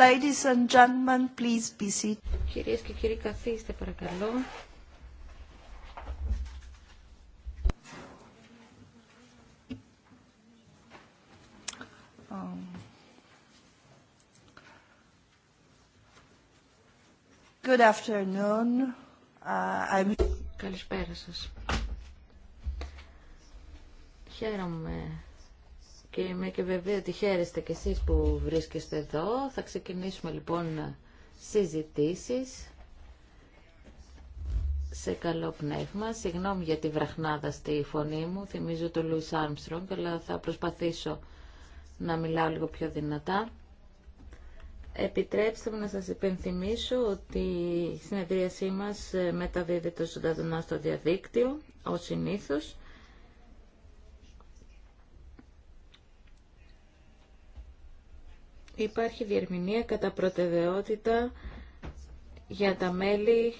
Ladies and gentlemen, please be seated. Κυρίες και κύριοι, καθίστε παρακαλώ. Um, good afternoon. Uh, I'm... Καλησπέρα σας. Χαίρομαι και είμαι και βεβαίω ότι χαίρεστε κι εσείς που βρίσκεστε εδώ. Θα ξεκινήσουμε λοιπόν συζητήσεις σε καλό πνεύμα. Συγγνώμη για τη βραχνάδα στη φωνή μου, θυμίζω το Λουίς Άρμστρονγκ, αλλά θα προσπαθήσω να μιλάω λίγο πιο δυνατά. Επιτρέψτε μου να σας υπενθυμίσω ότι η συνεδρίασή μας μεταδίδεται ζωντανά στο διαδίκτυο, ως συνήθως. υπάρχει διερμηνία κατά προτεραιότητα για τα μέλη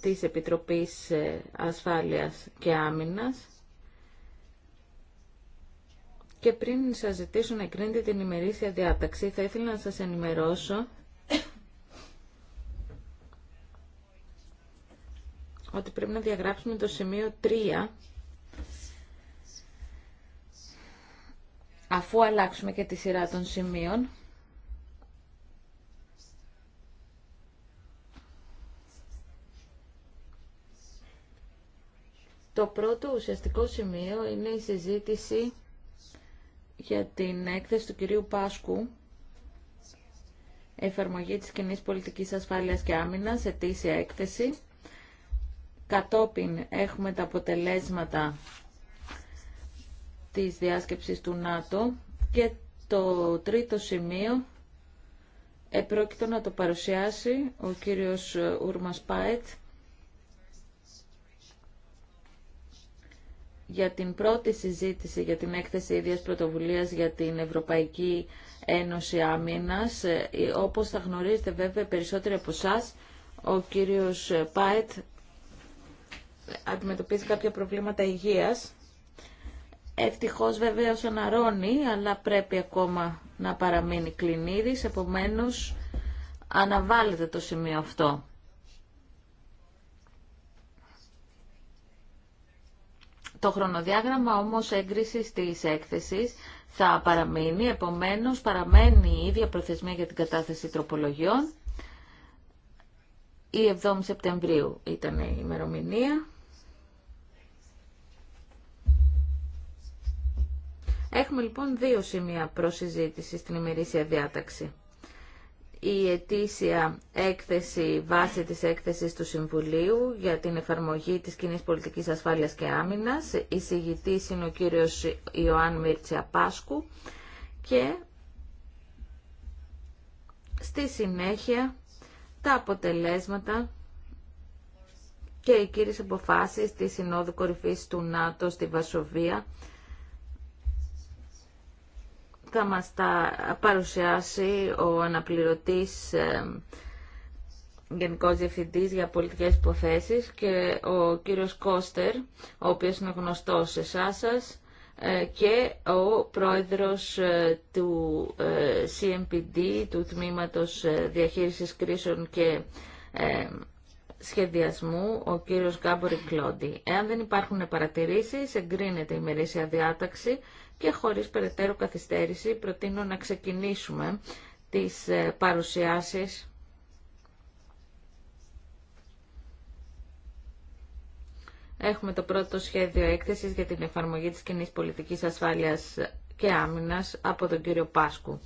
της Επιτροπής ε, Ασφάλειας και Άμυνας και πριν σας ζητήσω να κρίνετε την ημερήσια διάταξη θα ήθελα να σας ενημερώσω ότι πρέπει να διαγράψουμε το σημείο 3 αφού αλλάξουμε και τη σειρά των σημείων, Το πρώτο ουσιαστικό σημείο είναι η συζήτηση για την έκθεση του κυρίου Πάσκου εφαρμογή της κοινή πολιτικής ασφάλειας και άμυνας, ετήσια έκθεση. Κατόπιν έχουμε τα αποτελέσματα της διάσκεψης του ΝΑΤΟ και το τρίτο σημείο επρόκειτο να το παρουσιάσει ο κύριος Ούρμας Πάετ για την πρώτη συζήτηση για την έκθεση ίδιας πρωτοβουλίας για την Ευρωπαϊκή Ένωση Άμυνας. Ε, όπως θα γνωρίζετε βέβαια περισσότεροι από εσά, ο κύριος Πάετ αντιμετωπίζει κάποια προβλήματα υγείας Ευτυχώς βέβαια αναρώνει, αλλά πρέπει ακόμα να παραμείνει κλινίδης, επομένως αναβάλλεται το σημείο αυτό. Το χρονοδιάγραμμα όμως έγκρισης της έκθεσης θα παραμείνει, επομένως παραμένει η ίδια προθεσμία για την κατάθεση τροπολογιών. Η 7η Σεπτεμβρίου ήταν η ημερομηνία. Έχουμε λοιπόν δύο σημεία προσυζήτηση στην ημερήσια διάταξη. Η ετήσια έκθεση βάση της έκθεσης του Συμβουλίου για την εφαρμογή της κοινή πολιτικής ασφάλειας και άμυνας. Η συγητής είναι ο κύριος Ιωάνν Μίρτσια Πάσκου και στη συνέχεια τα αποτελέσματα και οι κύριες αποφάσεις της Συνόδου Κορυφής του ΝΑΤΟ στη Βασοβία θα μας τα παρουσιάσει ο αναπληρωτής ε, Γενικός Διευθυντή για Πολιτικές Υποθέσεις και ο κύριος Κώστερ, ο οποίος είναι γνωστός σε εσάς σας, ε, και ο πρόεδρος ε, του CMPD, του Τμήματος Διαχείρισης Κρίσεων και Σχεδιασμού, ο κύριος Γκάμπορη Κλόντι. Εάν δεν υπάρχουν παρατηρήσεις, εγκρίνεται η μερίσια διάταξη και χωρίς περαιτέρω καθυστέρηση προτείνω να ξεκινήσουμε τις ε, παρουσιάσεις Έχουμε το πρώτο σχέδιο έκθεσης για την εφαρμογή της κοινή πολιτικής ασφάλειας και άμυνας από τον κύριο Πάσκου.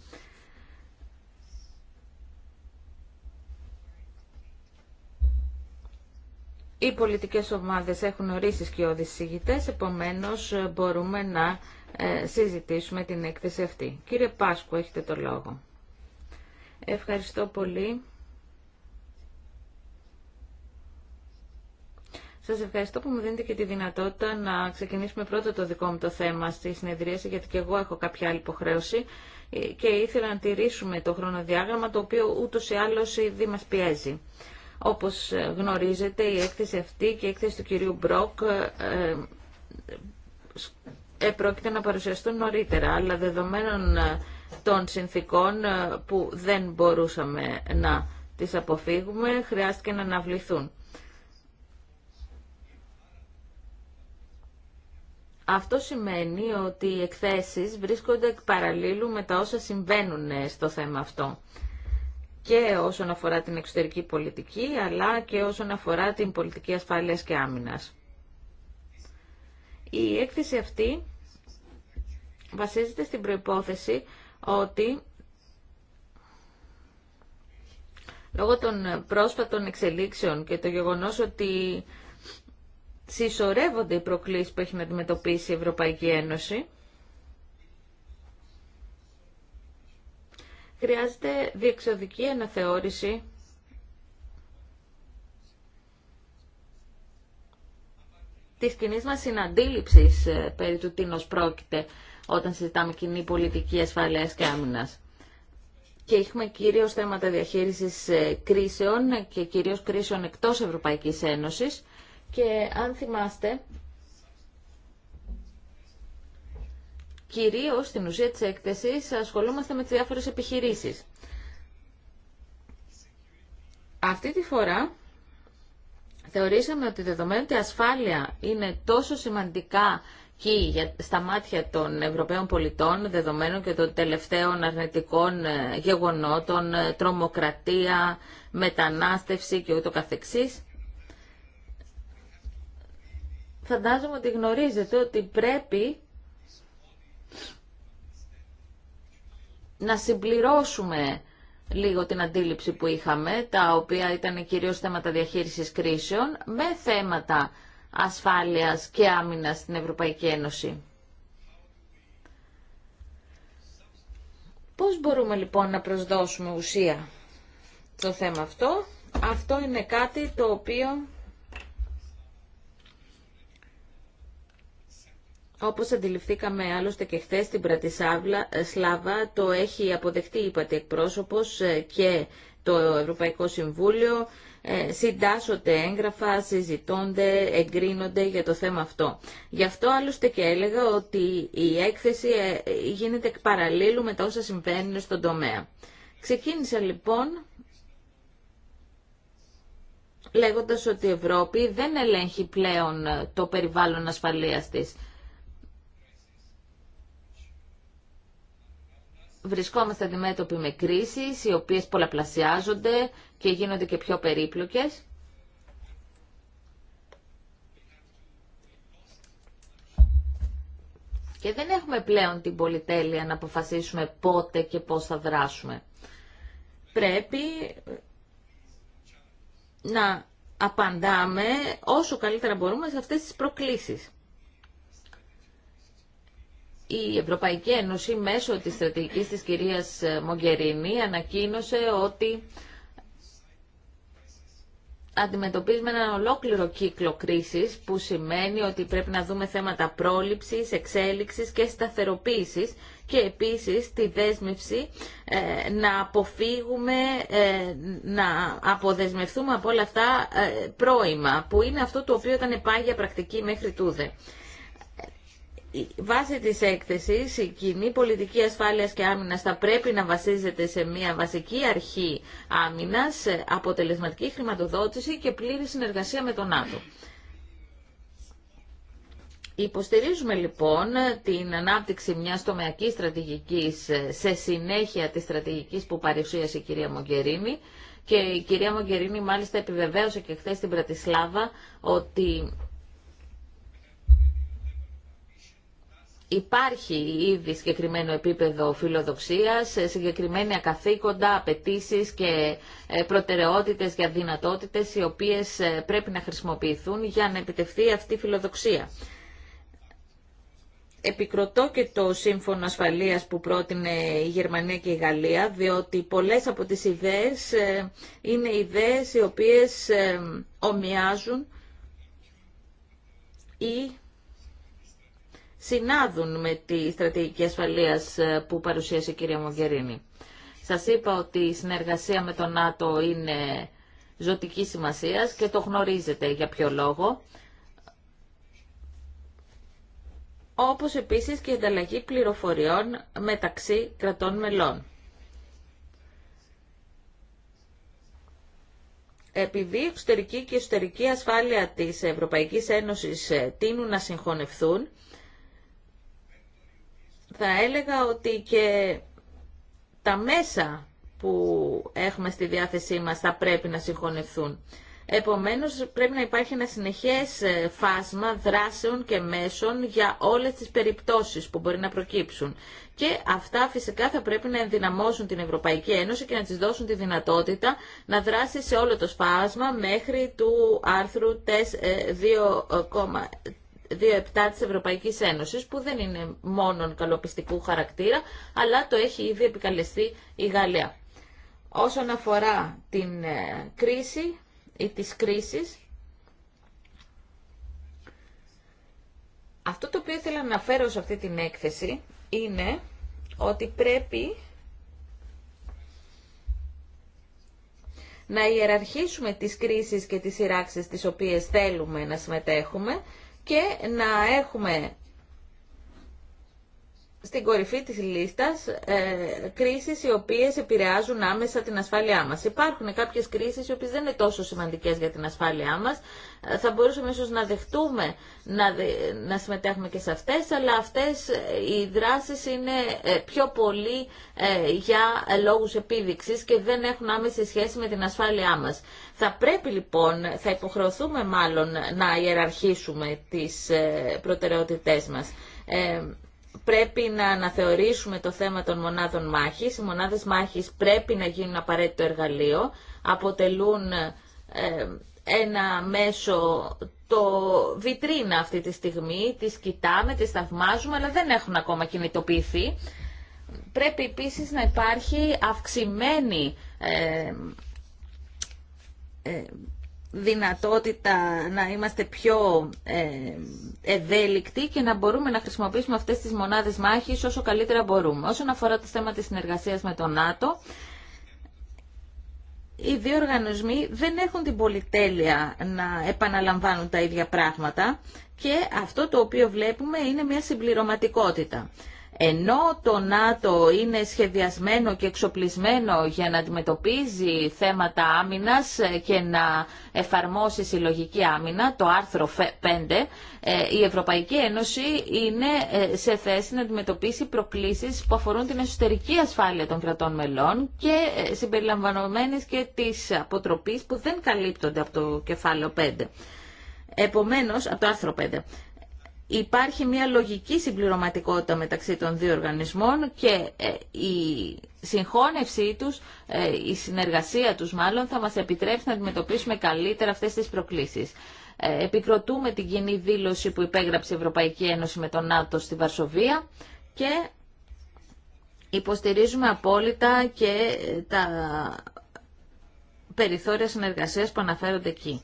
Οι πολιτικές ομάδες έχουν ορίσει και οδησίγητες, επομένως ε, μπορούμε να ε, συζητήσουμε την έκθεση αυτή. Κύριε Πάσκου, έχετε το λόγο. Ευχαριστώ πολύ. Σας ευχαριστώ που μου δίνετε και τη δυνατότητα να ξεκινήσουμε πρώτα το δικό μου το θέμα στη συνεδρίαση, γιατί και εγώ έχω κάποια άλλη υποχρέωση ε, και ήθελα να τηρήσουμε το χρονοδιάγραμμα, το οποίο ούτως ή άλλως ήδη μας πιέζει. Όπως ε, γνωρίζετε, η έκθεση αυτή και η έκθεση του κυρίου Μπροκ επρόκειται να παρουσιαστούν νωρίτερα, αλλά δεδομένων ε, των συνθήκων ε, που δεν μπορούσαμε να τις αποφύγουμε, χρειάστηκε να αναβληθούν. Αυτό σημαίνει ότι οι εκθέσεις βρίσκονται εκ παραλλήλου με τα όσα συμβαίνουν ε, στο θέμα αυτό. Και όσον αφορά την εξωτερική πολιτική, αλλά και όσον αφορά την πολιτική ασφάλειας και άμυνας. Η έκθεση αυτή βασίζεται στην προϋπόθεση ότι λόγω των πρόσφατων εξελίξεων και το γεγονός ότι συσσωρεύονται οι προκλήσεις που έχει να αντιμετωπίσει η Ευρωπαϊκή Ένωση, χρειάζεται διεξοδική αναθεώρηση της κοινής μας συναντήληψης ε, περί του τίνος πρόκειται όταν συζητάμε κοινή πολιτική ασφαλείας και άμυνας. Και έχουμε κυρίω θέματα διαχείρισης ε, κρίσεων και κυρίω κρίσεων εκτό Ευρωπαϊκής Ένωσης. Και αν θυμάστε, κυρίω στην ουσία τη έκθεση ασχολούμαστε με τι διάφορες επιχειρήσεις. Αυτή τη φορά θεωρήσαμε ότι δεδομένου ότι ασφάλεια είναι τόσο σημαντικά και στα μάτια των Ευρωπαίων πολιτών, δεδομένων και των τελευταίων αρνητικών ε, γεγονότων, ε, τρομοκρατία, μετανάστευση και ούτω καθεξής. Φαντάζομαι ότι γνωρίζετε ότι πρέπει να συμπληρώσουμε λίγο την αντίληψη που είχαμε, τα οποία ήταν κυρίως θέματα διαχείρισης κρίσεων, με θέματα ασφάλειας και άμυνας στην Ευρωπαϊκή Ένωση. Πώς μπορούμε λοιπόν να προσδώσουμε ουσία στο θέμα αυτό. Αυτό είναι κάτι το οποίο Όπως αντιληφθήκαμε άλλωστε και χθες στην Πρατισάβλα, ε, Σλάβα, το έχει αποδεχτεί, είπατε, εκπρόσωπος ε, και το Ευρωπαϊκό Συμβούλιο ε, συντάσσονται έγγραφα, συζητώνται, εγκρίνονται για το θέμα αυτό. Γι' αυτό άλλωστε και έλεγα ότι η έκθεση ε, γίνεται εκ με τα όσα συμβαίνουν στον τομέα. Ξεκίνησα λοιπόν λέγοντας ότι η Ευρώπη δεν ελέγχει πλέον το περιβάλλον ασφαλείας της. βρισκόμαστε αντιμέτωποι με κρίσεις οι οποίες πολλαπλασιάζονται και γίνονται και πιο περίπλοκες. Και δεν έχουμε πλέον την πολυτέλεια να αποφασίσουμε πότε και πώς θα δράσουμε. Πρέπει να απαντάμε όσο καλύτερα μπορούμε σε αυτές τις προκλήσεις η Ευρωπαϊκή Ένωση μέσω της στρατηγικής της κυρίας ε, Μογκερίνη ανακοίνωσε ότι αντιμετωπίζουμε έναν ολόκληρο κύκλο κρίσης που σημαίνει ότι πρέπει να δούμε θέματα πρόληψης, εξέλιξης και σταθεροποίησης και επίσης τη δέσμευση ε, να αποφύγουμε, ε, να αποδεσμευτούμε από όλα αυτά πρόημα που είναι αυτό το οποίο ήταν πάγια πρακτική μέχρι τούδε βάσει της έκθεσης η κοινή πολιτική ασφάλειας και άμυνας θα πρέπει να βασίζεται σε μια βασική αρχή άμυνας, ε, αποτελεσματική χρηματοδότηση και πλήρη συνεργασία με τον ΝΑΤΟ. Υποστηρίζουμε λοιπόν την ανάπτυξη μιας τομεακής στρατηγικής ε, σε συνέχεια της στρατηγικής που παρουσίασε η κυρία Μογκερίνη και η κυρία Μογκερίνη μάλιστα επιβεβαίωσε και χθε στην Πρατισλάβα ότι Υπάρχει ήδη συγκεκριμένο επίπεδο φιλοδοξίας, συγκεκριμένα καθήκοντα, απαιτήσει και ε, προτεραιότητες για δυνατότητες οι οποίες ε, πρέπει να χρησιμοποιηθούν για να επιτευχθεί αυτή η φιλοδοξία. Επικροτώ και το σύμφωνο ασφαλείας που πρότεινε η Γερμανία και η Γαλλία, διότι πολλές από τις ιδέες ε, είναι ιδέες οι οποίες ομοιάζουν ή συνάδουν με τη στρατηγική ασφαλείας ε, που παρουσίασε η κυρία Μογκερίνη. Σας είπα ότι η συνεργασία με τον ΝΑΤΟ είναι ζωτική σημασίας και το γνωρίζετε για ποιο λόγο. Όπως επίσης και η ανταλλαγή πληροφοριών μεταξύ κρατών μελών. επειδή η εξωτερική και η εσωτερική ασφάλεια της Ευρωπαϊκής Ένωσης ε, τείνουν να συγχωνευθούν, θα έλεγα ότι και τα μέσα που έχουμε στη διάθεσή μας θα πρέπει να συγχωνευτούν. Επομένως, πρέπει να υπάρχει ένα συνεχές ε, φάσμα δράσεων και μέσων για όλες τις περιπτώσεις που μπορεί να προκύψουν. Και αυτά φυσικά θα πρέπει να ενδυναμώσουν την Ευρωπαϊκή Ένωση και να της δώσουν τη δυνατότητα να δράσει σε όλο το σπάσμα μέχρι του άρθρου ε, της Ευρωπαϊκής Ένωσης που δεν είναι μόνον καλοπιστικού χαρακτήρα αλλά το έχει ήδη επικαλεστεί η Γαλλία. Όσον αφορά την ε, κρίση ή τις κρίσεις, αυτό το οποίο ήθελα να αναφέρω σε αυτή την έκθεση είναι ότι πρέπει να ιεραρχήσουμε τις κρίσεις και τις σειράξεις τις οποίες θέλουμε να συμμετέχουμε και να έχουμε στην κορυφή της λίστας ε, κρίσεις οι οποίες επηρεάζουν άμεσα την ασφάλειά μας. Υπάρχουν κάποιες κρίσεις οι οποίες δεν είναι τόσο σημαντικές για την ασφάλειά μας. Ε, θα μπορούσαμε ίσως να δεχτούμε να, να συμμετέχουμε και σε αυτές, αλλά αυτές ε, οι δράσεις είναι ε, πιο πολύ για λόγους επίδειξης και δεν έχουν άμεση σχέση με την ασφάλειά μας. Θα πρέπει λοιπόν, θα υποχρεωθούμε μάλλον να ιεραρχήσουμε τις προτεραιότητές μας πρέπει να αναθεωρήσουμε το θέμα των μονάδων μάχης. Οι μονάδες μάχης πρέπει να γίνουν απαραίτητο εργαλείο, αποτελούν ε, ένα μέσο το βιτρίνα αυτή τη στιγμή, τις κοιτάμε, τις θαυμάζουμε, αλλά δεν έχουν ακόμα κινητοποιηθεί. Πρέπει επίσης να υπάρχει αυξημένη ε, ε, δυνατότητα να είμαστε πιο ε, ευέλικτοι και να μπορούμε να χρησιμοποιήσουμε αυτές τις μονάδες μάχης όσο καλύτερα μπορούμε. Όσον αφορά το θέμα της συνεργασίας με τον ΝΑΤΟ, οι δύο οργανισμοί δεν έχουν την πολυτέλεια να επαναλαμβάνουν τα ίδια πράγματα και αυτό το οποίο βλέπουμε είναι μια συμπληρωματικότητα. Ενώ το ΝΑΤΟ είναι σχεδιασμένο και εξοπλισμένο για να αντιμετωπίζει θέματα άμυνας και να εφαρμόσει συλλογική άμυνα, το άρθρο 5, ε, η Ευρωπαϊκή Ένωση είναι ε, σε θέση να αντιμετωπίσει προκλήσεις που αφορούν την εσωτερική ασφάλεια των κρατών μελών και ε, συμπεριλαμβανομένες και της αποτροπής που δεν καλύπτονται από το κεφάλαιο 5. Επομένως, από το άρθρο 5 υπάρχει μια λογική συμπληρωματικότητα μεταξύ των δύο οργανισμών και ε, η συγχώνευσή τους, ε, η συνεργασία τους μάλλον, θα μας επιτρέψει να αντιμετωπίσουμε καλύτερα αυτές τις προκλήσεις. Ε, επικροτούμε την κοινή δήλωση που υπέγραψε η Ευρωπαϊκή Ένωση με τον ΝΑΤΟ στη Βαρσοβία και υποστηρίζουμε απόλυτα και τα περιθώρια συνεργασίας που αναφέρονται εκεί.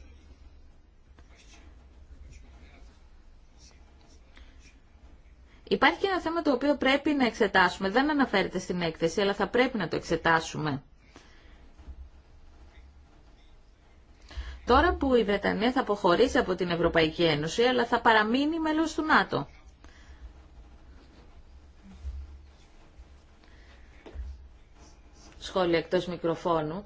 Υπάρχει και ένα θέμα το οποίο πρέπει να εξετάσουμε. Δεν αναφέρεται στην έκθεση, αλλά θα πρέπει να το εξετάσουμε. Τώρα που η Βρετανία θα αποχωρήσει από την Ευρωπαϊκή Ένωση, αλλά θα παραμείνει μέλος του ΝΑΤΟ. Σχόλια εκτός μικροφώνου.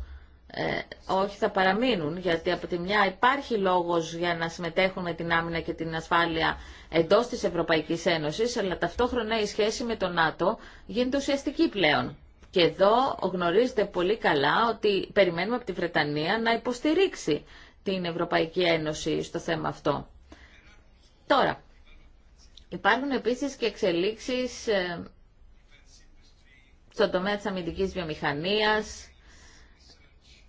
Ε, όχι θα παραμείνουν, γιατί από τη μια υπάρχει λόγος για να συμμετέχουν με την άμυνα και την ασφάλεια εντός της Ευρωπαϊκής Ένωσης, αλλά ταυτόχρονα η σχέση με το ΝΑΤΟ γίνεται ουσιαστική πλέον. Και εδώ γνωρίζετε πολύ καλά ότι περιμένουμε από τη Βρετανία να υποστηρίξει την Ευρωπαϊκή Ένωση στο θέμα αυτό. Τώρα, υπάρχουν επίσης και εξελίξεις ε, στον τομέα της αμυντικής βιομηχανίας,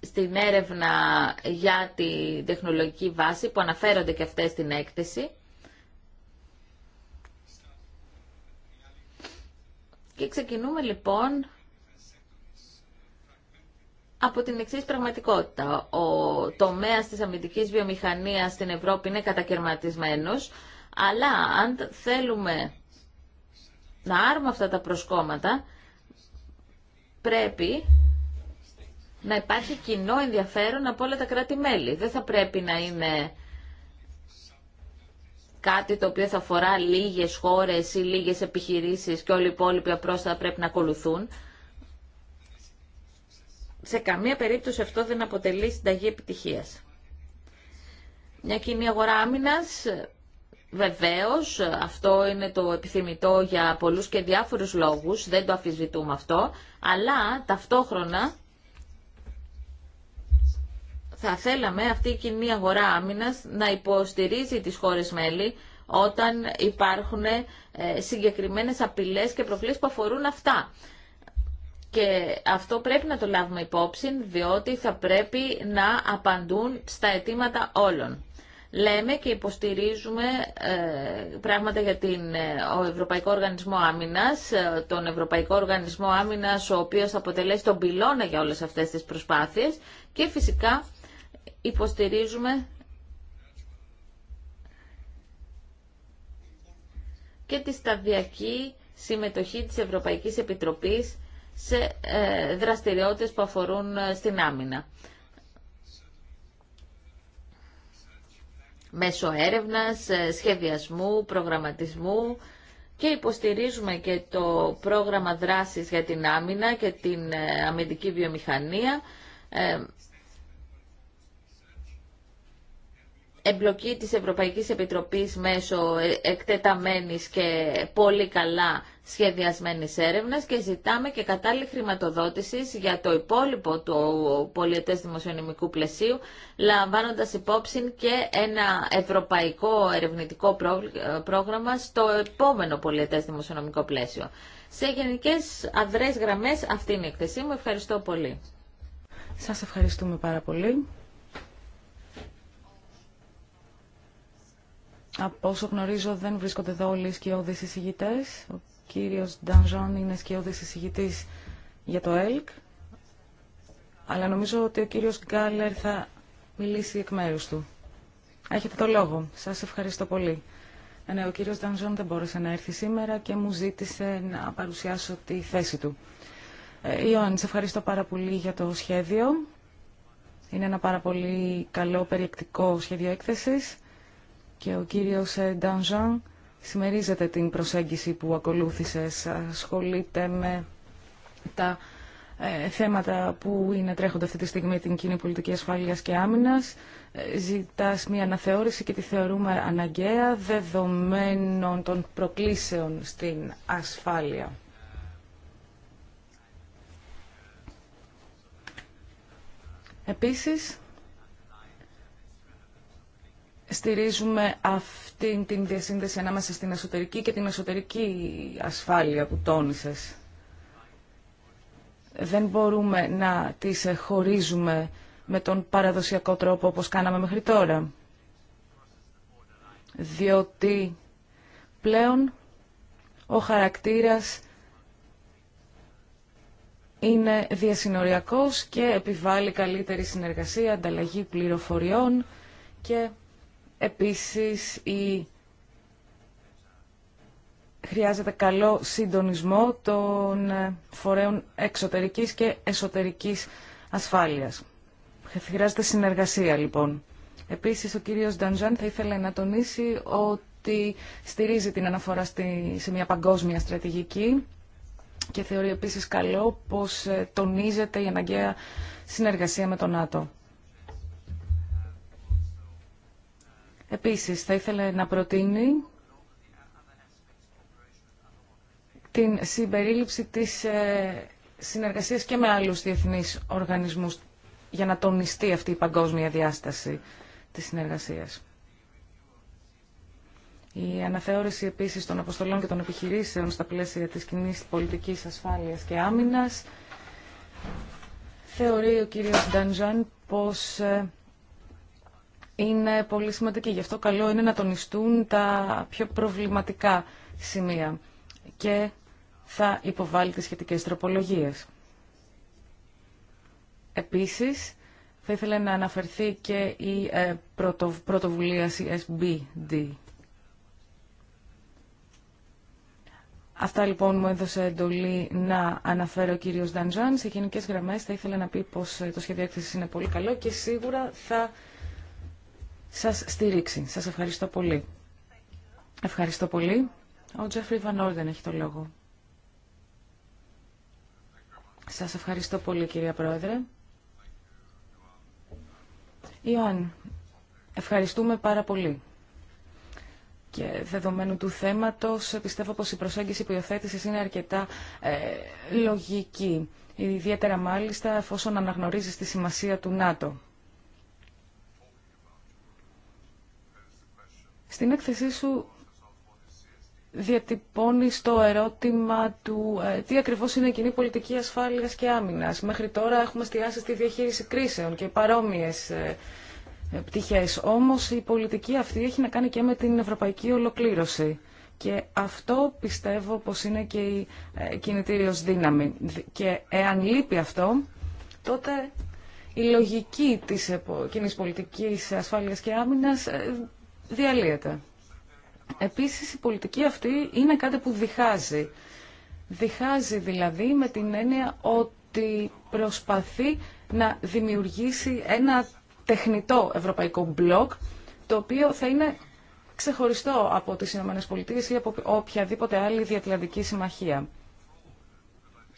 στην έρευνα για τη τεχνολογική βάση που αναφέρονται και αυτές στην έκθεση. Και ξεκινούμε λοιπόν από την εξή πραγματικότητα. Ο τομέας της αμυντικής βιομηχανίας στην Ευρώπη είναι κατακαιρματισμένος, αλλά αν θέλουμε να άρουμε αυτά τα προσκόμματα, πρέπει να υπάρχει κοινό ενδιαφέρον από όλα τα κράτη-μέλη. Δεν θα πρέπει να είναι κάτι το οποίο θα αφορά λίγες χώρες ή λίγες επιχειρήσεις και όλοι οι υπόλοιποι θα πρέπει να ακολουθούν. Σε καμία περίπτωση αυτό δεν αποτελεί συνταγή επιτυχίας. Μια κοινή αγορά άμυνας, βεβαίως, αυτό είναι το επιθυμητό για πολλούς και διάφορους λόγους, δεν το αφισβητούμε αυτό, αλλά ταυτόχρονα θα θέλαμε αυτή η κοινή αγορά άμυνας να υποστηρίζει τις χώρες μέλη όταν υπάρχουν ε, συγκεκριμένες απειλές και προκλήσεις που αφορούν αυτά. Και αυτό πρέπει να το λάβουμε υπόψη, διότι θα πρέπει να απαντούν στα αιτήματα όλων. Λέμε και υποστηρίζουμε ε, πράγματα για την, ε, ο Ευρωπαϊκό Οργανισμό Άμυνας, τον Ευρωπαϊκό Οργανισμό Άμυνας, ο οποίος αποτελέσει τον πυλώνα για όλες αυτές τις προσπάθειες και φυσικά υποστηρίζουμε και τη σταδιακή συμμετοχή της Ευρωπαϊκής Επιτροπής σε ε, δραστηριότητες που αφορούν ε, στην άμυνα. Μέσω έρευνας, ε, σχεδιασμού, προγραμματισμού και υποστηρίζουμε και το πρόγραμμα δράσης για την άμυνα και την αμυντική βιομηχανία εμπλοκή της Ευρωπαϊκής Επιτροπής μέσω ε, εκτεταμένης και πολύ καλά σχεδιασμένης έρευνας και ζητάμε και κατάλληλη χρηματοδότηση για το υπόλοιπο του πολιετές δημοσιονομικού πλαισίου, λαμβάνοντας υπόψη και ένα ευρωπαϊκό ερευνητικό πρόγραμμα στο επόμενο πολιετές δημοσιονομικό πλαίσιο. Σε γενικές αδρές γραμμές αυτή είναι η εκθεσή μου. Ευχαριστώ πολύ. Σας ευχαριστούμε πάρα πολύ. Από όσο γνωρίζω δεν βρίσκονται εδώ όλοι οι σκιώδεις εισηγητές. Ο κύριος Ντανζόν είναι σκιώδης εισηγητής για το ΕΛΚ. Αλλά νομίζω ότι ο κύριος Γκάλερ θα μιλήσει εκ μέρους του. Έχετε το λόγο. Σας ευχαριστώ πολύ. Ε, ναι, ο κύριος Ντανζόν δεν μπόρεσε να έρθει σήμερα και μου ζήτησε να παρουσιάσω τη θέση του. Ε, Ιωάννη, σε ευχαριστώ πάρα πολύ για το σχέδιο. Είναι ένα πάρα πολύ καλό περιεκτικό σχέδιο έκθεσης και ο κύριος ε, Ντανζάν συμμερίζεται την προσέγγιση που ακολούθησε. Ασχολείται με τα ε, θέματα που είναι τρέχοντα αυτή τη στιγμή την κοινή πολιτική ασφάλειας και άμυνας. Ε, ζητάς μια αναθεώρηση και τη θεωρούμε αναγκαία δεδομένων των προκλήσεων στην ασφάλεια. Επίσης, στηρίζουμε αυτήν την διασύνδεση ανάμεσα στην εσωτερική και την εσωτερική ασφάλεια που τόνισες. Δεν μπορούμε να τις χωρίζουμε με τον παραδοσιακό τρόπο όπως κάναμε μέχρι τώρα. Διότι πλέον ο χαρακτήρας είναι διασυνοριακός και επιβάλλει καλύτερη συνεργασία, ανταλλαγή πληροφοριών και Επίσης, η... χρειάζεται καλό συντονισμό των φορέων εξωτερικής και εσωτερικής ασφάλειας. Χρειάζεται συνεργασία, λοιπόν. Επίσης, ο κύριος Νταντζάν θα ήθελε να τονίσει ότι στηρίζει την αναφορά στη... σε μια παγκόσμια στρατηγική και θεωρεί επίσης καλό πως ε, τονίζεται η αναγκαία συνεργασία με τον ΝΑΤΟ. Επίσης, θα ήθελα να προτείνει την συμπερίληψη της ε, συνεργασίας και με άλλους διεθνείς οργανισμούς για να τονιστεί αυτή η παγκόσμια διάσταση της συνεργασίας. Η αναθεώρηση επίσης των αποστολών και των επιχειρήσεων στα πλαίσια της κοινή πολιτικής ασφάλειας και άμυνας θεωρεί ο κύριος Ντανζάν πως ε, είναι πολύ σημαντική. Γι' αυτό καλό είναι να τονιστούν τα πιο προβληματικά σημεία και θα υποβάλει τις σχετικές τροπολογίες. Επίσης, θα ήθελα να αναφερθεί και η ε, πρωτοβουλία CSBD. Αυτά λοιπόν μου έδωσε εντολή να αναφέρω ο κύριος Νταντζάν. Σε γενικές γραμμές θα ήθελα να πει πως ε, το σχέδιο έκθεσης είναι πολύ καλό και σίγουρα θα σας στήριξη. Σας ευχαριστώ πολύ. Ευχαριστώ πολύ. Ο Τζέφρι Βανόρδεν έχει το λόγο. Σας ευχαριστώ πολύ κυρία Πρόεδρε. Ιωάννη, ευχαριστούμε πάρα πολύ. Και δεδομένου του θέματος, πιστεύω πως η προσέγγιση που υιοθέτησε είναι αρκετά ε, λογική. Ιδιαίτερα μάλιστα εφόσον αναγνωρίζεις τη σημασία του ΝΑΤΟ. Στην έκθεσή σου διατυπώνεις το ερώτημα του ε, τι ακριβώς είναι η κοινή πολιτική ασφάλειας και άμυνας. Μέχρι τώρα έχουμε εστιάσει στη διαχείριση κρίσεων και παρόμοιες ε, ε, πτυχές. Όμως η πολιτική αυτή έχει να κάνει και με την ευρωπαϊκή ολοκλήρωση. Και αυτό πιστεύω πως είναι και η κινητήριος δύναμη. Και εάν λείπει αυτό, τότε η λογική της κοινή πολιτικής ασφάλειας και άμυνας διαλύεται. Επίσης η πολιτική αυτή είναι κάτι που διχάζει. Διχάζει δηλαδή με την έννοια ότι προσπαθεί να δημιουργήσει ένα τεχνητό ευρωπαϊκό μπλοκ το οποίο θα είναι ξεχωριστό από τις ΗΠΑ ή από οποιαδήποτε άλλη διατλαντική συμμαχία.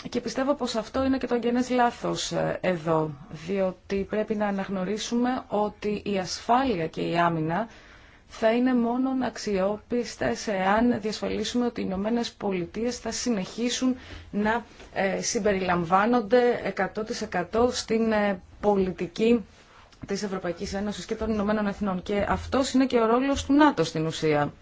Και πιστεύω πως αυτό είναι και το αγγενές λάθος ε, εδώ, διότι πρέπει να αναγνωρίσουμε ότι η ασφάλεια και η άμυνα θα είναι μόνον αξιόπιστε εάν διασφαλίσουμε ότι οι Ηνωμένε Πολιτείε θα συνεχίσουν να ε, συμπεριλαμβάνονται 100% στην ε, πολιτική της Ευρωπαϊκής Ένωσης και των Ηνωμένων Εθνών. Και αυτό είναι και ο ρόλος του ΝΑΤΟ στην ουσία.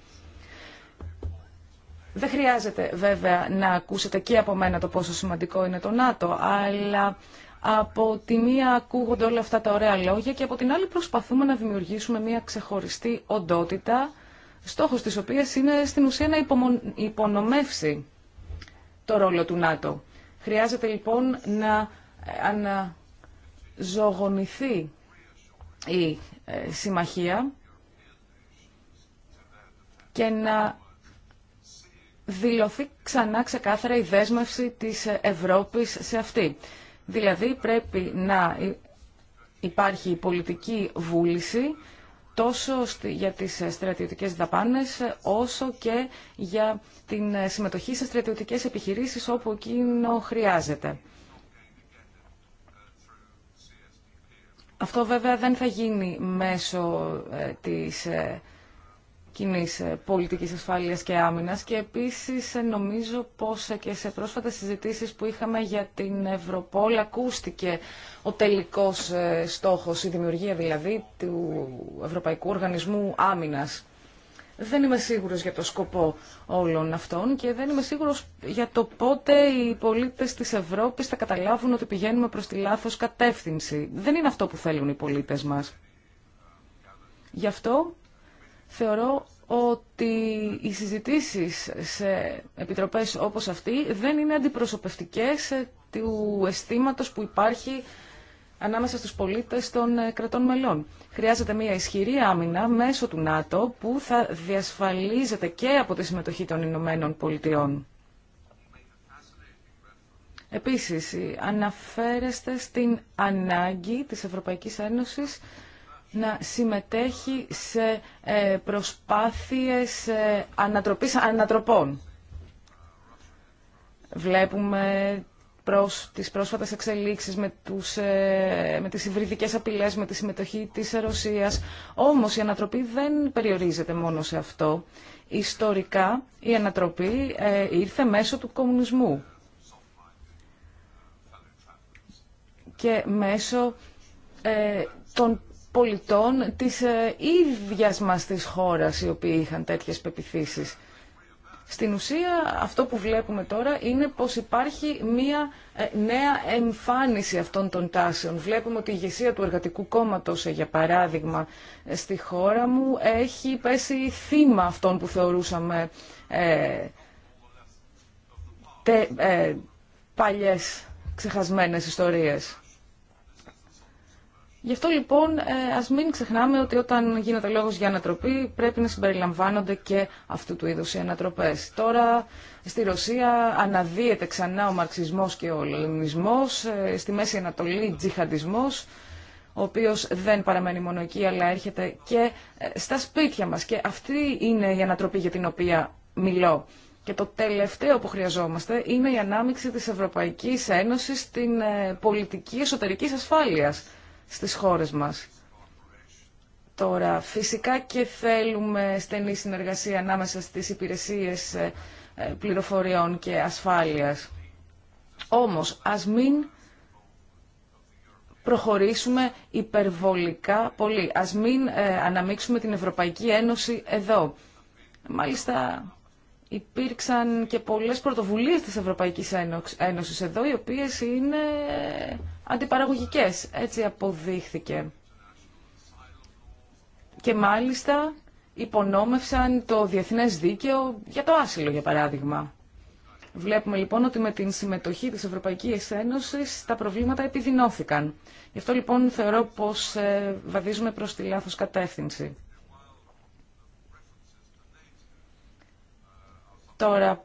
Δεν χρειάζεται βέβαια να ακούσετε και από μένα το πόσο σημαντικό είναι το ΝΑΤΟ, αλλά από τη μία ακούγονται όλα αυτά τα ωραία λόγια και από την άλλη προσπαθούμε να δημιουργήσουμε μια ξεχωριστή οντότητα, στόχος της οποίας είναι στην ουσία να υπονομεύσει το ρόλο του ΝΑΤΟ. Χρειάζεται λοιπόν να ε, αναζωογονηθεί η ε, συμμαχία και να δηλωθεί ξανά ξεκάθαρα η δέσμευση της Ευρώπης σε αυτή. Δηλαδή πρέπει να υπάρχει πολιτική βούληση τόσο για τις στρατιωτικές δαπάνες όσο και για την συμμετοχή σε στρατιωτικές επιχειρήσεις όπου εκείνο χρειάζεται. Αυτό βέβαια δεν θα γίνει μέσω ε, της ε, κοινή ε, πολιτικής ασφάλειας και άμυνα. και επίσης ε, νομίζω πω ε, και σε πρόσφατες συζητήσει που είχαμε για την Ευρωπόλ ακούστηκε ο τελικός στόχος, η δημιουργία δηλαδή του Ευρωπαϊκού Οργανισμού Άμυνα. Δεν είμαι σίγουρος για το σκοπό όλων αυτών και δεν είμαι σίγουρος για το πότε οι πολίτες της Ευρώπης θα καταλάβουν ότι πηγαίνουμε προς τη λάθος κατεύθυνση. Δεν είναι αυτό που θέλουν οι πολίτες μας. Γι' αυτό θεωρώ ότι οι συζητήσεις σε επιτροπές όπως αυτή δεν είναι αντιπροσωπευτικές του αισθήματος που υπάρχει ανάμεσα στους πολίτες των ε, κρατών μελών. Χρειάζεται μια ισχυρή άμυνα μέσω του ΝΑΤΟ που θα διασφαλίζεται και από τη συμμετοχή των Ηνωμένων Πολιτειών. Επίσης, αναφέρεστε στην ανάγκη της Ευρωπαϊκής Ένωσης να συμμετέχει σε ε, προσπάθειες ε, ανατροπής ανατροπών. Βλέπουμε προς τις πρόσφατες εξελίξεις με, τους, ε, με τις υβριδικές απειλές, με τη συμμετοχή της Ρωσίας. Όμως η ανατροπή δεν περιορίζεται μόνο σε αυτό. Ιστορικά η ανατροπή ήρθε μέσω του κομμουνισμού και μέσω των πολιτών της ε, ίδιας μας της χώρας οι οποίοι είχαν τέτοιες πεπιθήσεις. Στην ουσία αυτό που βλέπουμε τώρα είναι πως υπάρχει μία ε, νέα εμφάνιση αυτών των τάσεων. Βλέπουμε ότι η ηγεσία του Εργατικού Κόμματος, ε, για παράδειγμα, στη χώρα μου έχει πέσει θύμα αυτών που θεωρούσαμε ε, τε, ε, παλιές ξεχασμένες ιστορίες. Γι' αυτό λοιπόν ε, ας μην ξεχνάμε ότι όταν γίνεται λόγος για ανατροπή πρέπει να συμπεριλαμβάνονται και αυτού του είδους οι ανατροπές. Τώρα στη Ρωσία αναδύεται ξανά ο μαρξισμός και ο λεμισμός, ε, στη Μέση Ανατολή τζιχαντισμός, ο οποίος δεν παραμένει μόνο εκεί αλλά έρχεται και ε, στα σπίτια μας και αυτή είναι η ανατροπή για την οποία μιλώ. Και το τελευταίο που χρειαζόμαστε είναι η ανάμειξη της Ευρωπαϊκής Ένωσης στην πολιτική εσωτερικής ασφάλειας στις χώρες μας. Τώρα, φυσικά και θέλουμε στενή συνεργασία ανάμεσα στις υπηρεσίες ε, ε, πληροφοριών και ασφάλειας. Όμως, ας μην προχωρήσουμε υπερβολικά πολύ. Ας μην ε, αναμίξουμε την Ευρωπαϊκή Ένωση εδώ. Μάλιστα υπήρξαν και πολλές πρωτοβουλίες της Ευρωπαϊκής Ένωσης εδώ, οι οποίες είναι αντιπαραγωγικές. Έτσι αποδείχθηκε. Και μάλιστα υπονόμευσαν το διεθνές δίκαιο για το άσυλο, για παράδειγμα. Βλέπουμε λοιπόν ότι με την συμμετοχή της Ευρωπαϊκής Ένωσης τα προβλήματα επιδεινώθηκαν. Γι' αυτό λοιπόν θεωρώ πως ε, βαδίζουμε προς τη λάθος κατεύθυνση. Τώρα,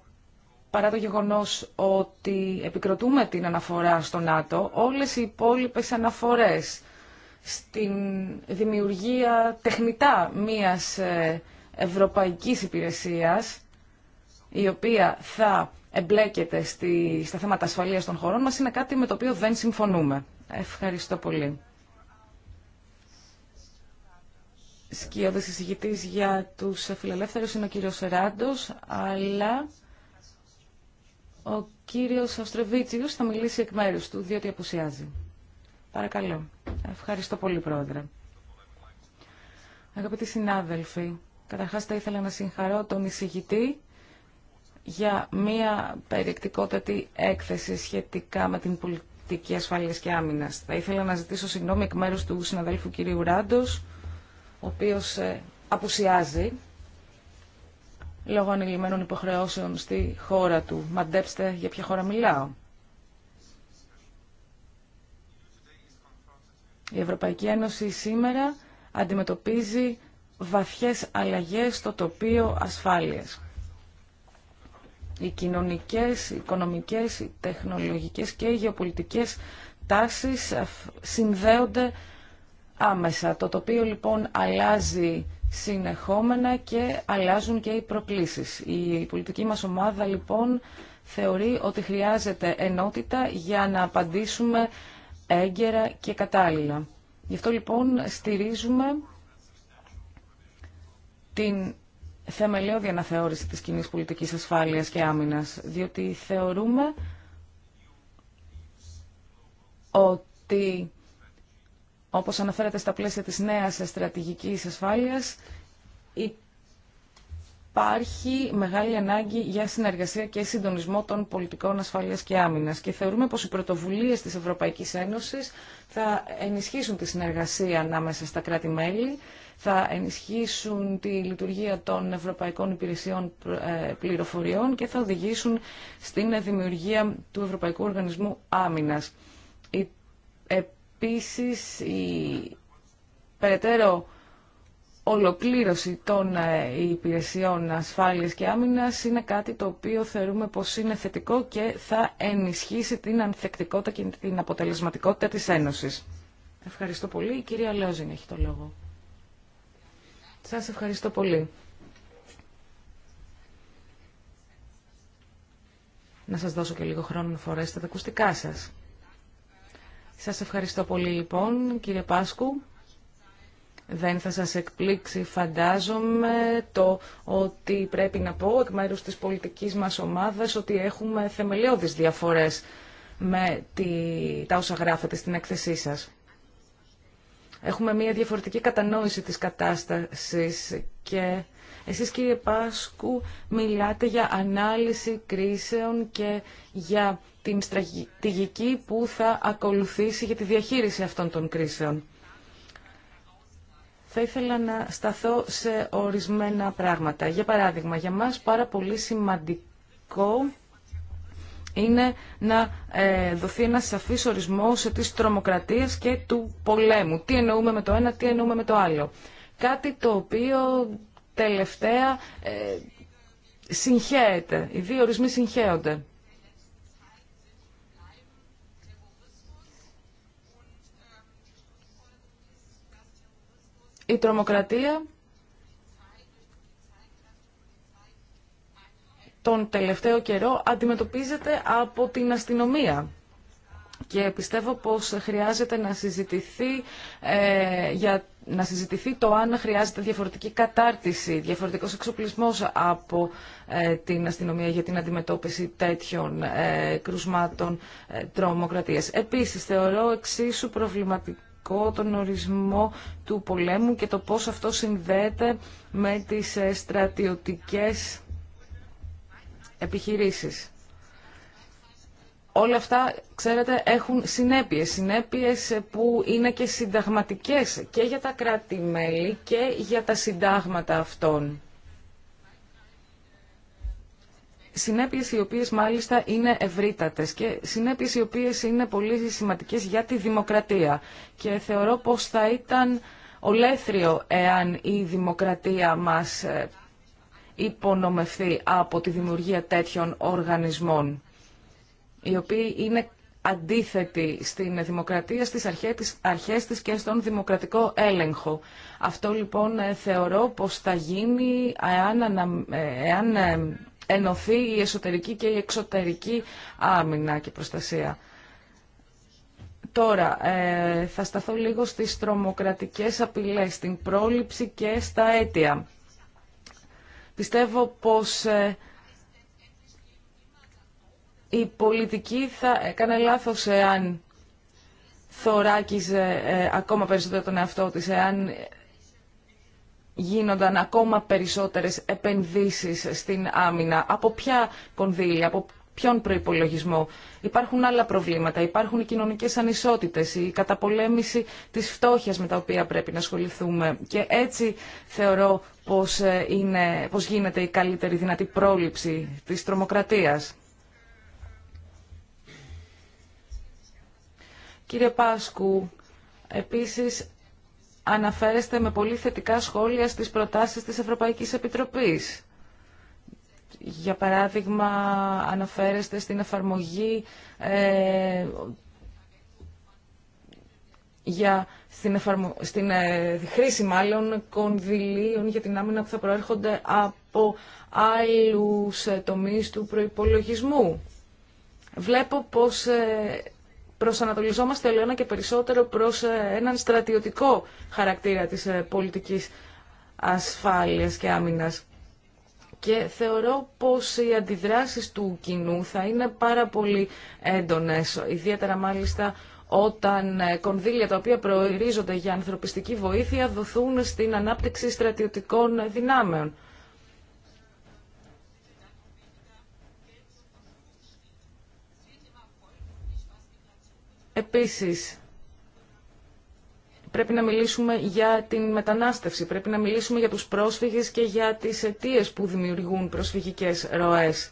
παρά το γεγονός ότι επικροτούμε την αναφορά στο ΝΑΤΟ, όλες οι υπόλοιπες αναφορές στην δημιουργία τεχνητά μίας ε, ευρωπαϊκής υπηρεσίας, η οποία θα εμπλέκεται στη, στα θέματα ασφαλείας των χωρών μας, είναι κάτι με το οποίο δεν συμφωνούμε. Ευχαριστώ πολύ. Σκιώδης εισηγητής για τους φιλελεύθερους είναι ο κύριος Ράντος, αλλά... Ο κύριος Αυστρεβίτσιος θα μιλήσει εκ μέρους του, διότι απουσιάζει. Παρακαλώ. Ευχαριστώ πολύ, Πρόεδρε. Αγαπητοί συνάδελφοι, καταρχάς θα ήθελα να συγχαρώ τον εισηγητή για μία περιεκτικότατη έκθεση σχετικά με την πολιτική ασφάλειας και άμυνας. Θα ήθελα να ζητήσω συγγνώμη εκ μέρους του συναδέλφου κυρίου Ράντος, ο οποίος ε, απουσιάζει λόγω ανηλυμένων υποχρεώσεων στη χώρα του. Μαντέψτε για ποια χώρα μιλάω. Η Ευρωπαϊκή Ένωση σήμερα αντιμετωπίζει βαθιές αλλαγές στο τοπίο ασφάλειας. Οι κοινωνικές, οικονομικές, οι τεχνολογικές και οι γεωπολιτικές τάσεις συνδέονται άμεσα. Το τοπίο λοιπόν αλλάζει συνεχόμενα και αλλάζουν και οι προκλήσεις. Η πολιτική μας ομάδα λοιπόν θεωρεί ότι χρειάζεται ενότητα για να απαντήσουμε έγκαιρα και κατάλληλα. Γι' αυτό λοιπόν στηρίζουμε την θεμελιώδη αναθεώρηση της κοινή πολιτικής ασφάλειας και άμυνας, διότι θεωρούμε ότι όπως αναφέρατε στα πλαίσια της νέας στρατηγικής ασφάλειας, υπάρχει μεγάλη ανάγκη για συνεργασία και συντονισμό των πολιτικών ασφαλείας και άμυνας και θεωρούμε πως οι πρωτοβουλίες της Ευρωπαϊκής Ένωσης θα ενισχύσουν τη συνεργασία ανάμεσα στα κράτη-μέλη, θα ενισχύσουν τη λειτουργία των Ευρωπαϊκών Υπηρεσιών ε, Πληροφοριών και θα οδηγήσουν στην δημιουργία του Ευρωπαϊκού Οργανισμού Άμυνας. Ε, Επίση, η περαιτέρω ολοκλήρωση των ε, υπηρεσιών ασφάλειας και άμυνας είναι κάτι το οποίο θεωρούμε πως είναι θετικό και θα ενισχύσει την ανθεκτικότητα και την αποτελεσματικότητα της Ένωσης. Ευχαριστώ πολύ. Η κυρία Λόζιν έχει το λόγο. Σας ευχαριστώ πολύ. Να σας δώσω και λίγο χρόνο να φορέσετε τα ακουστικά σας. Σας ευχαριστώ πολύ λοιπόν κύριε Πάσκου. Δεν θα σας εκπλήξει φαντάζομαι το ότι πρέπει να πω εκ μέρους της πολιτικής μας ομάδας ότι έχουμε θεμελιώδεις διαφορές με τη... τα όσα γράφετε στην έκθεσή σας. Έχουμε μια διαφορετική κατανόηση της κατάστασης και εσείς κύριε Πάσκου μιλάτε για ανάλυση κρίσεων και για την στρατηγική που θα ακολουθήσει για τη διαχείριση αυτών των κρίσεων. Θα ήθελα να σταθώ σε ορισμένα πράγματα. Για παράδειγμα, για μας πάρα πολύ σημαντικό είναι να ε, δοθεί ένα σαφής σε της τρομοκρατίες και του πολέμου. Τι εννοούμε με το ένα, τι εννοούμε με το άλλο. Κάτι το οποίο τελευταία ε, Οι δύο ορισμοί συγχαίονται. Η τρομοκρατία τον τελευταίο καιρό αντιμετωπίζεται από την αστυνομία και πιστεύω πως χρειάζεται να συζητηθεί ε, για να συζητηθεί το αν χρειάζεται διαφορετική κατάρτιση, διαφορετικός εξοπλισμός από ε, την αστυνομία για την αντιμετώπιση τέτοιων ε, κρουσμάτων ε, τρομοκρατίας. Επίσης, θεωρώ εξίσου προβληματικό τον ορισμό του πολέμου και το πώς αυτό συνδέεται με τις στρατιωτικές επιχειρήσεις όλα αυτά, ξέρετε, έχουν συνέπειες. Συνέπειες που είναι και συνταγματικές και για τα κράτη-μέλη και για τα συντάγματα αυτών. Συνέπειες οι οποίες μάλιστα είναι ευρύτατες και συνέπειες οι οποίες είναι πολύ σημαντικές για τη δημοκρατία. Και θεωρώ πως θα ήταν ολέθριο εάν η δημοκρατία μας ε, υπονομευθεί από τη δημιουργία τέτοιων οργανισμών οι οποίοι είναι αντίθετη στην δημοκρατία, στις αρχές της και στον δημοκρατικό έλεγχο. Αυτό λοιπόν ε, θεωρώ πως θα γίνει εάν ε, ε, ενωθεί η εσωτερική και η εξωτερική άμυνα και προστασία. Τώρα, θα σταθώ λίγο στις τρομοκρατικές απειλές, στην πρόληψη και στα αίτια. Πιστεύω πως η πολιτική θα έκανε λάθος εάν θωράκιζε ε, ακόμα περισσότερο τον εαυτό της, εάν γίνονταν ακόμα περισσότερες επενδύσεις στην άμυνα. Από ποια κονδύλια, από ποιον προϋπολογισμό. Υπάρχουν άλλα προβλήματα, υπάρχουν οι κοινωνικές ανισότητες, η καταπολέμηση της φτώχειας με τα οποία πρέπει να ασχοληθούμε. Και έτσι θεωρώ πως, ε, είναι, πως γίνεται η καλύτερη δυνατή πρόληψη της τρομοκρατίας. Κύριε Πάσκου, επίσης αναφέρεστε με πολύ θετικά σχόλια στις προτάσεις της Ευρωπαϊκής Επιτροπής. Για παράδειγμα, αναφέρεστε στην εφαρμογή ε, για στην, εφαρμο... Ε, χρήση μάλλον κονδυλίων για την άμυνα που θα προέρχονται από άλλους ε, τομείς του προϋπολογισμού. Βλέπω πως ε, προσανατολισόμαστε όλο και περισσότερο προς ε, έναν στρατιωτικό χαρακτήρα της ε, πολιτικής ασφάλειας και άμυνας. Και θεωρώ πως οι αντιδράσεις του κοινού θα είναι πάρα πολύ έντονες, ιδιαίτερα μάλιστα όταν ε, κονδύλια τα οποία προορίζονται για ανθρωπιστική βοήθεια δοθούν στην ανάπτυξη στρατιωτικών δυνάμεων. Επίσης, πρέπει να μιλήσουμε για την μετανάστευση, πρέπει να μιλήσουμε για τους πρόσφυγες και για τις αιτίε που δημιουργούν προσφυγικές ροές.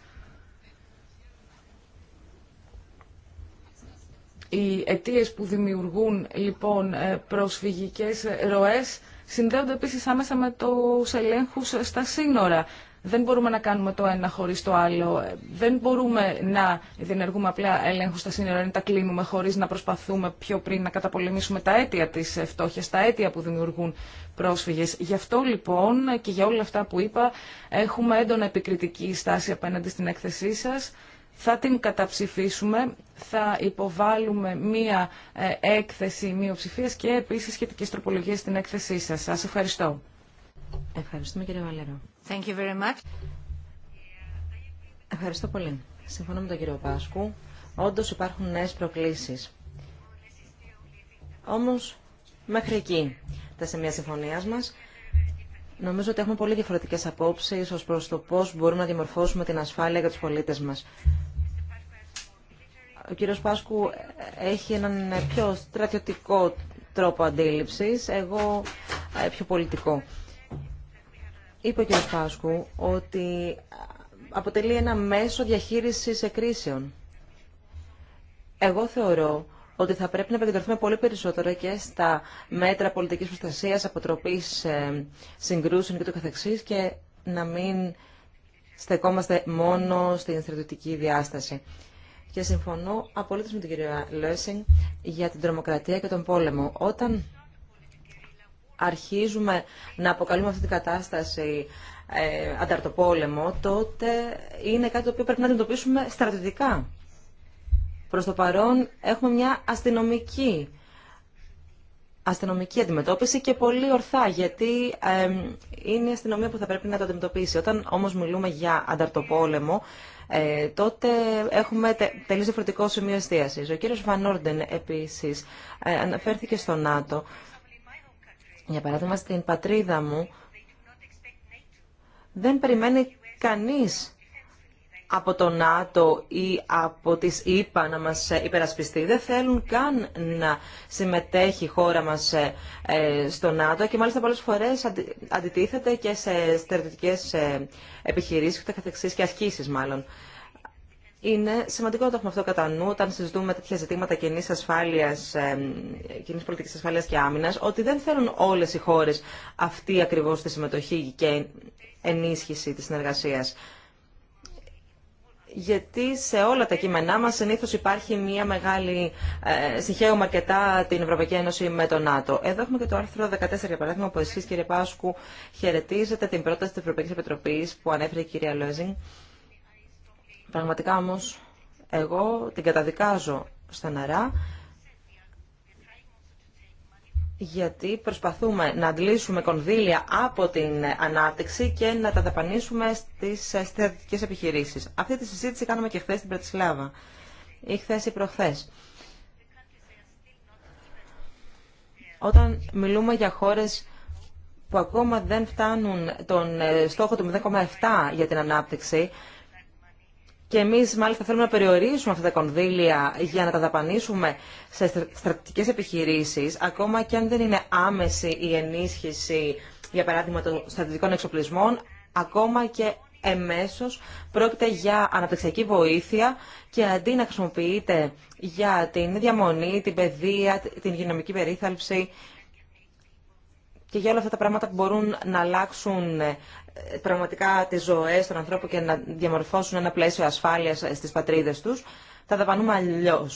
Οι αιτίε που δημιουργούν λοιπόν ε, προσφυγικές ροές συνδέονται επίσης άμεσα με τους ελέγχους στα σύνορα. Δεν μπορούμε να κάνουμε το ένα χωρί το άλλο. Δεν μπορούμε να διενεργούμε απλά έλεγχου στα σύνορα, να τα κλείνουμε χωρί να προσπαθούμε πιο πριν να καταπολεμήσουμε τα αίτια τη φτώχεια, τα αίτια που δημιουργούν πρόσφυγε. Γι' αυτό λοιπόν και για όλα αυτά που είπα, έχουμε έντονα επικριτική στάση απέναντι στην έκθεσή σα. Θα την καταψηφίσουμε, θα υποβάλουμε μία ε, έκθεση μειοψηφίας και επίσης σχετικές τροπολογίες στην έκθεσή σας. Σας ευχαριστώ. Ευχαριστούμε κύριε Βαλέρο. Thank you very much. Ευχαριστώ πολύ. Συμφωνώ με τον κύριο Πάσκου. Όντω υπάρχουν νέε προκλήσει. Όμω, μέχρι εκεί τα σημεία συμφωνία μα. Νομίζω ότι έχουμε πολύ διαφορετικέ απόψει ω προ το πώ μπορούμε να διαμορφώσουμε την ασφάλεια για του πολίτε μα. Ο κύριο Πάσκου έχει έναν πιο στρατιωτικό τρόπο αντίληψη, εγώ ε, πιο πολιτικό. Είπε ο κ. Πάσκου ότι αποτελεί ένα μέσο διαχείρισης εκρίσεων. Εγώ θεωρώ ότι θα πρέπει να επικεντρωθούμε πολύ περισσότερο και στα μέτρα πολιτικής προστασίας, αποτροπής ε, συγκρούσεων και το καθεξής και να μην στεκόμαστε μόνο στην στρατιωτική διάσταση. Και συμφωνώ απολύτως με τον κύριο Λέσσινγκ για την τρομοκρατία και τον πόλεμο αρχίζουμε να αποκαλούμε αυτή την κατάσταση ε, ανταρτοπόλεμο, τότε είναι κάτι το οποίο πρέπει να αντιμετωπίσουμε στρατιωτικά. Προς το παρόν έχουμε μια αστυνομική αστυνομική αντιμετώπιση και πολύ ορθά, γιατί ε, είναι η αστυνομία που θα πρέπει να το αντιμετωπίσει. Όταν όμως μιλούμε για ανταρτοπόλεμο, ε, τότε έχουμε τε, τελείως διαφορετικό σημείο εστίασης. Ο κύριος Βανόρντεν επίσης ε, αναφέρθηκε στο ΝΑΤΟ. Για παράδειγμα, στην πατρίδα μου δεν περιμένει κανείς από το ΝΑΤΟ ή από τις ΗΠΑ να μας υπερασπιστεί. Δεν θέλουν καν να συμμετέχει η χώρα μας ε, στο ΝΑΤΟ και μάλιστα πολλές φορές αντιτίθεται και σε στερεωτικές ε, επιχειρήσεις και και ασκήσεις μάλλον. Είναι σημαντικό να το έχουμε αυτό κατά νου όταν συζητούμε τέτοια ζητήματα κοινή ασφάλειας, κοινής πολιτικής ασφάλειας και άμυνα, ότι δεν θέλουν όλε οι χώρε αυτή ακριβώ τη συμμετοχή και ενίσχυση τη συνεργασία. Γιατί σε όλα τα κείμενά μα συνήθω υπάρχει μια μεγάλη ε, συγχαίωμα αρκετά την Ευρωπαϊκή Ένωση με το ΝΑΤΟ. Εδώ έχουμε και το άρθρο 14 για παράδειγμα που εσεί, κύριε Πάσκου χαιρετίζετε την πρόταση τη Ευρωπαϊκή Επιτροπή που ανέφερε η κυρία Λόζινγκ Πραγματικά όμως εγώ την καταδικάζω στα νερά γιατί προσπαθούμε να αντλήσουμε κονδύλια από την ανάπτυξη και να τα δαπανίσουμε στις στρατιωτικές επιχειρήσεις. Αυτή τη συζήτηση κάναμε και χθες στην Πρατισλάβα ή χθες ή προχθές. Όταν μιλούμε για χώρες που ακόμα δεν φτάνουν τον ε, στόχο του 0,7 για την ανάπτυξη, και εμείς μάλιστα θέλουμε να περιορίσουμε αυτά τα κονδύλια για να τα δαπανίσουμε σε στρατιωτικέ επιχειρήσεις, ακόμα και αν δεν είναι άμεση η ενίσχυση, για παράδειγμα, των στρατιωτικών εξοπλισμών, ακόμα και εμέσως πρόκειται για αναπτυξιακή βοήθεια και αντί να χρησιμοποιείται για την διαμονή, την παιδεία, την υγειονομική περίθαλψη και για όλα αυτά τα πράγματα που μπορούν να αλλάξουν πραγματικά τις ζωές των ανθρώπων και να διαμορφώσουν ένα πλαίσιο ασφάλειας στις πατρίδες τους, θα τα πανούμε αλλιώ.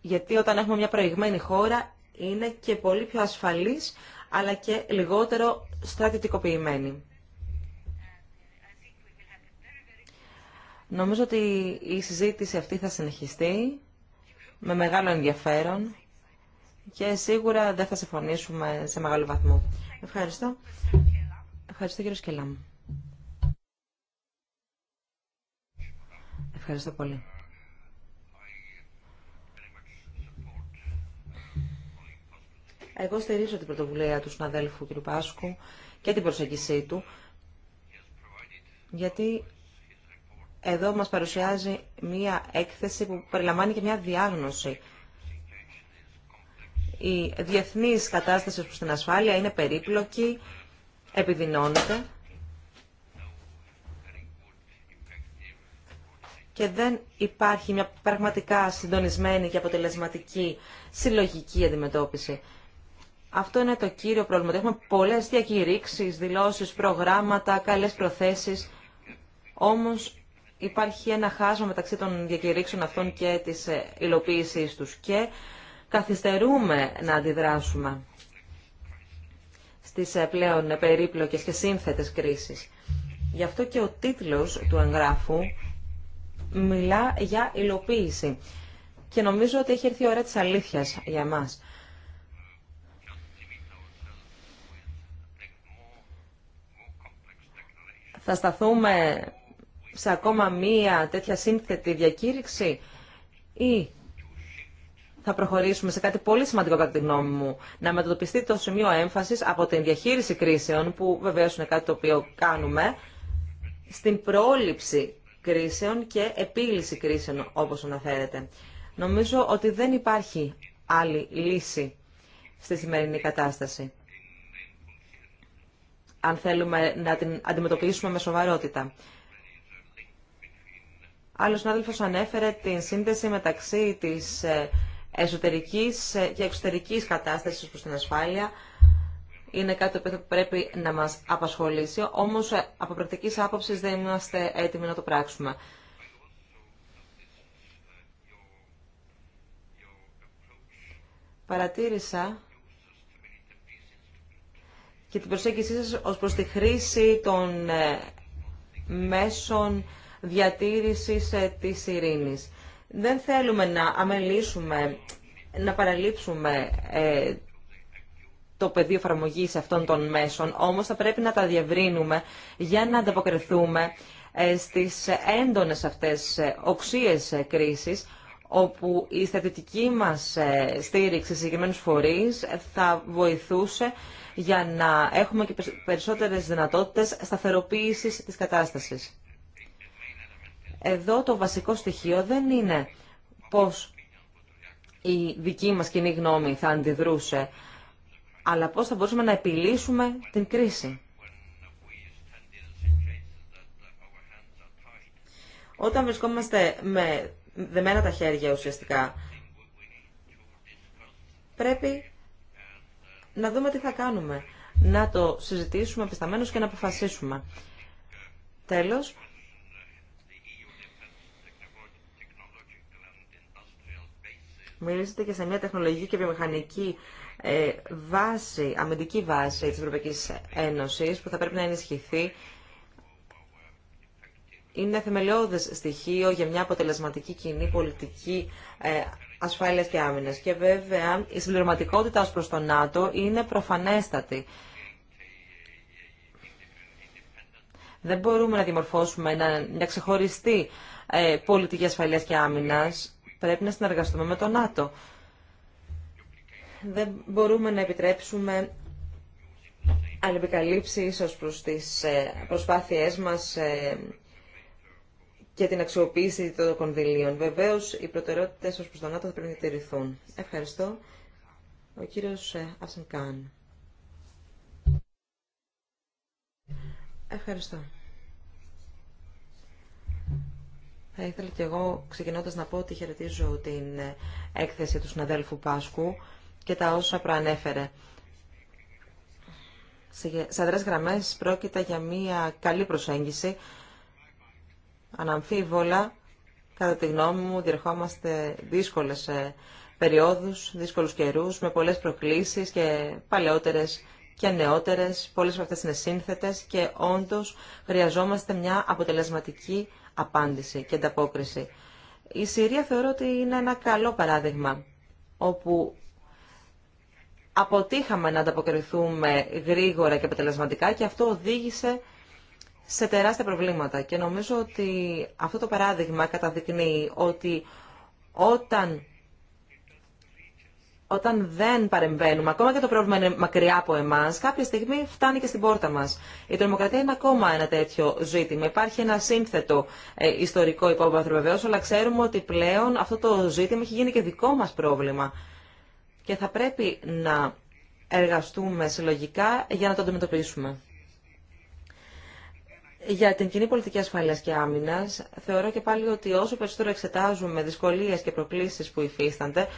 Γιατί όταν έχουμε μια προηγμένη χώρα είναι και πολύ πιο ασφαλής, αλλά και λιγότερο στρατητικοποιημένη. Νομίζω ότι η συζήτηση αυτή θα συνεχιστεί με μεγάλο ενδιαφέρον και σίγουρα δεν θα συμφωνήσουμε σε μεγάλο βαθμό. Ευχαριστώ. Ευχαριστώ κύριο Σκελάμ. Ευχαριστώ πολύ. Εγώ στηρίζω την πρωτοβουλία του συναδέλφου κ. Πάσκου και την προσέγγισή του, γιατί εδώ μας παρουσιάζει μία έκθεση που περιλαμβάνει και μία διάγνωση η διεθνής κατάσταση προς την ασφάλεια είναι περίπλοκη, επιδεινώνεται και δεν υπάρχει μια πραγματικά συντονισμένη και αποτελεσματική συλλογική αντιμετώπιση. Αυτό είναι το κύριο πρόβλημα. Έχουμε πολλές διακηρύξεις, δηλώσεις, προγράμματα, καλές προθέσεις. Όμως υπάρχει ένα χάσμα μεταξύ των διακηρύξεων αυτών και της υλοποίησής τους. Και καθυστερούμε να αντιδράσουμε στις ε, πλέον περίπλοκες και σύνθετες κρίσεις. Γι' αυτό και ο τίτλος του εγγράφου μιλά για υλοποίηση. Και νομίζω ότι έχει έρθει η ώρα της αλήθειας για μας. Θα σταθούμε σε ακόμα μία τέτοια σύνθετη διακήρυξη ή θα προχωρήσουμε σε κάτι πολύ σημαντικό κατά τη γνώμη μου. Να μετατοπιστεί το σημείο έμφαση από την διαχείριση κρίσεων, που βεβαίω είναι κάτι το οποίο κάνουμε, στην πρόληψη κρίσεων και επίλυση κρίσεων, όπως αναφέρεται. Νομίζω ότι δεν υπάρχει άλλη λύση στη σημερινή κατάσταση. Αν θέλουμε να την αντιμετωπίσουμε με σοβαρότητα. Άλλος συνάδελφος ανέφερε την σύνδεση μεταξύ της ε, εσωτερικής και εξωτερικής κατάστασης προς την ασφάλεια είναι κάτι που πρέπει να μας απασχολήσει, όμως ε, από πρακτικής άποψης δεν είμαστε έτοιμοι να το πράξουμε. Παρατήρησα και την προσέγγιση σας ως προς τη χρήση των ε, μέσων διατήρησης ε, της ειρήνης. Δεν θέλουμε να αμελήσουμε, να παραλείψουμε ε, το πεδίο εφαρμογή αυτών των μέσων, όμως θα πρέπει να τα διευρύνουμε για να ανταποκριθούμε ε, στις έντονες αυτές ε, οξύες κρίσεις, όπου η στρατητική μας στήριξη σε συγκεκριμένους φορείς θα βοηθούσε για να έχουμε και περισσότερες δυνατότητες σταθεροποίησης της κατάστασης. Εδώ το βασικό στοιχείο δεν είναι πώς η δική μας κοινή γνώμη θα αντιδρούσε, αλλά πώς θα μπορούσαμε να επιλύσουμε την κρίση. Όταν βρισκόμαστε με δεμένα τα χέρια ουσιαστικά, πρέπει να δούμε τι θα κάνουμε, να το συζητήσουμε επισταμένως και να αποφασίσουμε. Τέλος, Μιλήσατε και σε μια τεχνολογική και βιομηχανική ε, βάση, αμυντική βάση της Ευρωπαϊκής Ένωσης που θα πρέπει να ενισχυθεί. Είναι θεμελιώδες στοιχείο για μια αποτελεσματική κοινή πολιτική ε, ασφαλεια και άμυνας. Και βέβαια η συμπληρωματικότητα ως προς το ΝΑΤΟ είναι προφανέστατη. Δεν μπορούμε να δημορφώσουμε μια ξεχωριστή ε, πολιτική ασφαλείας και άμυνας πρέπει να συνεργαστούμε με το ΝΑΤΟ. Δεν μπορούμε να επιτρέψουμε αλληλεπικαλύψεις ως προς τις ε, προσπάθειές μας ε, και την αξιοποίηση των κονδυλίων. Βεβαίως, οι προτεραιότητες ως προς το ΝΑΤΟ θα πρέπει να τηρηθούν. Ευχαριστώ. Ο κύριος ε, Ασενκάν. Ευχαριστώ. Θα ήθελα και εγώ ξεκινώντας να πω ότι χαιρετίζω την έκθεση του συναδέλφου Πάσκου και τα όσα προανέφερε. Σε αδρές γραμμές πρόκειται για μια καλή προσέγγιση. Αναμφίβολα, κατά τη γνώμη μου, διερχόμαστε δύσκολες ε, περιόδους, δύσκολους καιρούς, με πολλές προκλήσεις και παλαιότερες και νεότερες. Πολλές από αυτές είναι σύνθετες και όντως χρειαζόμαστε μια αποτελεσματική απάντησε και ανταπόκριση. Η Συρία θεωρώ ότι είναι ένα καλό παράδειγμα, όπου αποτύχαμε να ανταποκριθούμε γρήγορα και αποτελεσματικά και αυτό οδήγησε σε τεράστια προβλήματα. Και νομίζω ότι αυτό το παράδειγμα καταδεικνύει ότι όταν όταν δεν παρεμβαίνουμε, ακόμα και το πρόβλημα είναι μακριά από εμά, κάποια στιγμή φτάνει και στην πόρτα μα. Η τρομοκρατία είναι ακόμα ένα τέτοιο ζήτημα. Υπάρχει ένα σύνθετο ε, ιστορικό υπόβαθρο βεβαίω, αλλά ξέρουμε ότι πλέον αυτό το ζήτημα έχει γίνει και δικό μα πρόβλημα. Και θα πρέπει να εργαστούμε συλλογικά για να το αντιμετωπίσουμε. Για την κοινή πολιτική ασφάλεια και άμυνα, θεωρώ και πάλι ότι όσο περισσότερο εξετάζουμε δυσκολίε και προκλήσει που υφίστανται,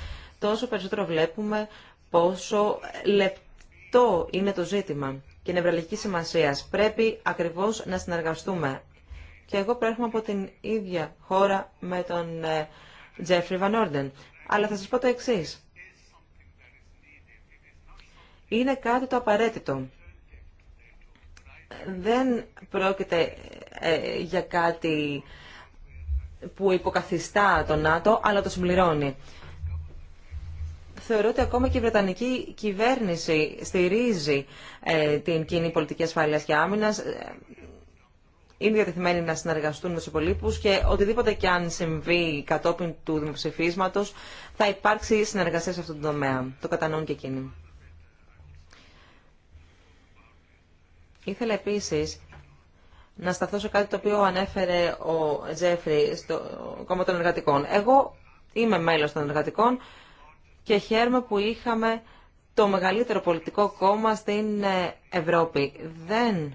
τόσο περισσότερο βλέπουμε πόσο λεπτό είναι το ζήτημα και νευραλική σημασία. Πρέπει ακριβώς να συνεργαστούμε. Και εγώ προέρχομαι από την ίδια χώρα με τον ε, Τζέφρι Βαν Όρντεν. Αλλά θα σας πω το εξής. Είναι κάτι το απαραίτητο. Δεν πρόκειται ε, για κάτι που υποκαθιστά το ΝΑΤΟ, αλλά το συμπληρώνει θεωρώ ότι ακόμα και η Βρετανική κυβέρνηση στηρίζει ε, την κοινή πολιτική ασφάλειας και άμυνας. Ε, είναι διατεθειμένοι να συνεργαστούν με του υπολείπου και οτιδήποτε και αν συμβεί κατόπιν του δημοψηφίσματο, θα υπάρξει συνεργασία σε αυτόν τον τομέα. Το κατανοούν και εκείνοι. Ήθελα επίσης να σταθώ σε κάτι το οποίο ανέφερε ο Τζέφρι στο κόμμα των εργατικών. Εγώ είμαι μέλο των εργατικών και χαίρομαι που είχαμε το μεγαλύτερο πολιτικό κόμμα στην ε, Ευρώπη. Δεν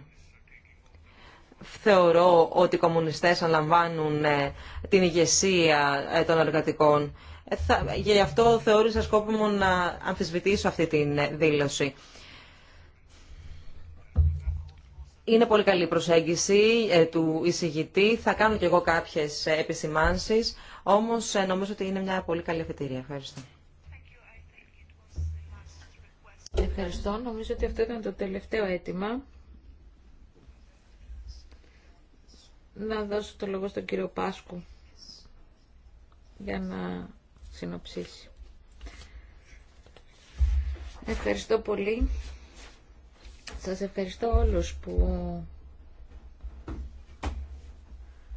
θεωρώ ότι οι κομμουνιστές αναλαμβάνουν ε, την ηγεσία ε, των εργατικών. Γι' αυτό θεώρησα μου να αμφισβητήσω αυτή την δήλωση. Είναι πολύ καλή η προσέγγιση του εισηγητή. Θα κάνω κι εγώ κάποιες επισημάνσεις, όμως νομίζω ότι είναι μια πολύ καλή αφετηρία. Ευχαριστώ. Ευχαριστώ. Νομίζω ότι αυτό ήταν το τελευταίο αίτημα. Να δώσω το λόγο στον κύριο Πάσκου για να συνοψίσει. Ευχαριστώ πολύ. Σας ευχαριστώ όλους που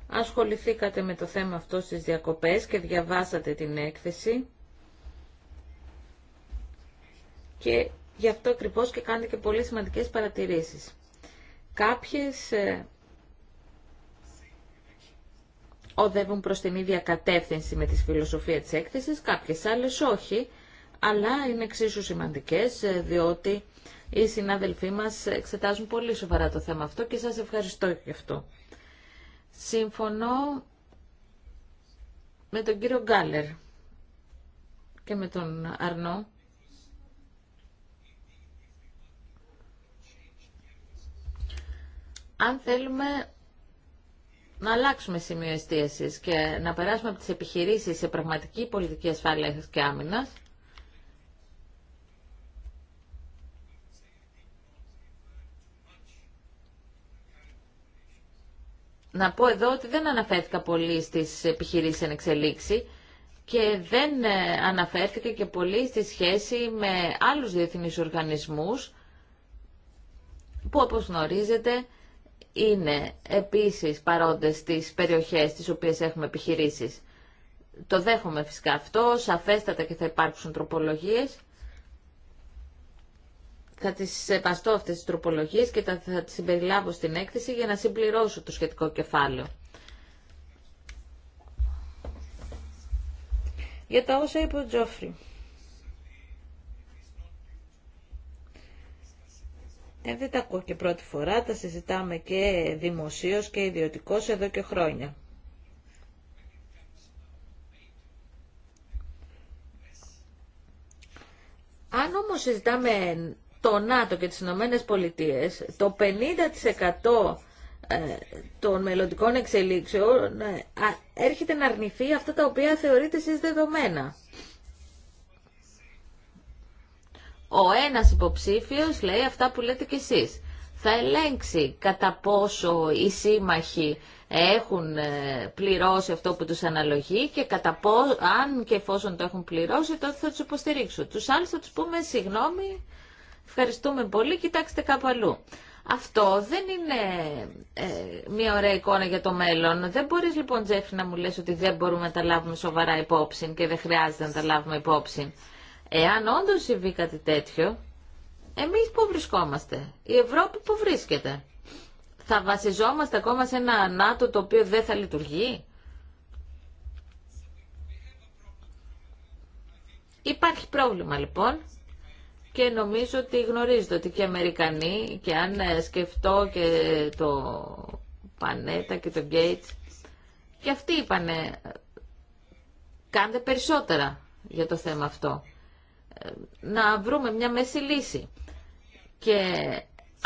ασχοληθήκατε με το θέμα αυτό στις διακοπές και διαβάσατε την έκθεση και Γι' αυτό ακριβώ και κάνετε και πολύ σημαντικές παρατηρήσεις. Κάποιες ε, οδεύουν προς την ίδια κατεύθυνση με τη φιλοσοφία τη έκθεσης, κάποιες άλλες όχι, αλλά είναι εξίσου σημαντικές, ε, διότι οι συνάδελφοί μας εξετάζουν πολύ σοβαρά το θέμα αυτό και σας ευχαριστώ γι' αυτό. Συμφωνώ με τον κύριο Γκάλερ και με τον Αρνό αν θέλουμε να αλλάξουμε σημείο και να περάσουμε από τι επιχειρήσεις σε πραγματική πολιτική ασφάλεια και άμυνα Να πω εδώ ότι δεν αναφέρθηκα πολύ στις επιχειρήσεις εν εξελίξη και δεν ε, αναφέρθηκα και πολύ στη σχέση με άλλους διεθνείς οργανισμούς που όπως γνωρίζετε είναι επίσης παρόντες στις περιοχές τις οποίες έχουμε επιχειρήσεις. Το δέχομαι φυσικά αυτό, σαφέστατα και θα υπάρξουν τροπολογίες. Θα τις επαστώ αυτές τις τροπολογίες και θα τις συμπεριλάβω στην έκθεση για να συμπληρώσω το σχετικό κεφάλαιο. Για τα όσα είπε ο Τζόφρι. Ε, δεν τα ακούω και πρώτη φορά, τα συζητάμε και δημοσίως και ιδιωτικώς εδώ και χρόνια. Αν όμως συζητάμε το ΝΑΤΟ και τις Ηνωμένε Πολιτείες, το 50% ε, των μελλοντικών εξελίξεων ε, έρχεται να αρνηθεί αυτά τα οποία θεωρείται εσείς δεδομένα ο ένας υποψήφιος λέει αυτά που λέτε κι εσείς. Θα ελέγξει κατά πόσο οι σύμμαχοι έχουν ε, πληρώσει αυτό που τους αναλογεί και κατά αν και εφόσον το έχουν πληρώσει τότε θα τους υποστηρίξω Τους άλλους θα τους πούμε συγγνώμη, ευχαριστούμε πολύ, κοιτάξτε κάπου αλλού. Αυτό δεν είναι ε, μια ωραία εικόνα για το μέλλον. Δεν μπορείς λοιπόν Τζέφρι να μου λες ότι δεν μπορούμε να τα λάβουμε σοβαρά υπόψη και δεν χρειάζεται να τα λάβουμε υπόψη. Εάν όντω συμβεί κάτι τέτοιο, εμείς που βρισκόμαστε, η Ευρώπη που βρίσκεται. Θα βασιζόμαστε ακόμα σε ένα ΝΑΤΟ το οποίο δεν θα λειτουργεί. Υπάρχει πρόβλημα λοιπόν και νομίζω ότι γνωρίζετε ότι και οι Αμερικανοί και αν ε, σκεφτώ και το Πανέτα και το Gates, και αυτοί είπανε κάντε περισσότερα για το θέμα αυτό να βρούμε μια μέση λύση. Και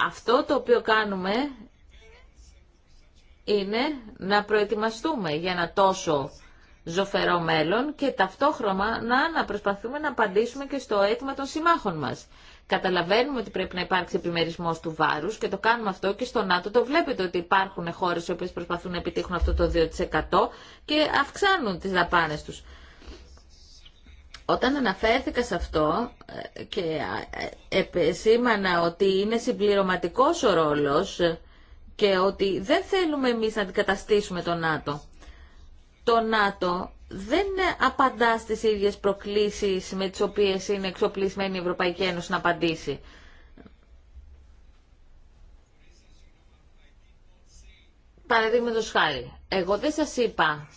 αυτό το οποίο κάνουμε είναι να προετοιμαστούμε για ένα τόσο ζωφερό μέλλον και ταυτόχρονα να, να προσπαθούμε να απαντήσουμε και στο αίτημα των συμμάχων μας. Καταλαβαίνουμε ότι πρέπει να υπάρξει επιμερισμό του βάρου και το κάνουμε αυτό και στο ΝΑΤΟ. Το βλέπετε ότι υπάρχουν χώρε οι οποίε προσπαθούν να επιτύχουν αυτό το 2% και αυξάνουν τι δαπάνε του. Όταν αναφέρθηκα σε αυτό ε, και ε, ε, επεσήμανα ότι είναι συμπληρωματικός ο ρόλος και ότι δεν θέλουμε εμείς να αντικαταστήσουμε το ΝΑΤΟ. Το ΝΑΤΟ δεν απαντά στις ίδιες προκλήσεις με τις οποίες είναι εξοπλισμένη η Ευρωπαϊκή Ένωση να απαντήσει. Παραδείγματος χάρη, εγώ δεν σας είπα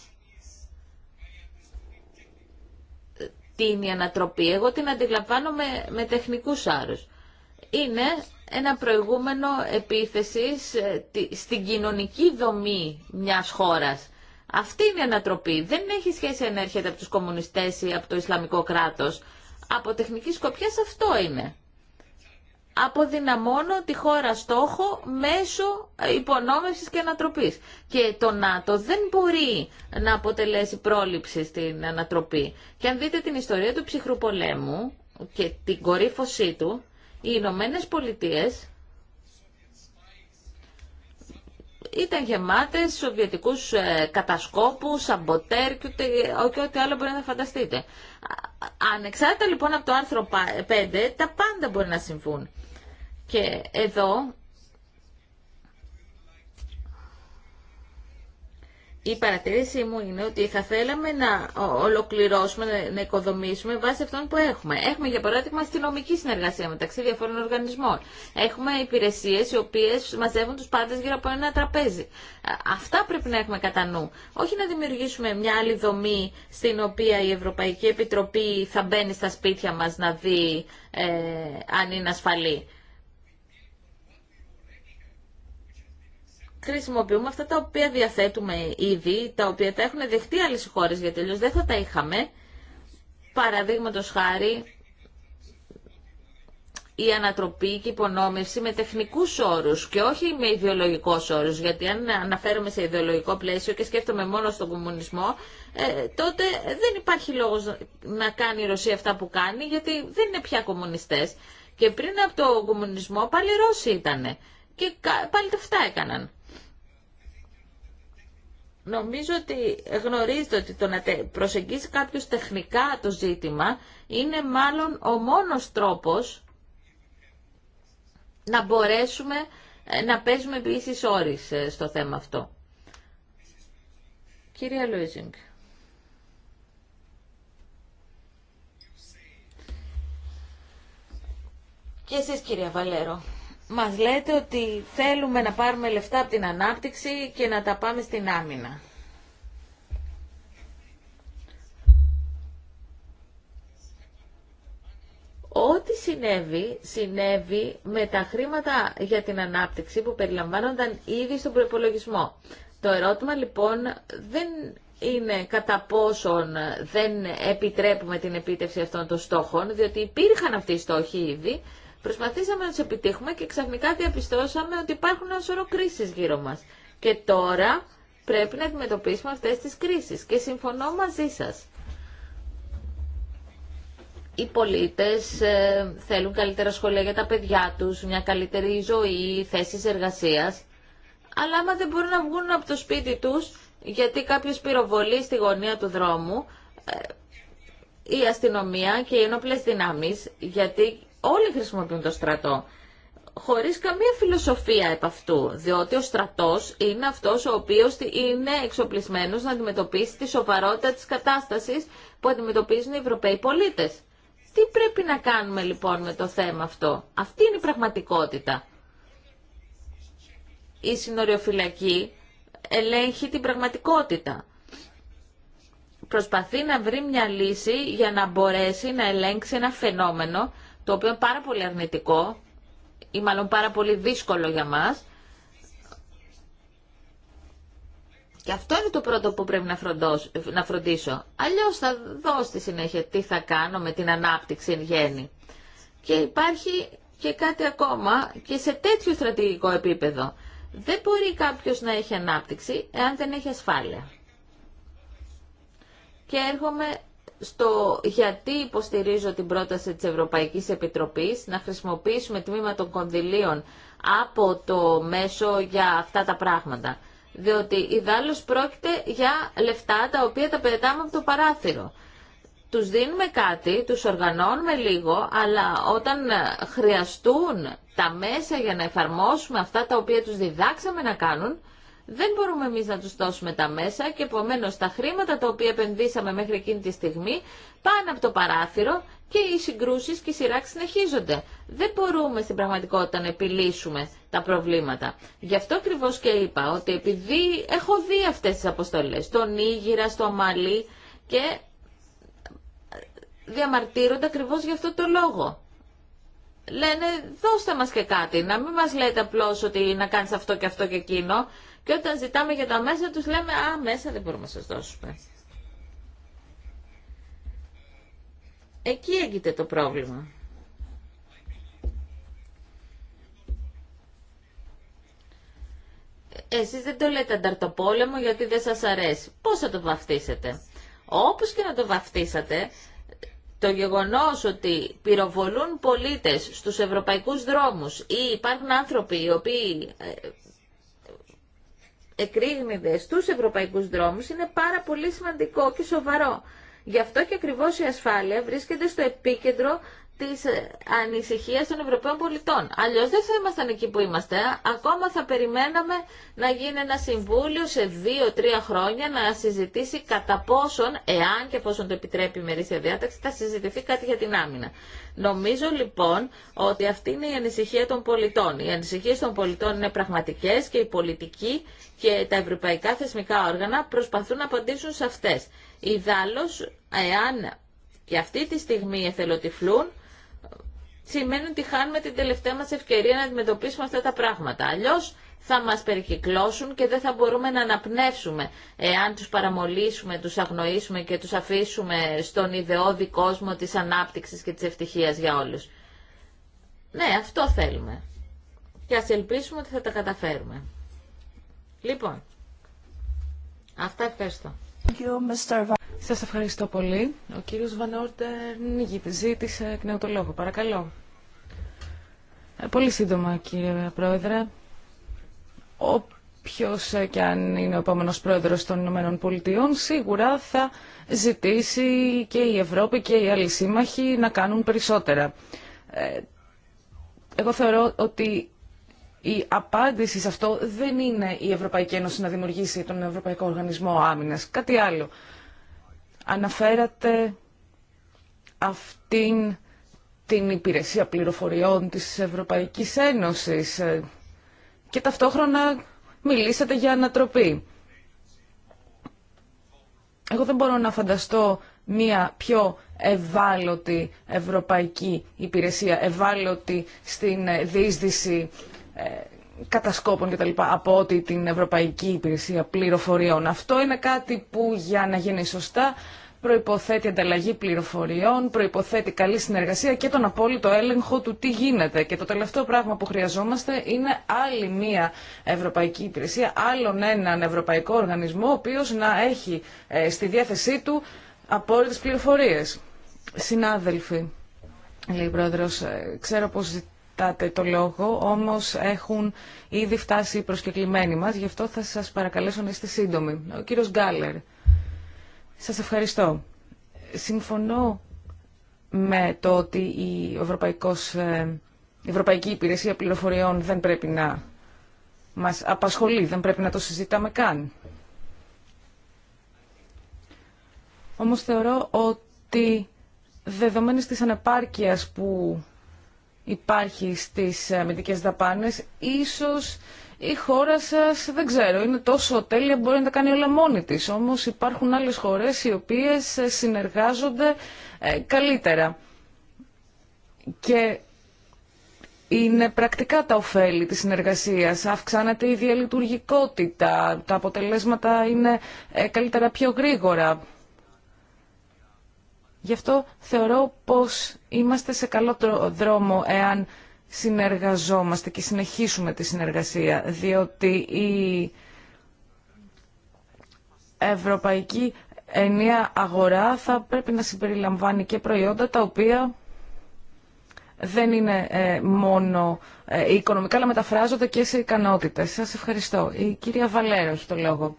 την ανατροπή. Εγώ την αντιλαμβάνομαι με τεχνικούς άρους. Είναι ένα προηγούμενο επίθεσης ε, στην κοινωνική δομή μιας χώρας. Αυτή είναι η ανατροπή. Δεν έχει σχέση αν έρχεται από τους κομμουνιστές ή από το Ισλαμικό κράτος. Από τεχνική σκοπιά αυτό είναι αποδυναμώνω τη χώρα στόχο μέσω υπονόμευσης και ανατροπής. Και το ΝΑΤΟ δεν μπορεί να αποτελέσει πρόληψη στην ανατροπή. Και αν δείτε την ιστορία του ψυχρού πολέμου και την κορύφωσή του, οι Ηνωμένε Πολιτείε ήταν γεμάτες σοβιετικούς ε, κατασκόπους, σαμποτέρ και και ό,τι άλλο μπορεί να φανταστείτε. Ανεξάρτητα λοιπόν από το άρθρο 5, τα πάντα μπορεί να συμβούν. Και εδώ η παρατήρησή μου είναι ότι θα θέλαμε να ολοκληρώσουμε, να οικοδομήσουμε βάσει αυτών που έχουμε. Έχουμε για παράδειγμα αστυνομική συνεργασία μεταξύ διαφόρων οργανισμών. Έχουμε υπηρεσίε οι οποίε μαζεύουν του πάντε γύρω από ένα τραπέζι. Αυτά πρέπει να έχουμε κατά νου. Όχι να δημιουργήσουμε μια άλλη δομή στην οποία η Ευρωπαϊκή Επιτροπή θα μπαίνει στα σπίτια μα να δει ε, αν είναι ασφαλή. χρησιμοποιούμε αυτά τα οποία διαθέτουμε ήδη, τα οποία τα έχουν δεχτεί άλλες χώρες, γιατί αλλιώς δεν θα τα είχαμε. Παραδείγματο χάρη, η ανατροπή και η υπονόμευση με τεχνικούς όρους και όχι με ιδεολογικούς όρους, γιατί αν αναφέρομαι σε ιδεολογικό πλαίσιο και σκέφτομαι μόνο στον κομμουνισμό, ε, τότε δεν υπάρχει λόγος να κάνει η Ρωσία αυτά που κάνει, γιατί δεν είναι πια κομμουνιστές. Και πριν από τον κομμουνισμό πάλι Ρώσοι ήτανε. Και πάλι τα αυτά έκαναν. Νομίζω ότι γνωρίζετε ότι το να προσεγγίσει κάποιος τεχνικά το ζήτημα είναι μάλλον ο μόνος τρόπος να μπορέσουμε ε, να παίζουμε επίσης όρις ε, στο θέμα αυτό. Κυρία Λούιζινγκ. Και εσείς κυρία Βαλέρο, μας λέτε ότι θέλουμε να πάρουμε λεφτά από την ανάπτυξη και να τα πάμε στην άμυνα. Ό,τι συνέβη, συνέβη με τα χρήματα για την ανάπτυξη που περιλαμβάνονταν ήδη στον προπολογισμό. Το ερώτημα λοιπόν δεν είναι κατά πόσον δεν επιτρέπουμε την επίτευξη αυτών των στόχων, διότι υπήρχαν αυτοί οι στόχοι ήδη Προσπαθήσαμε να του επιτύχουμε και ξαφνικά διαπιστώσαμε ότι υπάρχουν ένα σωρό κρίσεις γύρω μας. Και τώρα πρέπει να αντιμετωπίσουμε αυτές τις κρίσεις και συμφωνώ μαζί σα. Οι πολίτες ε, θέλουν καλύτερα σχολεία για τα παιδιά τους, μια καλύτερη ζωή, θέσεις εργασίας. Αλλά άμα δεν μπορούν να βγουν από το σπίτι τους γιατί κάποιο πυροβολεί στη γωνία του δρόμου, ε, η αστυνομία και οι ενόπλες δυνάμεις, γιατί όλοι χρησιμοποιούν το στρατό Χωρί καμία φιλοσοφία επ' αυτού, διότι ο στρατό είναι αυτός ο οποίο είναι εξοπλισμένο να αντιμετωπίσει τη σοβαρότητα τη κατάσταση που αντιμετωπίζουν οι Ευρωπαίοι πολίτε. Τι πρέπει να κάνουμε λοιπόν με το θέμα αυτό. Αυτή είναι η πραγματικότητα. Η συνοριοφυλακή ελέγχει την πραγματικότητα. Προσπαθεί να βρει μια λύση για να μπορέσει να ελέγξει ένα φαινόμενο το οποίο είναι πάρα πολύ αρνητικό ή μάλλον πάρα πολύ δύσκολο για μας. Και αυτό είναι το πρώτο που πρέπει να, να φροντίσω. Αλλιώς θα δω στη συνέχεια τι θα κάνω με την ανάπτυξη εν γέννη. Και υπάρχει και κάτι ακόμα και σε τέτοιο στρατηγικό επίπεδο. Δεν μπορεί κάποιος να έχει ανάπτυξη εάν δεν έχει ασφάλεια. Και έρχομαι στο γιατί υποστηρίζω την πρόταση της Ευρωπαϊκής Επιτροπής να χρησιμοποιήσουμε τμήμα των κονδυλίων από το μέσο για αυτά τα πράγματα. Διότι ιδάλλως πρόκειται για λεφτά τα οποία τα πετάμε από το παράθυρο. Τους δίνουμε κάτι, τους οργανώνουμε λίγο, αλλά όταν χρειαστούν τα μέσα για να εφαρμόσουμε αυτά τα οποία τους διδάξαμε να κάνουν, δεν μπορούμε εμείς να τους δώσουμε τα μέσα και επομένω τα χρήματα τα οποία επενδύσαμε μέχρι εκείνη τη στιγμή πάνε από το παράθυρο και οι συγκρούσεις και οι σειράξεις συνεχίζονται. Δεν μπορούμε στην πραγματικότητα να επιλύσουμε τα προβλήματα. Γι' αυτό ακριβώ και είπα ότι επειδή έχω δει αυτές τις αποστολές, στον Ήγηρα, στο μαλί και διαμαρτύρονται ακριβώς γι' αυτό το λόγο. Λένε δώστε μας και κάτι, να μην μας λέτε απλώς ότι να κάνεις αυτό και αυτό και εκείνο, και όταν ζητάμε για τα μέσα τους λέμε «Α, μέσα δεν μπορούμε να σας δώσουμε». Εκεί έγκυται το πρόβλημα. Εσείς δεν το λέτε ανταρτοπόλεμο γιατί δεν σας αρέσει. Πώς θα το βαφτίσετε. Όπως και να το βαφτίσατε, το γεγονός ότι πυροβολούν πολίτες στους ευρωπαϊκούς δρόμους ή υπάρχουν άνθρωποι οι οποίοι ε, εκρήγνιδες στους ευρωπαϊκούς δρόμους είναι πάρα πολύ σημαντικό και σοβαρό. Γι' αυτό και ακριβώς η ασφάλεια βρίσκεται στο επίκεντρο Τη ε, ανησυχία των Ευρωπαίων πολιτών. Αλλιώ δεν θα ήμασταν εκεί που είμαστε. Ακόμα θα περιμέναμε να γίνει ένα συμβούλιο σε δύο-τρία χρόνια να συζητήσει κατά πόσον, εάν και πόσον το επιτρέπει η μερίσια διάταξη, θα συζητηθεί κάτι για την άμυνα. Νομίζω λοιπόν ότι αυτή είναι η ανησυχία των πολιτών. Οι ανησυχίε των πολιτών είναι πραγματικέ και οι πολιτικοί και τα ευρωπαϊκά θεσμικά όργανα προσπαθούν να απαντήσουν σε αυτέ. Ιδάλω, εάν και αυτή τη στιγμή εθελοτυφλούν, σημαίνει ότι χάνουμε την τελευταία μας ευκαιρία να αντιμετωπίσουμε αυτά τα πράγματα. Αλλιώς θα μας περικυκλώσουν και δεν θα μπορούμε να αναπνεύσουμε εάν τους παραμολύσουμε, τους αγνοήσουμε και τους αφήσουμε στον ιδεώδη κόσμο της ανάπτυξης και της ευτυχίας για όλους. Ναι, αυτό θέλουμε. Και ας ελπίσουμε ότι θα τα καταφέρουμε. Λοιπόν, αυτά ευχαριστώ. Σας ευχαριστώ πολύ. Ο κύριος Βανόρτερν ζήτησε εκ νέου το λόγο. Παρακαλώ. Ε, πολύ σύντομα κύριε Πρόεδρε. Όποιος ε, και αν είναι ο επόμενος πρόεδρος των Ηνωμένων Πολιτειών σίγουρα θα ζητήσει και η Ευρώπη και οι άλλοι σύμμαχοι να κάνουν περισσότερα. Ε, εγώ θεωρώ ότι η απάντηση σε αυτό δεν είναι η Ευρωπαϊκή Ένωση να δημιουργήσει τον Ευρωπαϊκό Οργανισμό Άμυνας. Κάτι άλλο. Αναφέρατε αυτήν την υπηρεσία πληροφοριών της Ευρωπαϊκής Ένωσης ε, και ταυτόχρονα μιλήσατε για ανατροπή. Εγώ δεν μπορώ να φανταστώ μία πιο ευάλωτη ευρωπαϊκή υπηρεσία, ευάλωτη στην ε, δίσδυση... Ε, κατασκόπων κτλ. από ότι την Ευρωπαϊκή Υπηρεσία Πληροφοριών. Αυτό είναι κάτι που για να γίνει σωστά προϋποθέτει ανταλλαγή πληροφοριών, προϋποθέτει καλή συνεργασία και τον απόλυτο έλεγχο του τι γίνεται. Και το τελευταίο πράγμα που χρειαζόμαστε είναι άλλη μία ευρωπαϊκή υπηρεσία, άλλον έναν ευρωπαϊκό οργανισμό, ο οποίος να έχει ε, στη διάθεσή του απόλυτες πληροφορίες. Συνάδελφοι, λέει η Πρόεδρος, ε, ξέρω πως ζητάτε το λόγο, όμως έχουν ήδη φτάσει οι προσκεκλημένοι μας, γι' αυτό θα σας παρακαλέσω να είστε σύντομοι. Ο κύριος Γκάλερ, σας ευχαριστώ. Συμφωνώ με το ότι η, Ευρωπαϊκός, ε, η Ευρωπαϊκή Υπηρεσία Πληροφοριών δεν πρέπει να μας απασχολεί, δεν πρέπει να το συζητάμε καν. Όμως θεωρώ ότι δεδομένης της ανεπάρκειας που υπάρχει στις αμυντικές δαπάνες. Ίσως η χώρα σας, δεν ξέρω, είναι τόσο τέλεια, μπορεί να τα κάνει όλα μόνη της. Όμως υπάρχουν άλλες χώρες οι οποίες συνεργάζονται ε, καλύτερα. Και είναι πρακτικά τα ωφέλη της συνεργασίας. Αυξάνεται η διαλειτουργικότητα, τα αποτελέσματα είναι ε, καλύτερα πιο γρήγορα. Γι' αυτό θεωρώ πως είμαστε σε καλό δρόμο εάν συνεργαζόμαστε και συνεχίσουμε τη συνεργασία, διότι η ευρωπαϊκή ενιαία αγορά θα πρέπει να συμπεριλαμβάνει και προϊόντα τα οποία δεν είναι ε, μόνο ε, οικονομικά, αλλά μεταφράζονται και σε ικανότητες. Σας ευχαριστώ. Η κυρία Βαλέρο έχει το λόγο.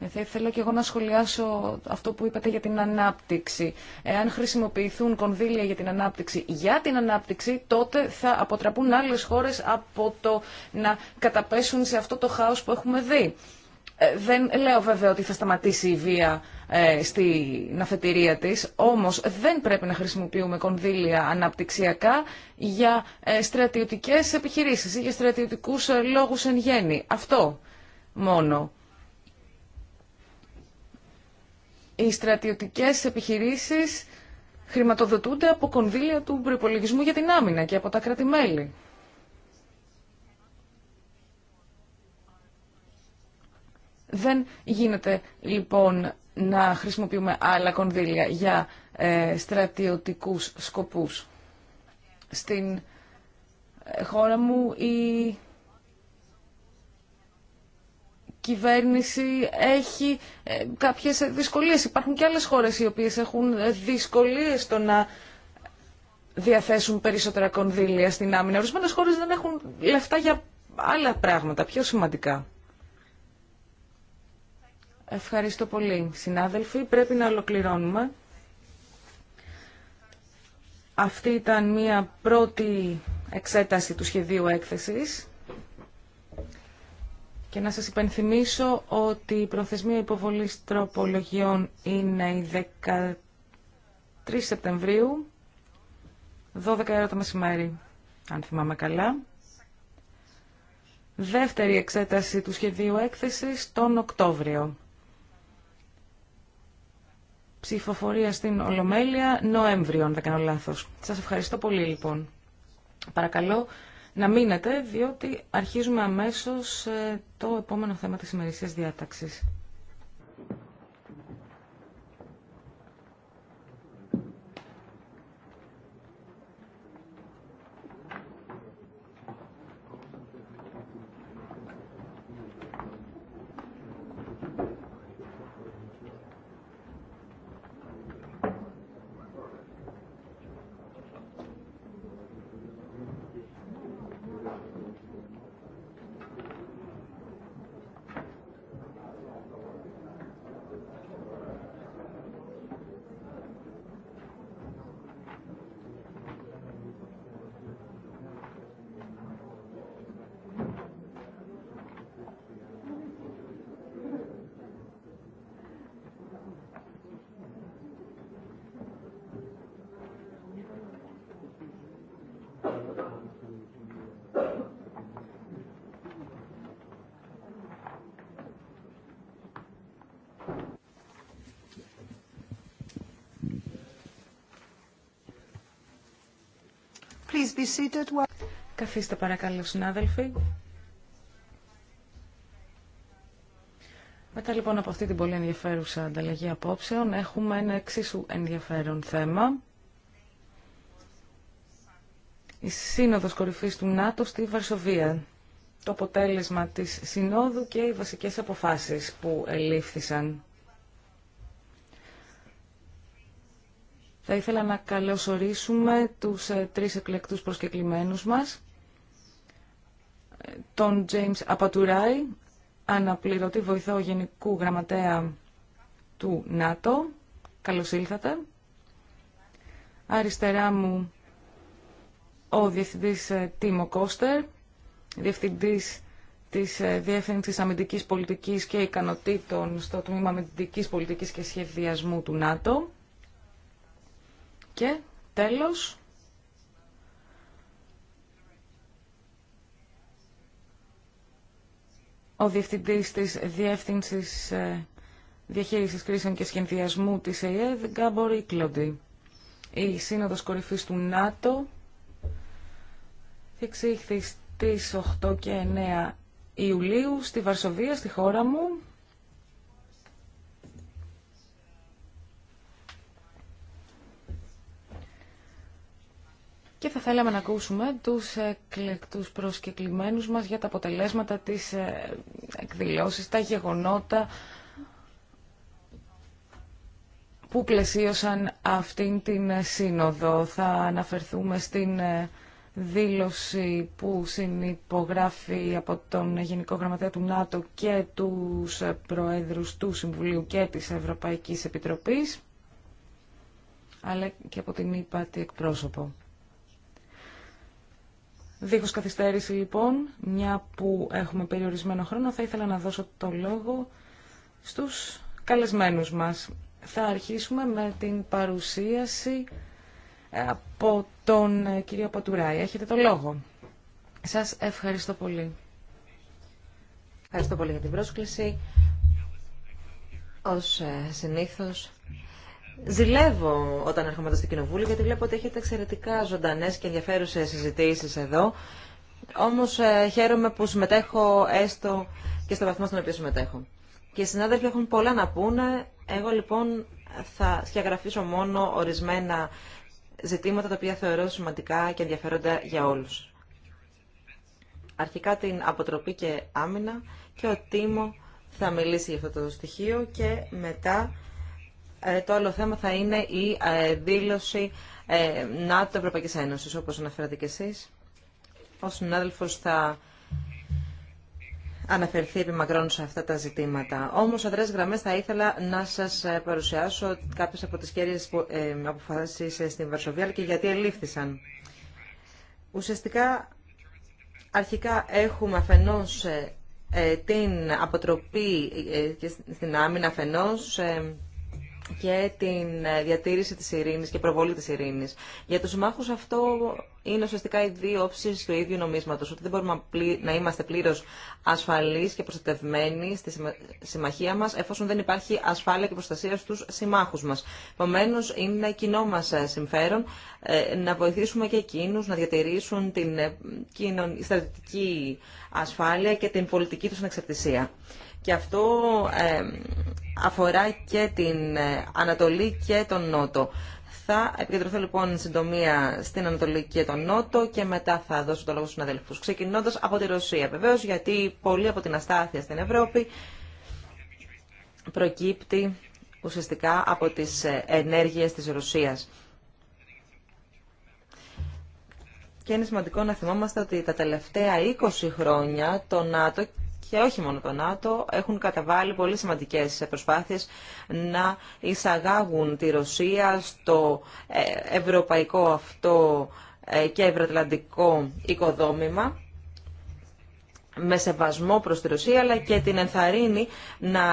Ε, θα ήθελα και εγώ να σχολιάσω αυτό που είπατε για την ανάπτυξη. Εάν χρησιμοποιηθούν κονδύλια για την ανάπτυξη, για την ανάπτυξη, τότε θα αποτραπούν άλλες χώρες από το να καταπέσουν σε αυτό το χάος που έχουμε δει. Ε, δεν λέω βέβαια ότι θα σταματήσει η βία ε, στην αφετηρία της, όμως δεν πρέπει να χρησιμοποιούμε κονδύλια αναπτυξιακά για ε, στρατιωτικές επιχειρήσεις ή για στρατιωτικούς λόγους εν γέννη. Αυτό μόνο. οι στρατιωτικές επιχειρήσεις χρηματοδοτούνται από κονδύλια του προπολογισμού για την άμυνα και από τα κρατη Δεν γίνεται λοιπόν να χρησιμοποιούμε άλλα κονδύλια για ε, στρατιωτικούς σκοπούς. Στην ε, χώρα μου η κυβέρνηση έχει ε, κάποιες δυσκολίες. Υπάρχουν και άλλες χώρες οι οποίες έχουν δυσκολίες στο να διαθέσουν περισσότερα κονδύλια στην άμυνα. Ορισμένες χώρες δεν έχουν λεφτά για άλλα πράγματα, πιο σημαντικά. Ευχαριστώ πολύ. Συνάδελφοι, πρέπει να ολοκληρώνουμε. Αυτή ήταν μία πρώτη εξέταση του σχεδίου έκθεσης. Και να σας υπενθυμίσω ότι η προθεσμία υποβολής τροπολογιών είναι η 13 Σεπτεμβρίου, 12 ώρα το μεσημέρι, αν θυμάμαι καλά. Δεύτερη εξέταση του σχεδίου έκθεσης τον Οκτώβριο. Ψηφοφορία στην Ολομέλεια Νοέμβριο, αν δεν κάνω λάθος. Σας ευχαριστώ πολύ λοιπόν. Παρακαλώ να μείνετε, διότι αρχίζουμε αμέσως ε, το επόμενο θέμα της ημερησίας διάταξης. Καθίστε παρακαλώ συνάδελφοι. Μετά λοιπόν από αυτή την πολύ ενδιαφέρουσα ανταλλαγή απόψεων έχουμε ένα εξίσου ενδιαφέρον θέμα. Η Σύνοδος Κορυφής του ΝΑΤΟ στη Βαρσοβία. Το αποτέλεσμα της Συνόδου και οι βασικές αποφάσεις που ελήφθησαν. Θα ήθελα να καλωσορίσουμε τους ε, τρεις εκλεκτούς προσκεκλημένους μας. Τον James Απατουράη, αναπληρωτή βοηθό Γενικού Γραμματέα του ΝΑΤΟ. Καλώς ήλθατε. Αριστερά μου ο Διευθυντής ε, Τίμο Κώστερ, Διευθυντής της ε, Διεύθυνσης Αμυντικής Πολιτικής και Ικανοτήτων στο Τμήμα Αμυντικής Πολιτικής και Σχεδιασμού του ΝΑΤΟ. Και τέλος, ο Διευθυντής της Διεύθυνσης ε, Διαχείρισης Κρίσεων και Σχεδιασμού της ΕΕΔ, Γκάμπορ Ικλόντι. Η Σύνοδος Κορυφής του ΝΑΤΟ εξήχθη στις 8 και 9 Ιουλίου στη Βαρσοβία, στη χώρα μου, και θα θέλαμε να ακούσουμε τους εκλεκτούς προσκεκλημένους μας για τα αποτελέσματα της ε, εκδηλώσεις, τα γεγονότα που πλαισίωσαν αυτήν την σύνοδο. Θα αναφερθούμε στην ε, δήλωση που συνυπογράφει από τον Γενικό Γραμματέα του ΝΑΤΟ και τους ε, Προέδρους του Συμβουλίου και της Ευρωπαϊκής Επιτροπής αλλά και από την ΥΠΑΤΗ εκπρόσωπο. Δίχως καθυστέρηση λοιπόν, μια που έχουμε περιορισμένο χρόνο, θα ήθελα να δώσω το λόγο στους καλεσμένους μας. Θα αρχίσουμε με την παρουσίαση ε, από τον ε, κύριο Πατουράη. Έχετε το λόγο. Σας ευχαριστώ πολύ. Ευχαριστώ πολύ για την πρόσκληση. Ως ε, συνήθως Ζηλεύω όταν έρχομαι εδώ στο Κοινοβούλιο γιατί βλέπω ότι έχετε εξαιρετικά ζωντανές και ενδιαφέρουσες συζητήσεις εδώ. Όμως ε, χαίρομαι που συμμετέχω έστω και στο βαθμό στον οποίο συμμετέχω. Και οι συνάδελφοι έχουν πολλά να πούνε. Εγώ λοιπόν θα σχεδιαγραφήσω μόνο ορισμένα ζητήματα τα οποία θεωρώ σημαντικά και ενδιαφέροντα για όλους. Αρχικά την αποτροπή και άμυνα και ο Τίμο θα μιλήσει για αυτό το στοιχείο και μετά ε, το άλλο θέμα θα είναι η ε, δήλωση ε, ΝΑΤΟ Ευρωπαϊκής Ένωσης, όπως αναφέρατε και εσείς. Ο συνάδελφος θα αναφερθεί επί σε αυτά τα ζητήματα. Όμως, αδρές γραμμές, θα ήθελα να σας παρουσιάσω κάποιες από τις ε, αποφάσεις στην Βαρσοβία, και γιατί ελήφθησαν. Ουσιαστικά, αρχικά έχουμε αφενός την αποτροπή στην άμυνα αφενός, και την ε, διατήρηση της ειρήνης και προβολή της ειρήνης. Για τους μάχους αυτό είναι ουσιαστικά οι δύο όψεις του ίδιου νομίσματος, ότι δεν μπορούμε να είμαστε πλήρως ασφαλείς και προστατευμένοι στη συμμαχία μας, εφόσον δεν υπάρχει ασφάλεια και προστασία στους συμμάχους μας. Επομένω, είναι κοινό μας ε, συμφέρον ε, να βοηθήσουμε και εκείνους να διατηρήσουν την στρατητική ασφάλεια και την πολιτική τους ανεξαρτησία και αυτό αφορά και την ε, Ανατολή και τον Νότο. Θα επικεντρωθώ λοιπόν συντομία στην Ανατολή και τον Νότο και μετά θα δώσω το λόγο στους αδελφούς. Ξεκινώντας από τη Ρωσία βεβαίως γιατί πολλή από την αστάθεια στην Ευρώπη προκύπτει ουσιαστικά από τις ε, ενέργειες της Ρωσίας. Και είναι σημαντικό να θυμόμαστε ότι τα τελευταία 20 χρόνια το ΝΑΤΟ και όχι μόνο το ΝΑΤΟ έχουν καταβάλει πολύ σημαντικές προσπάθειες να εισαγάγουν τη Ρωσία στο ε, ευρωπαϊκό αυτό ε, και ευρωατλαντικό οικοδόμημα με σεβασμό προς τη Ρωσία αλλά και την ενθαρρύνει να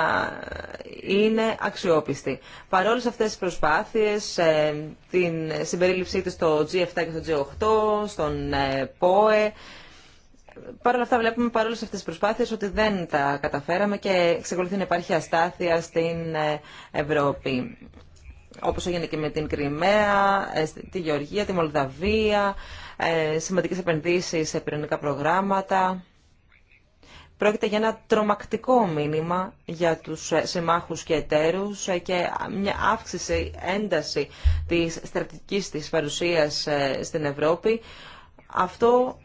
είναι αξιόπιστη. Παρόλες αυτές τις προσπάθειες, ε, την συμπερίληψή της στο G7 και στο G8, στον ΠΟΕ, Παρ' όλα αυτά βλέπουμε παρόλες αυτές τις προσπάθειες ότι δεν τα καταφέραμε και εξακολουθεί να υπάρχει αστάθεια στην ε, Ευρώπη. Όπως έγινε και με την Κρυμαία, ε, τη Γεωργία, τη Μολδαβία, ε, σημαντικές επενδύσεις σε πυρηνικά προγράμματα. Πρόκειται για ένα τρομακτικό μήνυμα για τους συμμάχους και εταίρους και μια αύξηση, ένταση της στρατηγικής της παρουσίας στην Ευρώπη. Αυτό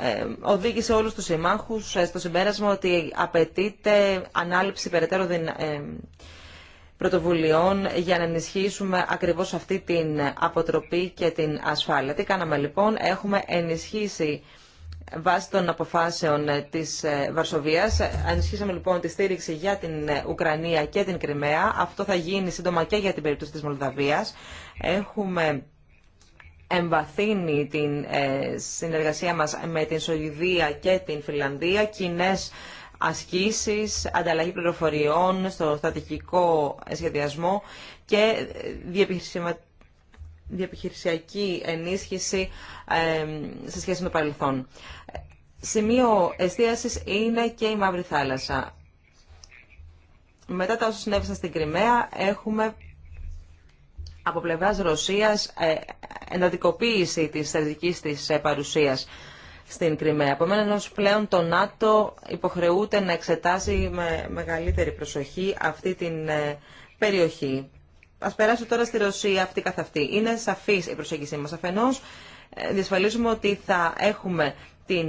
ε, οδήγησε όλους τους συμμάχους ε, στο συμπέρασμα ότι απαιτείται ανάληψη περαιτέρω ε, πρωτοβουλειών για να ενισχύσουμε ακριβώς αυτή την αποτροπή και την ασφάλεια. Τι κάναμε λοιπόν, έχουμε ενισχύσει βάσει των αποφάσεων της Βαρσοβίας. Ενισχύσαμε λοιπόν τη στήριξη για την Ουκρανία και την Κρυμαία. Αυτό θα γίνει σύντομα και για την περίπτωση της Μολδαβίας. Έχουμε εμβαθύνει την ε, συνεργασία μας με την Σοηδία και την Φιλανδία, κοινέ ασκήσεις, ανταλλαγή πληροφοριών στο στρατηγικό σχεδιασμό και ε, διαπιχειρησιακή ενίσχυση ε, σε σχέση με το παρελθόν. Σημείο εστίασης είναι και η Μαύρη Θάλασσα. Μετά τα όσα συνέβησαν στην Κρυμαία, έχουμε από πλευράς Ρωσίας ε, εντατικοποίηση της στρατηγικής της ε, παρουσίας στην Κρυμαία. Επομένω, πλέον το ΝΑΤΟ υποχρεούται να εξετάσει με μεγαλύτερη προσοχή αυτή την ε, περιοχή. Α περάσω τώρα στη Ρωσία αυτή καθ' αυτή. Είναι σαφή η προσέγγιση μα. Αφενό, διασφαλίζουμε ότι θα έχουμε την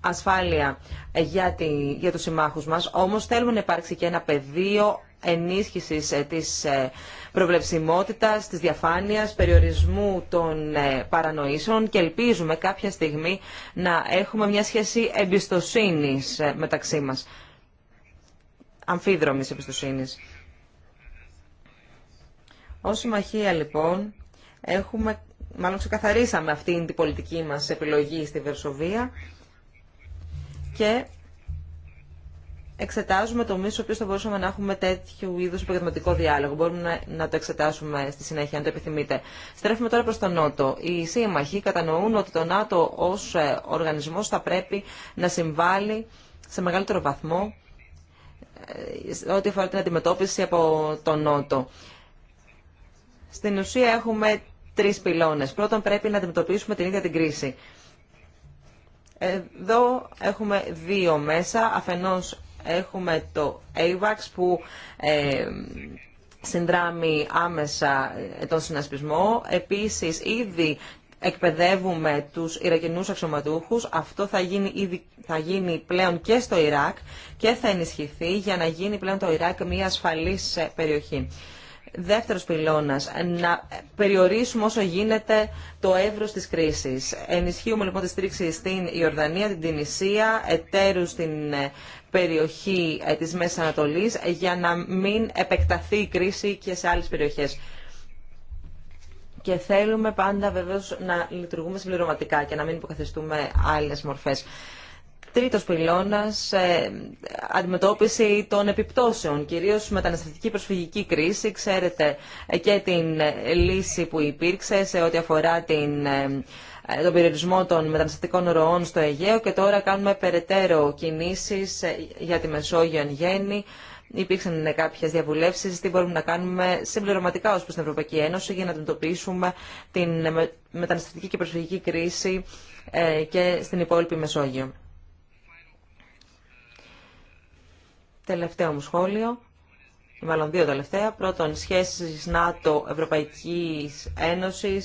ασφάλεια για, τη, για τους συμμάχους μας, όμως θέλουμε να υπάρξει και ένα πεδίο ενίσχυσης ε, της ε, προβλεψιμότητας, της διαφάνειας, περιορισμού των ε, παρανοήσεων και ελπίζουμε κάποια στιγμή να έχουμε μια σχέση εμπιστοσύνης μεταξύ μας. Αμφίδρομης εμπιστοσύνης. Ως συμμαχία λοιπόν έχουμε, μάλλον ξεκαθαρίσαμε αυτήν την πολιτική μας επιλογή στη Βερσοβία και εξετάζουμε το μίσο οποίο θα μπορούσαμε να έχουμε τέτοιου είδου επαγγελματικό διάλογο. Μπορούμε να, το εξετάσουμε στη συνέχεια, αν το επιθυμείτε. Στρέφουμε τώρα προ τον Νότο. Οι σύμμαχοι κατανοούν ότι το ΝΑΤΟ ω ε, οργανισμό θα πρέπει να συμβάλλει σε μεγαλύτερο βαθμό ε, ό,τι αφορά την αντιμετώπιση από τον Νότο. Στην ουσία έχουμε τρεις πυλώνες. Πρώτον πρέπει να αντιμετωπίσουμε την ίδια την κρίση. Εδώ έχουμε δύο μέσα, αφενός Έχουμε το AVAX που ε, συνδράμει άμεσα ε, τον συνασπισμό. Επίσης, ήδη εκπαιδεύουμε τους Ιρακινούς αξιωματούχους. Αυτό θα γίνει, ήδη, θα γίνει πλέον και στο Ιράκ και θα ενισχυθεί για να γίνει πλέον το Ιράκ μια ασφαλής ε, περιοχή. Δεύτερος πυλώνας, να περιορίσουμε όσο γίνεται το εύρος της κρίσης. Ενισχύουμε λοιπόν τη στήριξη στην Ιορδανία, την Τινησία, εταίρους στην ε, περιοχή ε, της Μέσης Ανατολής για να μην επεκταθεί η κρίση και σε άλλες περιοχές. Και θέλουμε πάντα βεβαίως να λειτουργούμε συμπληρωματικά και να μην υποκαθιστούμε άλλες μορφές. Τρίτος πυλώνας, ε, αντιμετώπιση των επιπτώσεων, κυρίως μεταναστευτική προσφυγική κρίση. Ξέρετε ε, και την λύση που υπήρξε σε ό,τι αφορά την ε, τον περιορισμό των μεταναστευτικών ροών στο Αιγαίο και τώρα κάνουμε περαιτέρω κινήσεις ε, για τη Μεσόγειο εν γέννη. Υπήρξαν κάποιε διαβουλεύσει, τι μπορούμε να κάνουμε συμπληρωματικά ω προ την Ευρωπαϊκή Ένωση για να αντιμετωπίσουμε την μεταναστευτική και προσφυγική κρίση ε, και στην υπόλοιπη Μεσόγειο. Τελευταίο μου σχόλιο, μάλλον δύο τελευταία. Πρώτον, σχέσει ΝΑΤΟ-Ευρωπαϊκή Ένωση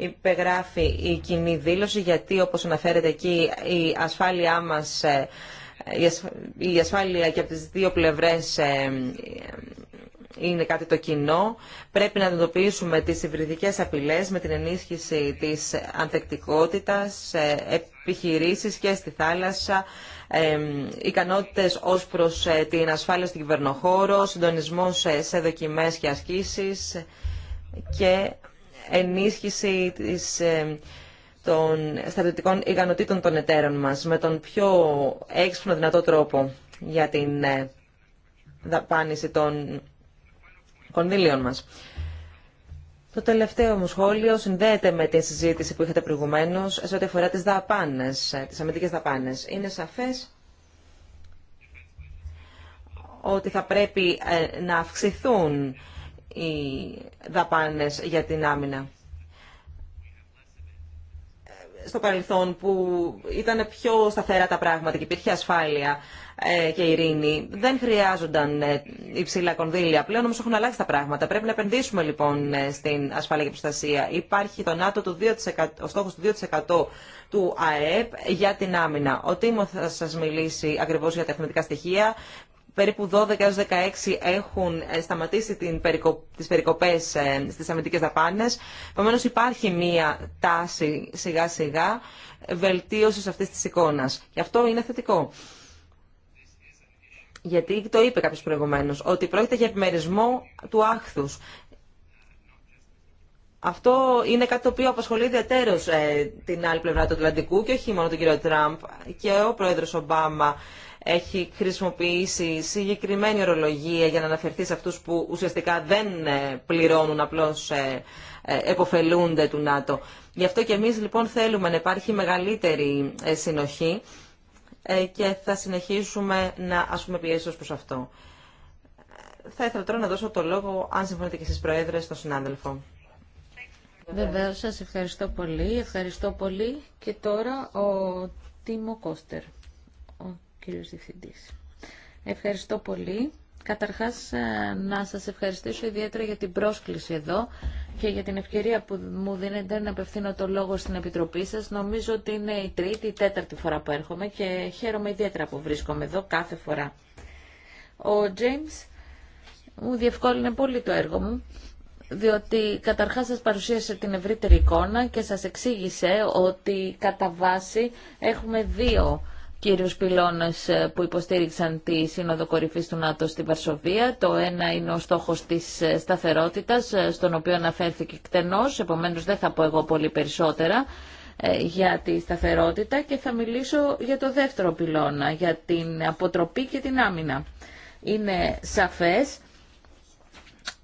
υπεγράφει η κοινή δήλωση γιατί όπως αναφέρεται εκεί η ασφάλειά μας ε, η ασφάλεια και από τις δύο πλευρές ε, είναι κάτι το κοινό. Πρέπει να αντιμετωπίσουμε τις υβριδικές απειλές με την ενίσχυση της ανθεκτικότητας, ε, επιχειρήσεις και στη θάλασσα, ικανότητες ως προς την ασφάλεια στην κυβερνοχώρο, συντονισμό σε δοκιμές και ασκήσεις και ενίσχυση της, ε, των στρατιωτικών ικανοτήτων των εταίρων μας με τον πιο έξυπνο δυνατό τρόπο για την ε, δαπάνηση των κονδύλιων μας. Το τελευταίο μου σχόλιο συνδέεται με την συζήτηση που είχατε προηγουμένω σε ό,τι αφορά τις δαπάνες, ε, τις αμυντικές δαπάνες. Είναι σαφές ότι θα πρέπει να αυξηθούν οι δαπάνες για την άμυνα στο παρελθόν που ήταν πιο σταθερά τα πράγματα και υπήρχε ασφάλεια ε, και ειρήνη, δεν χρειάζονταν ε, υψηλά κονδύλια. Πλέον όμως έχουν αλλάξει τα πράγματα. Πρέπει να επενδύσουμε λοιπόν ε, στην ασφάλεια και προστασία. Υπάρχει το ΝΑΤΟ του 2%, ο στόχος του 2% του ΑΕΠ για την άμυνα. Ο Τίμο θα σας μιλήσει ακριβώς για τα αριθμητικά στοιχεία περίπου 12 έως 16 έχουν ε, σταματήσει την περικο... τις περικοπές ε, στις αμυντικές δαπάνες. Επομένω υπάρχει μία τάση σιγά σιγά βελτίωσης αυτής της εικόνας. Και αυτό είναι θετικό. Γιατί το είπε κάποιος προηγουμένως, ότι πρόκειται για επιμερισμό του άχθους. Αυτό είναι κάτι το οποίο απασχολεί ιδιαίτερω ε, την άλλη πλευρά του Ατλαντικού και όχι μόνο τον κύριο Τραμπ και ο πρόεδρος Ομπάμα έχει χρησιμοποιήσει συγκεκριμένη ορολογία για να αναφερθεί σε αυτούς που ουσιαστικά δεν ε, πληρώνουν, απλώς ε, ε, εποφελούνται του ΝΑΤΟ. Γι' αυτό και εμείς λοιπόν θέλουμε να υπάρχει μεγαλύτερη συνοχή και θα συνεχίσουμε να ασκούμε πιέσεις προς αυτό. Θα ήθελα τώρα να δώσω το λόγο, αν συμφωνείτε και εσείς Προέδρε, στον συνάδελφο. Βεβαίως, σας ευχαριστώ πολύ. Ευχαριστώ πολύ. Και τώρα ο Τίμο Κώστερ κύριος Διευθυντής. Ευχαριστώ πολύ. Καταρχάς ε, να σας ευχαριστήσω ιδιαίτερα για την πρόσκληση εδώ και για την ευκαιρία που μου δίνετε να απευθύνω το λόγο στην Επιτροπή σας. Νομίζω ότι είναι η τρίτη ή τέταρτη φορά που έρχομαι και χαίρομαι ιδιαίτερα που βρίσκομαι εδώ κάθε φορά. Ο James μου διευκόλυνε πολύ το έργο μου διότι καταρχάς σας παρουσίασε την ευρύτερη εικόνα και σας εξήγησε ότι κατά βάση έχουμε δύο κύριους πυλώνες ε, που υποστήριξαν τη Σύνοδο Κορυφής του ΝΑΤΟ στη Βαρσοβία. Το ένα είναι ο στόχος της ε, σταθερότητας, ε, στον οποίο αναφέρθηκε κτενός. επομένως δεν θα πω εγώ πολύ περισσότερα για τη σταθερότητα και θα μιλήσω για το δεύτερο πυλώνα, για την αποτροπή και την άμυνα. Είναι σαφές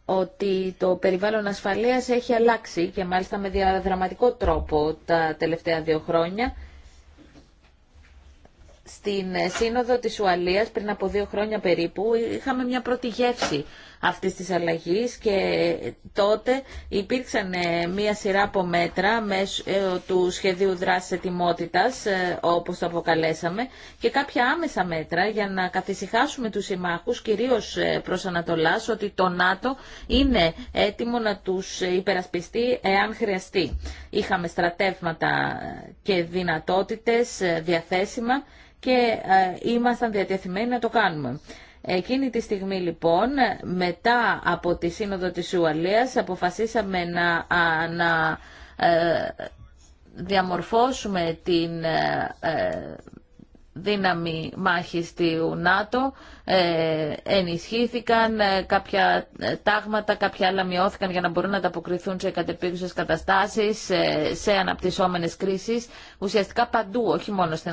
ότι το περιβάλλον ασφαλείας έχει αλλάξει και μάλιστα με διαδραματικό τρόπο τα τελευταία δύο χρόνια στην ε, σύνοδο της Ουαλίας πριν από δύο χρόνια περίπου είχαμε μια πρώτη γεύση αυτής της αλλαγής και τότε υπήρξαν ε, μία σειρά από μέτρα μέσω ε, του σχεδίου δράσης ετοιμότητας ε, όπως το αποκαλέσαμε και κάποια άμεσα μέτρα για να καθησυχάσουμε τους συμμάχους κυρίως προς Ανατολάς ότι το ΝΑΤΟ είναι έτοιμο να τους υπερασπιστεί εάν χρειαστεί. Είχαμε στρατεύματα και δυνατότητες διαθέσιμα και ήμασταν διατεθειμένοι να το κάνουμε. Εκείνη τη στιγμή λοιπόν, μετά από τη Σύνοδο της Ουαλίας, αποφασίσαμε να, να ε, διαμορφώσουμε την ε, ε, δύναμη μάχης του ΝΑΤΟ, ενισχύθηκαν κάποια τάγματα, κάποια άλλα μειώθηκαν για να μπορούν να ανταποκριθούν σε κατεπίγουσες καταστάσεις, σε αναπτυσσόμενες κρίσεις, ουσιαστικά παντού, όχι μόνο στην,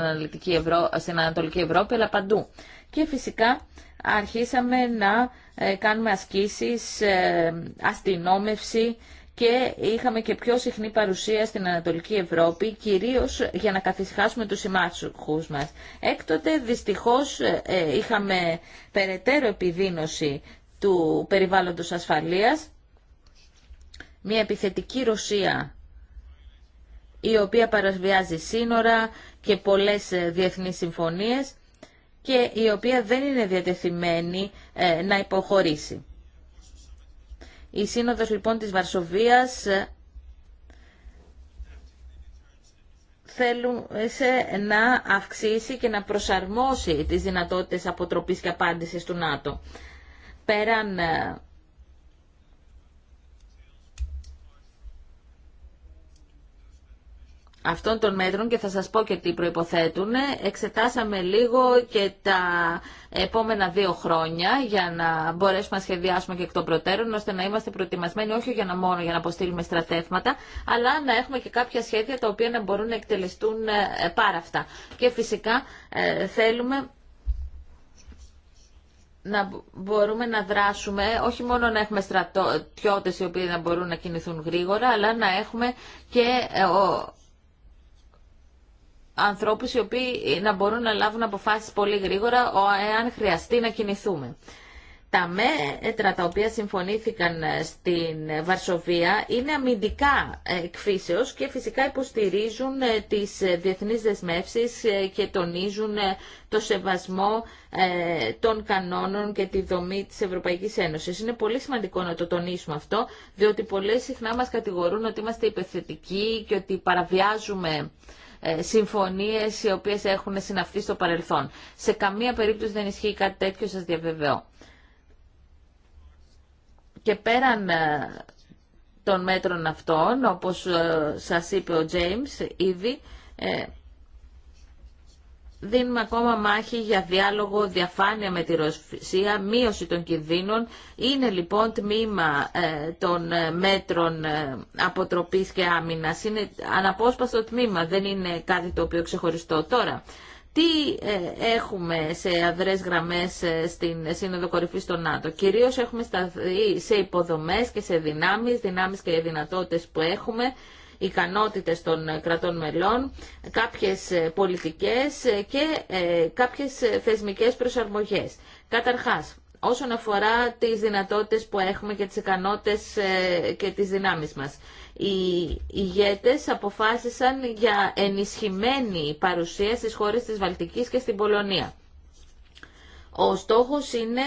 στην Ανατολική Ευρώπη, αλλά παντού. Και φυσικά αρχίσαμε να ε, κάνουμε ασκήσεις, ε, αστυνόμευση και είχαμε και πιο συχνή παρουσία στην Ανατολική Ευρώπη, κυρίως για να καθισχάσουμε τους συμμάχους μας. Έκτοτε, δυστυχώς, ε, είχαμε περαιτέρω επιδείνωση του περιβάλλοντος ασφαλείας, μια επιθετική Ρωσία η οποία παρασβιάζει σύνορα και πολλές διεθνείς συμφωνίες και η οποία δεν είναι διατεθειμένη ε, να υποχωρήσει. Η Σύνοδος λοιπόν της Βαρσοβίας ε, σε, να αυξήσει και να προσαρμόσει τις δυνατότητες αποτροπής και απάντησης του ΝΑΤΟ. Πέραν ε, αυτών των μέτρων και θα σας πω και τι προϋποθέτουν. Εξετάσαμε λίγο και τα επόμενα δύο χρόνια για να μπορέσουμε να σχεδιάσουμε και εκ των προτέρων ώστε να είμαστε προετοιμασμένοι όχι για να μόνο για να αποστείλουμε στρατεύματα αλλά να έχουμε και κάποια σχέδια τα οποία να μπορούν να εκτελεστούν ε, πάρα αυτά. Και φυσικά ε, θέλουμε να μπορούμε να δράσουμε, όχι μόνο να έχουμε στρατιώτες οι οποίοι να μπορούν να κινηθούν γρήγορα, αλλά να έχουμε και ε, ανθρώπους οι οποίοι να μπορούν να λάβουν αποφάσεις πολύ γρήγορα εάν χρειαστεί να κινηθούμε. Τα μέτρα τα οποία συμφωνήθηκαν στην Βαρσοβία είναι αμυντικά εκφύσεως και φυσικά υποστηρίζουν ε, τις διεθνείς δεσμεύσεις ε, και τονίζουν ε, το σεβασμό των κανόνων και τη δομή της Ευρωπαϊκής Ένωσης. Είναι πολύ σημαντικό να το τονίσουμε αυτό, διότι πολλές συχνά μας κατηγορούν ότι είμαστε υπευθετικοί και ότι παραβιάζουμε ε, συμφωνίες οι οποίες έχουν συναυθεί στο παρελθόν. Σε καμία περίπτωση δεν ισχύει κάτι τέτοιο, σας διαβεβαιώ. Και πέραν ε, των μέτρων αυτών, όπως ε, σας είπε ο Τζέιμς ήδη, δίνουμε ακόμα μάχη για διάλογο, διαφάνεια με τη Ρωσία, μείωση των κινδύνων. Είναι λοιπόν τμήμα ε, των ε, μέτρων ε, αποτροπής και άμυνας. Είναι αναπόσπαστο τμήμα, δεν είναι κάτι το οποίο ξεχωριστό τώρα. Τι έχουμε σε αδρές γραμμές στην Σύνοδο Κορυφής στο ΝΑΤΟ. Κυρίως έχουμε σταθεί σε υποδομές και σε δυνάμεις, δυνάμεις και δυνατότητες που έχουμε ικανότητες των κρατών μελών, κάποιες ε, πολιτικές ε, και ε, κάποιες θεσμικές προσαρμογές. Καταρχάς, όσον αφορά τις δυνατότητες που έχουμε και τις ικανότητες και τις δυνάμεις μας. Οι ηγέτες αποφάσισαν για ενισχυμένη παρουσία στις χώρες της Βαλτικής και στην Πολωνία. Ο στόχος είναι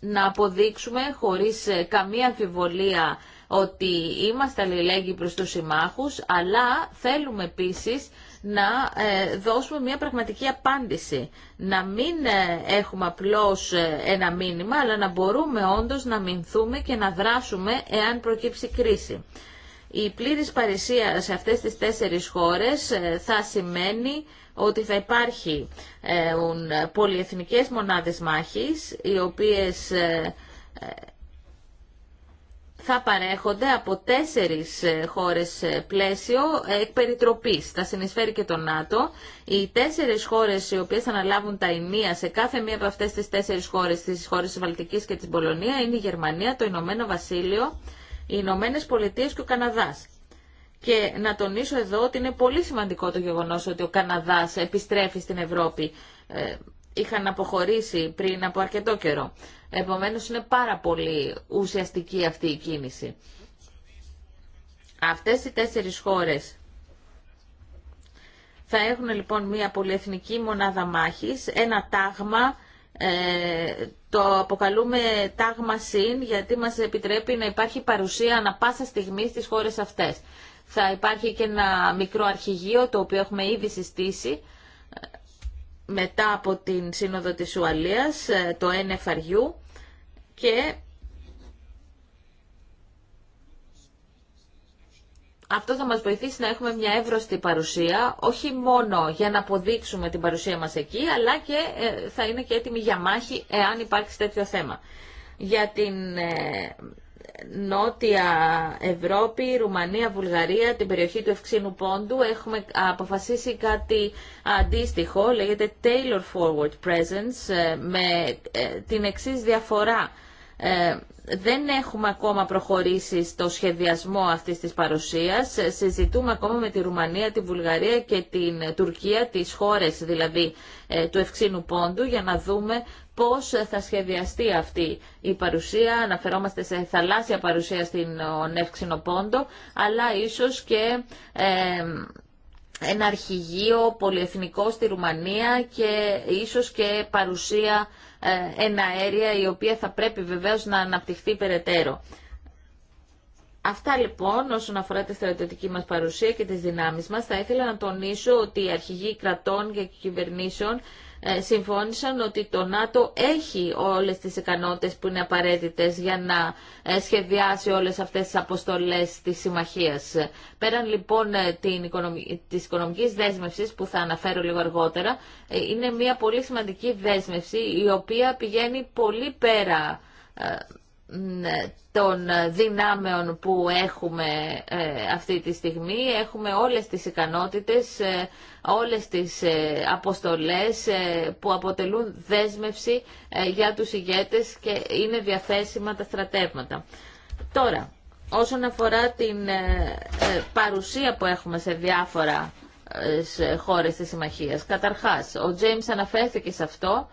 να αποδείξουμε χωρίς καμία αμφιβολία ότι είμαστε αλληλέγγυοι προς τους συμμάχους, αλλά θέλουμε επίσης να ε, δώσουμε μια πραγματική απάντηση. Να μην ε, έχουμε απλώς ε, ένα μήνυμα, αλλά να μπορούμε όντως να μηνθούμε και να δράσουμε εάν προκύψει κρίση. Η πλήρης παρησία σε αυτές τις τέσσερις χώρες θα σημαίνει ότι θα υπάρχει πολυεθνικές μονάδες μάχης, οι οποίες θα παρέχονται από τέσσερις ε, χώρες ε, πλαίσιο ε, εκ περιτροπής. Θα συνεισφέρει και το ΝΑΤΟ. Οι τέσσερις χώρες οι οποίες αναλάβουν τα ενία σε κάθε μία από αυτές τις τέσσερις χώρες, τις χώρες της Βαλτικής και της Πολωνία, είναι η Γερμανία, το Ηνωμένο Βασίλειο, οι Ηνωμένε Πολιτείε και ο Καναδάς. Και να τονίσω εδώ ότι είναι πολύ σημαντικό το γεγονός ότι ο Καναδάς επιστρέφει στην Ευρώπη είχαν αποχωρήσει πριν από αρκετό καιρό. Επομένως είναι πάρα πολύ ουσιαστική αυτή η κίνηση. Αυτές οι τέσσερις χώρες θα έχουν λοιπόν μια πολυεθνική μονάδα μάχης, ένα τάγμα, ε, το αποκαλούμε τάγμα συν γιατί μας επιτρέπει να υπάρχει παρουσία ανα πάσα στιγμή στις χώρες αυτές. Θα υπάρχει και ένα μικρό αρχηγείο το οποίο έχουμε ήδη συστήσει μετά από την Σύνοδο της Ουαλίας, ε, το NFRU και αυτό θα μας βοηθήσει να έχουμε μια εύρωστη παρουσία, όχι μόνο για να αποδείξουμε την παρουσία μας εκεί, αλλά και ε, θα είναι και έτοιμη για μάχη εάν υπάρξει τέτοιο θέμα. Για την ε, Νότια Ευρώπη, Ρουμανία, Βουλγαρία, την περιοχή του Ευξήνου Πόντου. Έχουμε αποφασίσει κάτι αντίστοιχο, λέγεται Taylor Forward Presence, ε, με ε, την εξής διαφορά ε, δεν έχουμε ακόμα προχωρήσει στο σχεδιασμό αυτής της παρουσίας. Ε, συζητούμε ακόμα με τη Ρουμανία, τη Βουλγαρία και την Τουρκία, τις χώρες δηλαδή ε, του Ευξήνου Πόντου, για να δούμε πώς θα σχεδιαστεί αυτή η παρουσία. Αναφερόμαστε σε θαλάσσια παρουσία στην Ευξήνο Πόντο, αλλά ίσως και ένα αρχηγείο πολυεθνικό στη Ρουμανία και ίσως και παρουσία ε, εναέρια η οποία θα πρέπει βεβαίως να αναπτυχθεί περαιτέρω. Αυτά λοιπόν όσον αφορά τη στρατιωτική μας παρουσία και τις δυνάμεις μας. Θα ήθελα να τονίσω ότι οι αρχηγοί κρατών και κυβερνήσεων ε, συμφώνησαν ότι το ΝΑΤΟ έχει όλες τις ικανότητες που είναι απαραίτητες για να ε, σχεδιάσει όλες αυτές τις αποστολές της συμμαχίας. Πέραν λοιπόν ε, της οικονομικής δέσμευσης που θα αναφέρω λίγο αργότερα, είναι μια πολύ σημαντική δέσμευση η οποία πηγαίνει πολύ πέρα των δυνάμεων που έχουμε ε, αυτή τη στιγμή. Έχουμε όλες τις ικανότητες, ε, όλες τις ε, αποστολές που αποτελούν δέσμευση για τους ηγέτες και είναι διαθέσιμα τα στρατεύματα. Τώρα, όσον αφορά την παρουσία που έχουμε σε διάφορα χώρες της συμμαχίας. Καταρχάς, ο Τζέιμς αναφέρθηκε σε αυτό.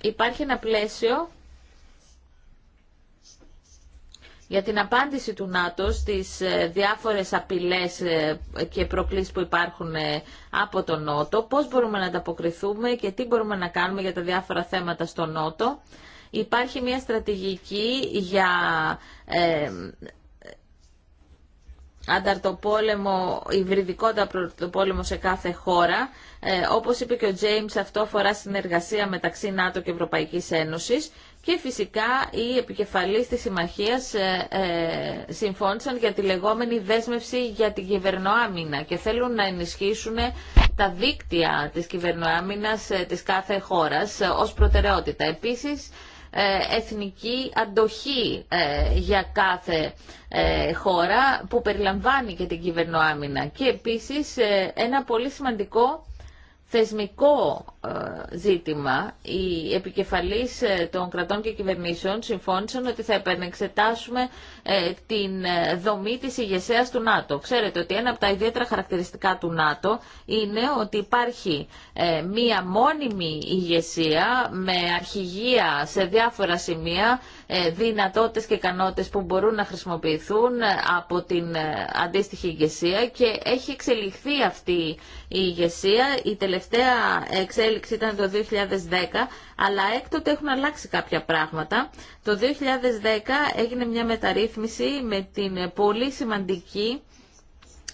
Υπάρχει ένα πλαίσιο για την απάντηση του ΝΑΤΟ στις ε, διάφορες απειλές ε, και προκλήσεις που υπάρχουν ε, από τον Νότο, πώς μπορούμε να ανταποκριθούμε και τι μπορούμε να κάνουμε για τα διάφορα θέματα στον Νότο. Υπάρχει μια στρατηγική για ε, ανταρτοπόλεμο, υβριδικό ανταρτοπόλεμο σε κάθε χώρα. Ε, όπως είπε και ο Τζέιμς, αυτό αφορά συνεργασία μεταξύ ΝΑΤΟ και Ευρωπαϊκής Ένωσης και φυσικά οι επικεφαλείς της συμμαχίας ε, ε, συμφώνησαν για τη λεγόμενη δέσμευση για την κυβερνοάμυνα και θέλουν να ενισχύσουν τα δίκτυα της κυβερνοάμυνας ε, της κάθε χώρας ως προτεραιότητα. Επίσης, εθνική αντοχή για κάθε χώρα που περιλαμβάνει και την κυβερνοάμυνα. Και επίσης, ένα πολύ σημαντικό θεσμικό ε, ζήτημα, οι επικεφαλείς ε, των κρατών και κυβερνήσεων συμφώνησαν ότι θα επανεξετάσουμε ε, την ε, δομή της ηγεσίας του ΝΑΤΟ. Ξέρετε ότι ένα από τα ιδιαίτερα χαρακτηριστικά του ΝΑΤΟ είναι ότι υπάρχει ε, μία μόνιμη ηγεσία με αρχηγία σε διάφορα σημεία, δυνατότητες και ικανότητες που μπορούν να χρησιμοποιηθούν από την αντίστοιχη ηγεσία και έχει εξελιχθεί αυτή η ηγεσία. Η τελευταία εξέλιξη ήταν το 2010, αλλά έκτοτε έχουν αλλάξει κάποια πράγματα. Το 2010 έγινε μια μεταρρύθμιση με την πολύ σημαντική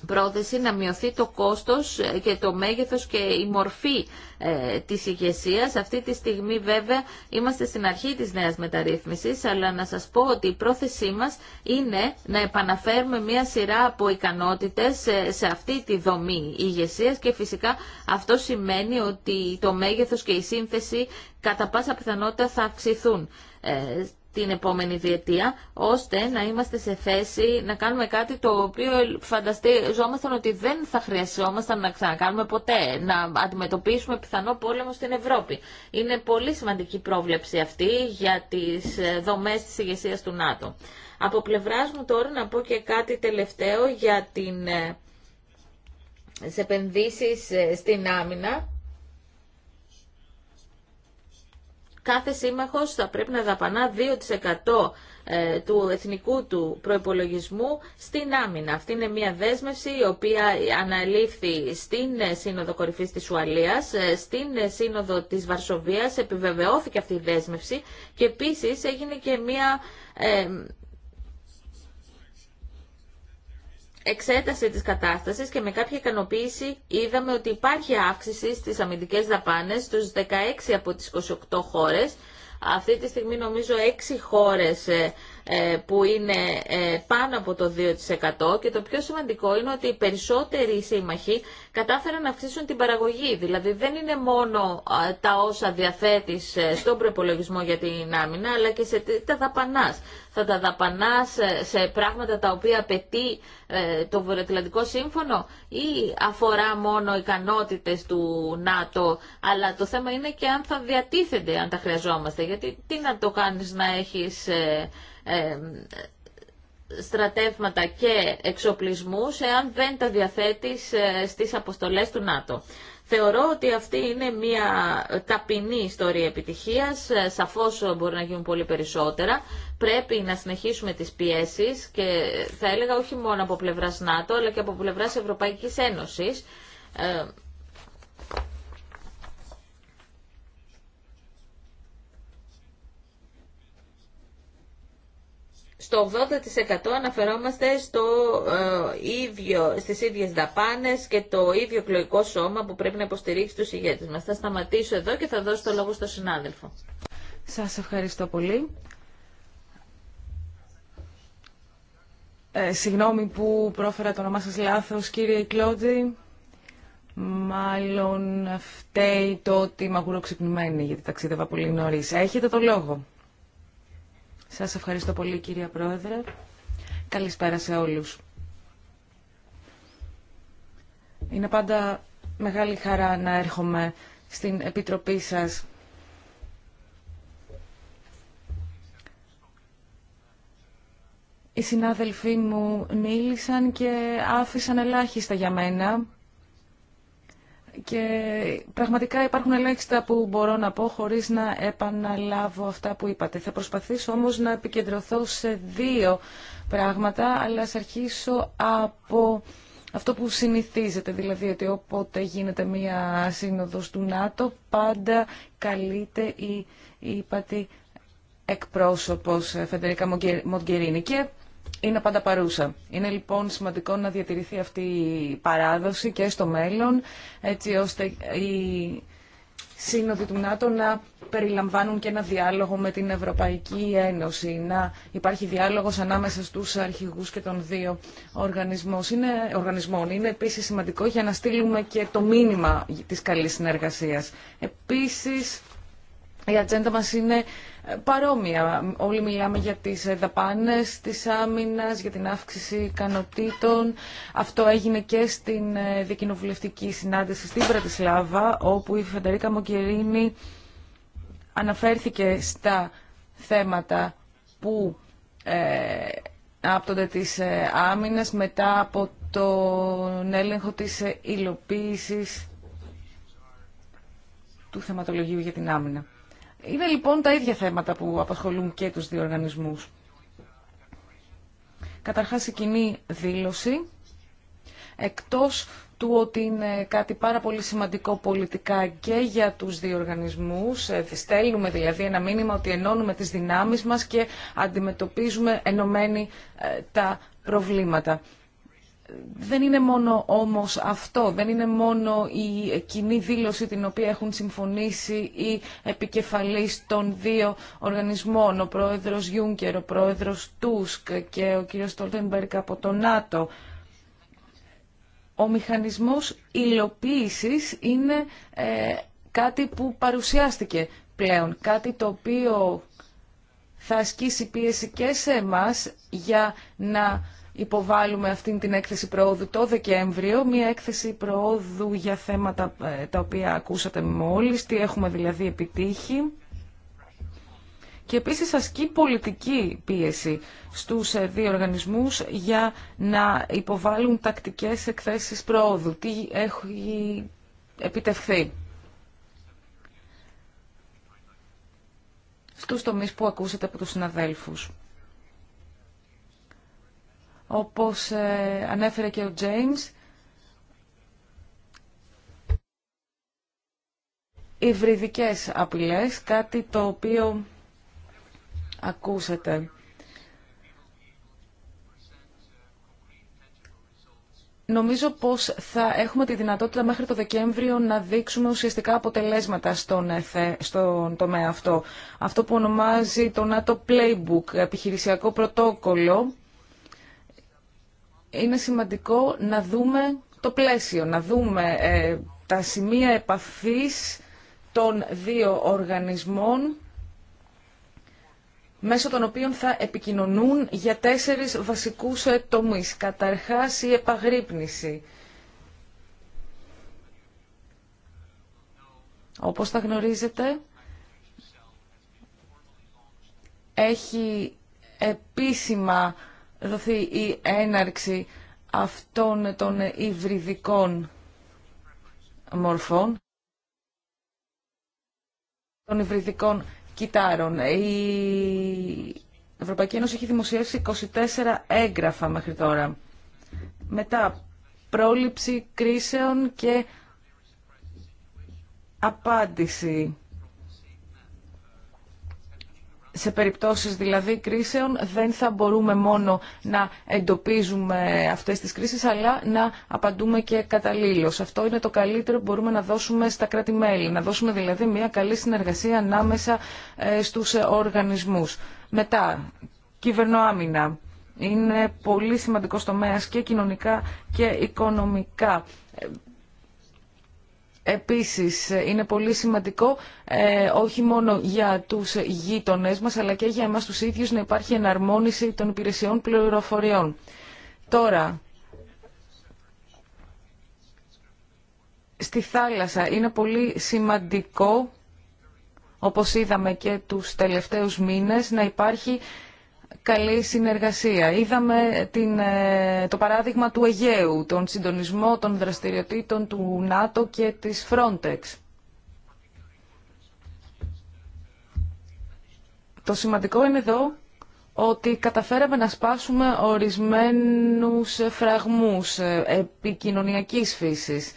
πρόθεση να μειωθεί το κόστος και το μέγεθος και η μορφή ε, της ηγεσία. Αυτή τη στιγμή βέβαια είμαστε στην αρχή της νέας μεταρρύθμισης, αλλά να σας πω ότι η πρόθεσή μας είναι να επαναφέρουμε μια σειρά από ικανότητες ε, σε, αυτή τη δομή ηγεσία και φυσικά αυτό σημαίνει ότι το μέγεθος και η σύνθεση κατά πάσα πιθανότητα θα αυξηθούν. Ε, την επόμενη διετία, ώστε να είμαστε σε θέση να κάνουμε κάτι το οποίο φανταστείζόμασταν ότι δεν θα χρειαζόμασταν να ξανακάνουμε ποτέ, να αντιμετωπίσουμε πιθανό πόλεμο στην Ευρώπη. Είναι πολύ σημαντική πρόβλεψη αυτή για τις ε, δομές της ηγεσία του ΝΑΤΟ. Από πλευρά μου τώρα να πω και κάτι τελευταίο για την ε, επενδύσεις ε, στην άμυνα κάθε σύμμαχος θα πρέπει να δαπανά 2% ε, του εθνικού του προϋπολογισμού στην άμυνα. Αυτή είναι μια δέσμευση η οποία αναλήφθη στην ε, Σύνοδο Κορυφής της Ουαλίας, ε, στην Σύνοδο της Βαρσοβίας επιβεβαιώθηκε αυτή η δέσμευση και επίσης έγινε και μια εξέταση της κατάστασης και με κάποια ικανοποίηση είδαμε ότι υπάρχει αύξηση στις αμυντικές δαπάνες στους 16 από τις 28 χώρες. Αυτή τη στιγμή νομίζω 6 χώρες ε, ε, που είναι ε, πάνω από το 2% και το πιο σημαντικό είναι ότι οι περισσότεροι σύμμαχοι κατάφεραν να αυξήσουν την παραγωγή. Δηλαδή δεν είναι μόνο ε, τα όσα διαθέτεις στον προπολογισμό για την άμυνα, αλλά και σε τα δαπανάς. Θα τα δαπανάς σε πράγματα τα οποία απαιτεί το Βορειοατλαντικό Σύμφωνο ή αφορά μόνο ικανότητες του ΝΑΤΟ, αλλά το θέμα είναι και αν θα διατίθενται αν τα χρειαζόμαστε. Γιατί τι να το κάνεις να έχεις στρατεύματα και εξοπλισμούς εάν δεν τα διαθέτει ε, στις αποστολές του ΝΑΤΟ. Θεωρώ ότι αυτή είναι μια ταπεινή ιστορία επιτυχίας, ε, σαφώς μπορεί να γίνουν πολύ περισσότερα. Πρέπει να συνεχίσουμε τις πιέσεις και θα έλεγα όχι μόνο από πλευράς ΝΑΤΟ αλλά και από πλευράς Ευρωπαϊκής Ένωσης ε, στο 80% αναφερόμαστε στο, ε, ίδιο, στις ίδιες δαπάνες και το ίδιο εκλογικό σώμα που πρέπει να υποστηρίξει τους ηγέτες μας. Θα σταματήσω εδώ και θα δώσω το λόγο στον συνάδελφο. Σας ευχαριστώ πολύ. Ε, συγγνώμη που πρόφερα το όνομά σας λάθος, κύριε Κλώδη. Μάλλον φταίει το ότι είμαι γιατί ταξίδευα πολύ νωρίς. Έχετε το λόγο. Σας ευχαριστώ πολύ κυρία Πρόεδρε. Καλησπέρα σε όλους. Είναι πάντα μεγάλη χαρά να έρχομαι στην Επιτροπή σας. Οι συνάδελφοί μου μίλησαν και άφησαν ελάχιστα για μένα. Και πραγματικά υπάρχουν ελάχιστα που μπορώ να πω χωρίς να επαναλάβω αυτά που είπατε. Θα προσπαθήσω όμως να επικεντρωθώ σε δύο πράγματα, αλλά ας αρχίσω από αυτό που συνηθίζεται, δηλαδή ότι όποτε γίνεται μία σύνοδος του ΝΑΤΟ, πάντα καλείται η, η υπατή εκπρόσωπος ε, Φεντερίκα Μογκερίνη. Και είναι πάντα παρούσα. Είναι λοιπόν σημαντικό να διατηρηθεί αυτή η παράδοση και στο μέλλον, έτσι ώστε οι σύνοδοι του ΝΑΤΟ να περιλαμβάνουν και ένα διάλογο με την Ευρωπαϊκή Ένωση, να υπάρχει διάλογος ανάμεσα στους αρχηγούς και των δύο είναι, οργανισμών. Είναι επίσης σημαντικό για να στείλουμε και το μήνυμα της καλής συνεργασίας. Επίσης, η ατζέντα μας είναι παρόμοια. Όλοι μιλάμε για τις δαπάνες της άμυνας, για την αύξηση ικανοτήτων. Αυτό έγινε και στην ε, δικοινοβουλευτική συνάντηση στην Πρατισλάβα, όπου η Φεντερίκα Μοκερίνη αναφέρθηκε στα θέματα που ε, άπτονται της ε, άμυνας μετά από τον έλεγχο της ε, υλοποίησης του θεματολογίου για την άμυνα. Είναι λοιπόν τα ίδια θέματα που απασχολούν και τους δύο οργανισμούς. Καταρχάς η κοινή δήλωση, εκτός του ότι είναι κάτι πάρα πολύ σημαντικό πολιτικά και για τους δύο οργανισμούς. Ε, στέλνουμε δηλαδή ένα μήνυμα ότι ενώνουμε τις δυνάμεις μας και αντιμετωπίζουμε ενωμένοι ε, τα προβλήματα δεν είναι μόνο όμως αυτό, δεν είναι μόνο η κοινή δήλωση την οποία έχουν συμφωνήσει οι επικεφαλείς των δύο οργανισμών, ο πρόεδρος Γιούγκερ, ο πρόεδρος Τούσκ και ο κύριος Τόλτεμπερκ από το ΝΑΤΟ. Ο μηχανισμός υλοποίησης είναι ε, κάτι που παρουσιάστηκε πλέον, κάτι το οποίο θα ασκήσει πίεση και σε εμάς για να Υποβάλλουμε αυτήν την έκθεση προόδου το Δεκέμβριο, μια έκθεση προόδου για θέματα ε, τα οποία ακούσατε μόλις, τι έχουμε δηλαδή επιτύχει. Και επίσης ασκεί πολιτική πίεση στους ε, δύο οργανισμούς για να υποβάλουν τακτικές εκθέσεις προόδου. Τι έχει επιτευχθεί. Στους τομείς που ακούσατε από τους συναδέλφους όπως ε, ανέφερε και ο James, υβριδικές απειλές, κάτι το οποίο ακούσατε. Νομίζω πως θα έχουμε τη δυνατότητα μέχρι το Δεκέμβριο να δείξουμε ουσιαστικά αποτελέσματα στον, ΕΘΕ, στον τομέα αυτό. Αυτό που ονομάζει το NATO Playbook, επιχειρησιακό πρωτόκολλο, είναι σημαντικό να δούμε το πλαίσιο, να δούμε ε, τα σημεία επαφής των δύο οργανισμών μέσω των οποίων θα επικοινωνούν για τέσσερις βασικούς ε, τομείς. Καταρχάς η επαγρύπνηση. Όπως θα γνωρίζετε, έχει επίσημα δοθεί η έναρξη αυτών των υβριδικών μορφών, των υβριδικών κιτάρων. Η Ευρωπαϊκή Ένωση έχει δημοσιεύσει 24 έγγραφα μέχρι τώρα. Μετά, πρόληψη κρίσεων και απάντηση σε περιπτώσεις δηλαδή κρίσεων δεν θα μπορούμε μόνο να εντοπίζουμε αυτές τις κρίσεις αλλά να απαντούμε και καταλήλως. Αυτό είναι το καλύτερο που μπορούμε να δώσουμε στα κράτη-μέλη, να δώσουμε δηλαδή μια καλή συνεργασία ανάμεσα ε, στους οργανισμούς. Μετά, κυβερνοάμυνα. Είναι πολύ σημαντικό τομέας και κοινωνικά και οικονομικά. Επίσης, είναι πολύ σημαντικό ε, όχι μόνο για τους γείτονές μας, αλλά και για εμάς τους ίδιους να υπάρχει εναρμόνιση των υπηρεσιών πληροφοριών. Τώρα, στη θάλασσα είναι πολύ σημαντικό, όπως είδαμε και τους τελευταίους μήνες, να υπάρχει καλή συνεργασία. Είδαμε την, ε, το παράδειγμα του Αιγαίου, τον συντονισμό των δραστηριοτήτων του ΝΑΤΟ και της Frontex. Το σημαντικό είναι εδώ ότι καταφέραμε να σπάσουμε ορισμένους φραγμούς ε, επικοινωνιακής φύσης.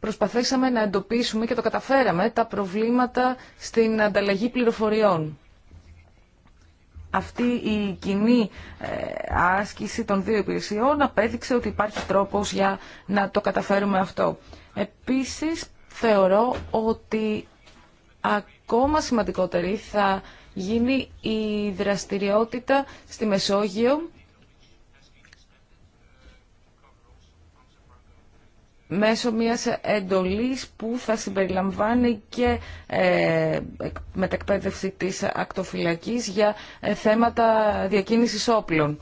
Προσπαθήσαμε να εντοπίσουμε και το καταφέραμε τα προβλήματα στην ανταλλαγή πληροφοριών αυτή η κοινή ε, άσκηση των δύο υπηρεσιών απέδειξε ότι υπάρχει τρόπος για να το καταφέρουμε αυτό. Επίσης, θεωρώ ότι ακόμα σημαντικότερη θα γίνει η δραστηριότητα στη Μεσόγειο μέσω μιας εντολής που θα συμπεριλαμβάνει και ε, μετακπαίδευση της ακτοφυλακής για ε, θέματα διακίνησης όπλων.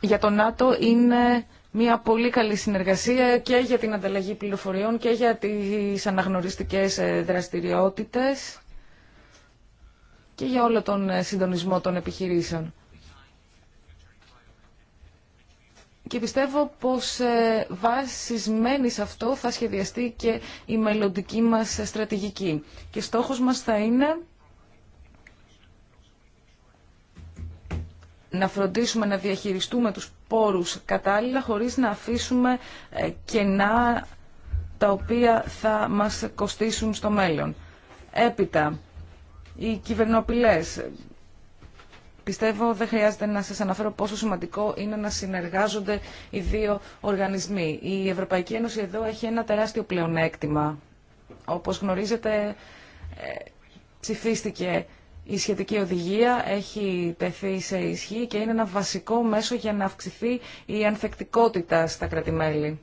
Για το ΝΑΤΟ είναι μια πολύ καλή συνεργασία και για την ανταλλαγή πληροφοριών και για τις αναγνωριστικές ε, δραστηριότητες και για όλο τον ε, συντονισμό των επιχειρήσεων. και πιστεύω πως ε, βασισμένη σε αυτό θα σχεδιαστεί και η μελλοντική μας στρατηγική. Και στόχος μας θα είναι να φροντίσουμε να διαχειριστούμε τους πόρους κατάλληλα χωρίς να αφήσουμε ε, κενά τα οποία θα μας κοστίσουν στο μέλλον. Έπειτα, οι κυβερνοπηλές Πιστεύω δεν χρειάζεται να σας αναφέρω πόσο σημαντικό είναι να συνεργάζονται οι δύο οργανισμοί. Η Ευρωπαϊκή Ένωση εδώ έχει ένα τεράστιο πλεονέκτημα. Όπως γνωρίζετε, ε, ψηφίστηκε η σχετική οδηγία, έχει τεθεί σε ισχύ και είναι ένα βασικό μέσο για να αυξηθεί η ανθεκτικότητα στα κρατημέλη.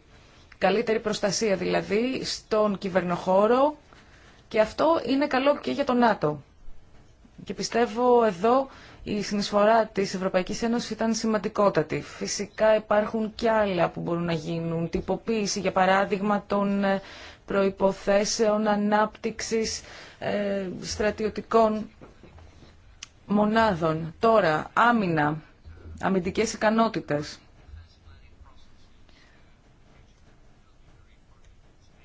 Καλύτερη προστασία δηλαδή στον κυβερνοχώρο και αυτό είναι καλό και για το ΝΑΤΟ. Και πιστεύω εδώ η συνεισφορά της Ευρωπαϊκής Ένωσης ήταν σημαντικότατη. Φυσικά υπάρχουν και άλλα που μπορούν να γίνουν. Τυποποίηση, για παράδειγμα, των ε, προϋποθέσεων ανάπτυξης ε, στρατιωτικών μονάδων. Τώρα, άμυνα, αμυντικές ικανότητες.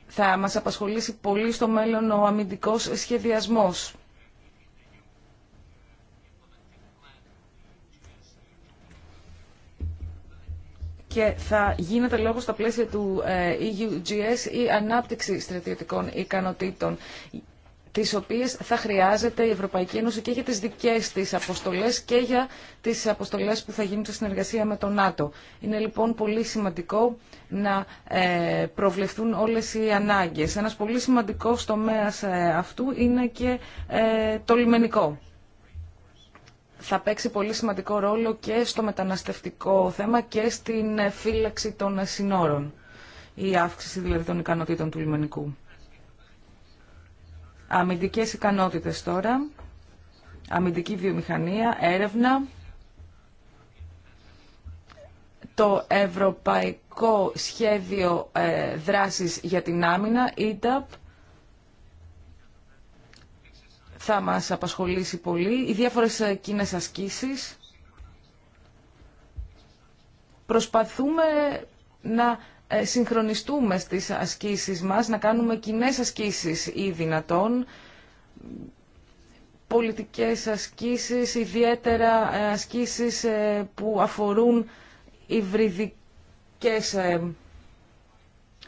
Θα μας απασχολήσει πολύ στο μέλλον ο αμυντικός σχεδιασμός. και θα γίνεται λόγο στα πλαίσια του ε, EUGS η ανάπτυξη στρατιωτικών ικανοτήτων τις οποίες θα χρειάζεται η Ευρωπαϊκή Ένωση και για τις δικές της αποστολές και για τις αποστολές που θα γίνουν σε συνεργασία με το ΝΑΤΟ. Είναι λοιπόν πολύ σημαντικό να ε, προβλεφθούν όλες οι ανάγκες. Ένας πολύ σημαντικός τομέας ε, αυτού είναι και το λιμενικό θα παίξει πολύ σημαντικό ρόλο και στο μεταναστευτικό θέμα και στην φύλαξη των συνόρων. Η αύξηση δηλαδή των ικανοτήτων του λιμενικού. Αμυντικές ικανότητες τώρα, αμυντική βιομηχανία, έρευνα, το Ευρωπαϊκό Σχέδιο ε, Δράσης για την Άμυνα, EDAP, θα μας απασχολήσει πολύ. Οι διάφορες ε, κοινέ ασκήσεις. Προσπαθούμε να ε, συγχρονιστούμε στις ασκήσεις μας, να κάνουμε κοινέ ασκήσεις ή δυνατόν, πολιτικές ασκήσεις, ιδιαίτερα ε, ασκήσεις που αφορούν υβριδικές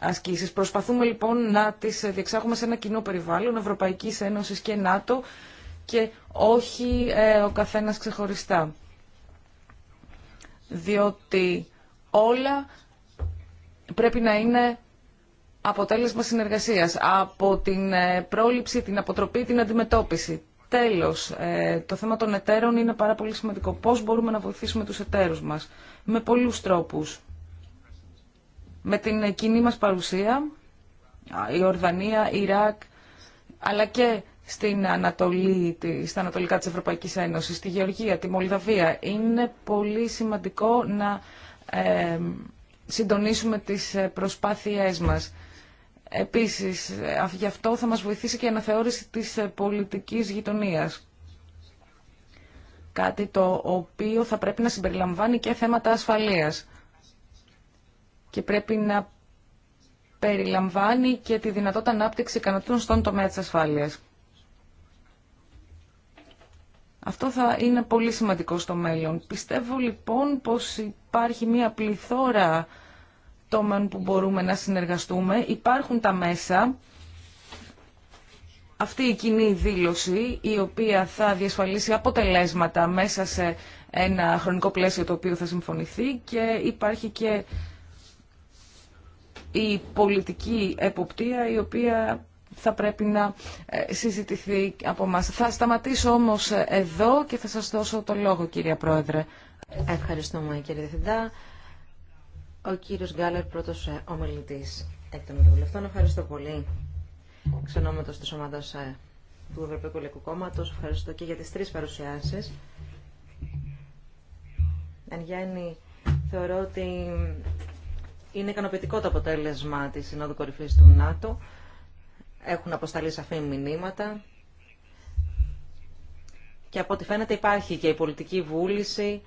ασκήσεις. Προσπαθούμε λοιπόν να τις διεξάγουμε σε ένα κοινό περιβάλλον Ευρωπαϊκής Ένωσης και ΝΑΤΟ και όχι ε, ο καθένας ξεχωριστά. Διότι όλα πρέπει να είναι αποτέλεσμα συνεργασίας από την ε, πρόληψη, την αποτροπή, την αντιμετώπιση. Τέλος, ε, το θέμα των εταίρων είναι πάρα πολύ σημαντικό. Πώς μπορούμε να βοηθήσουμε τους εταίρους μας. Με πολλούς τρόπους με την κοινή μας παρουσία, η Ορδανία, η Ιράκ, αλλά και στην Ανατολή, στα Ανατολικά της Ευρωπαϊκής Ένωσης, στη Γεωργία, τη Μολδαβία. Είναι πολύ σημαντικό να ε, συντονίσουμε τις ε, προσπάθειές μας. Επίσης, ε, γι' αυτό θα μας βοηθήσει και η αναθεώρηση της ε, πολιτικής γειτονίας. Κάτι το οποίο θα πρέπει να συμπεριλαμβάνει και θέματα ασφαλείας και πρέπει να περιλαμβάνει και τη δυνατότητα ανάπτυξη ικανοτήτων στον τομέα της ασφάλειας. Αυτό θα είναι πολύ σημαντικό στο μέλλον. Πιστεύω λοιπόν πως υπάρχει μια πληθώρα τόμεων που μπορούμε να συνεργαστούμε. Υπάρχουν τα μέσα, αυτή η κοινή δήλωση η οποία θα διασφαλίσει αποτελέσματα μέσα σε ένα χρονικό πλαίσιο το οποίο θα συμφωνηθεί και υπάρχει και η πολιτική εποπτεία η οποία θα πρέπει να ε, συζητηθεί από εμά. Θα σταματήσω όμως εδώ και θα σας δώσω το λόγο κυρία Πρόεδρε. Ευχαριστούμε κύριε Διευθυντά. Ο κύριος Γκάλερ, πρώτος ε, ομιλητής εκ των Ευρωβουλευτών. Ευχαριστώ πολύ. Ξενόμετος της ομάδας ε, του Ευρωπαϊκού Λαϊκού Κόμματος. Ευχαριστώ και για τις τρεις παρουσιάσεις. Εν γέννη, θεωρώ ότι είναι ικανοποιητικό το αποτέλεσμα της Συνόδου Κορυφή του ΝΑΤΟ. Έχουν αποσταλεί σαφή μηνύματα. Και από ό,τι φαίνεται υπάρχει και η πολιτική βούληση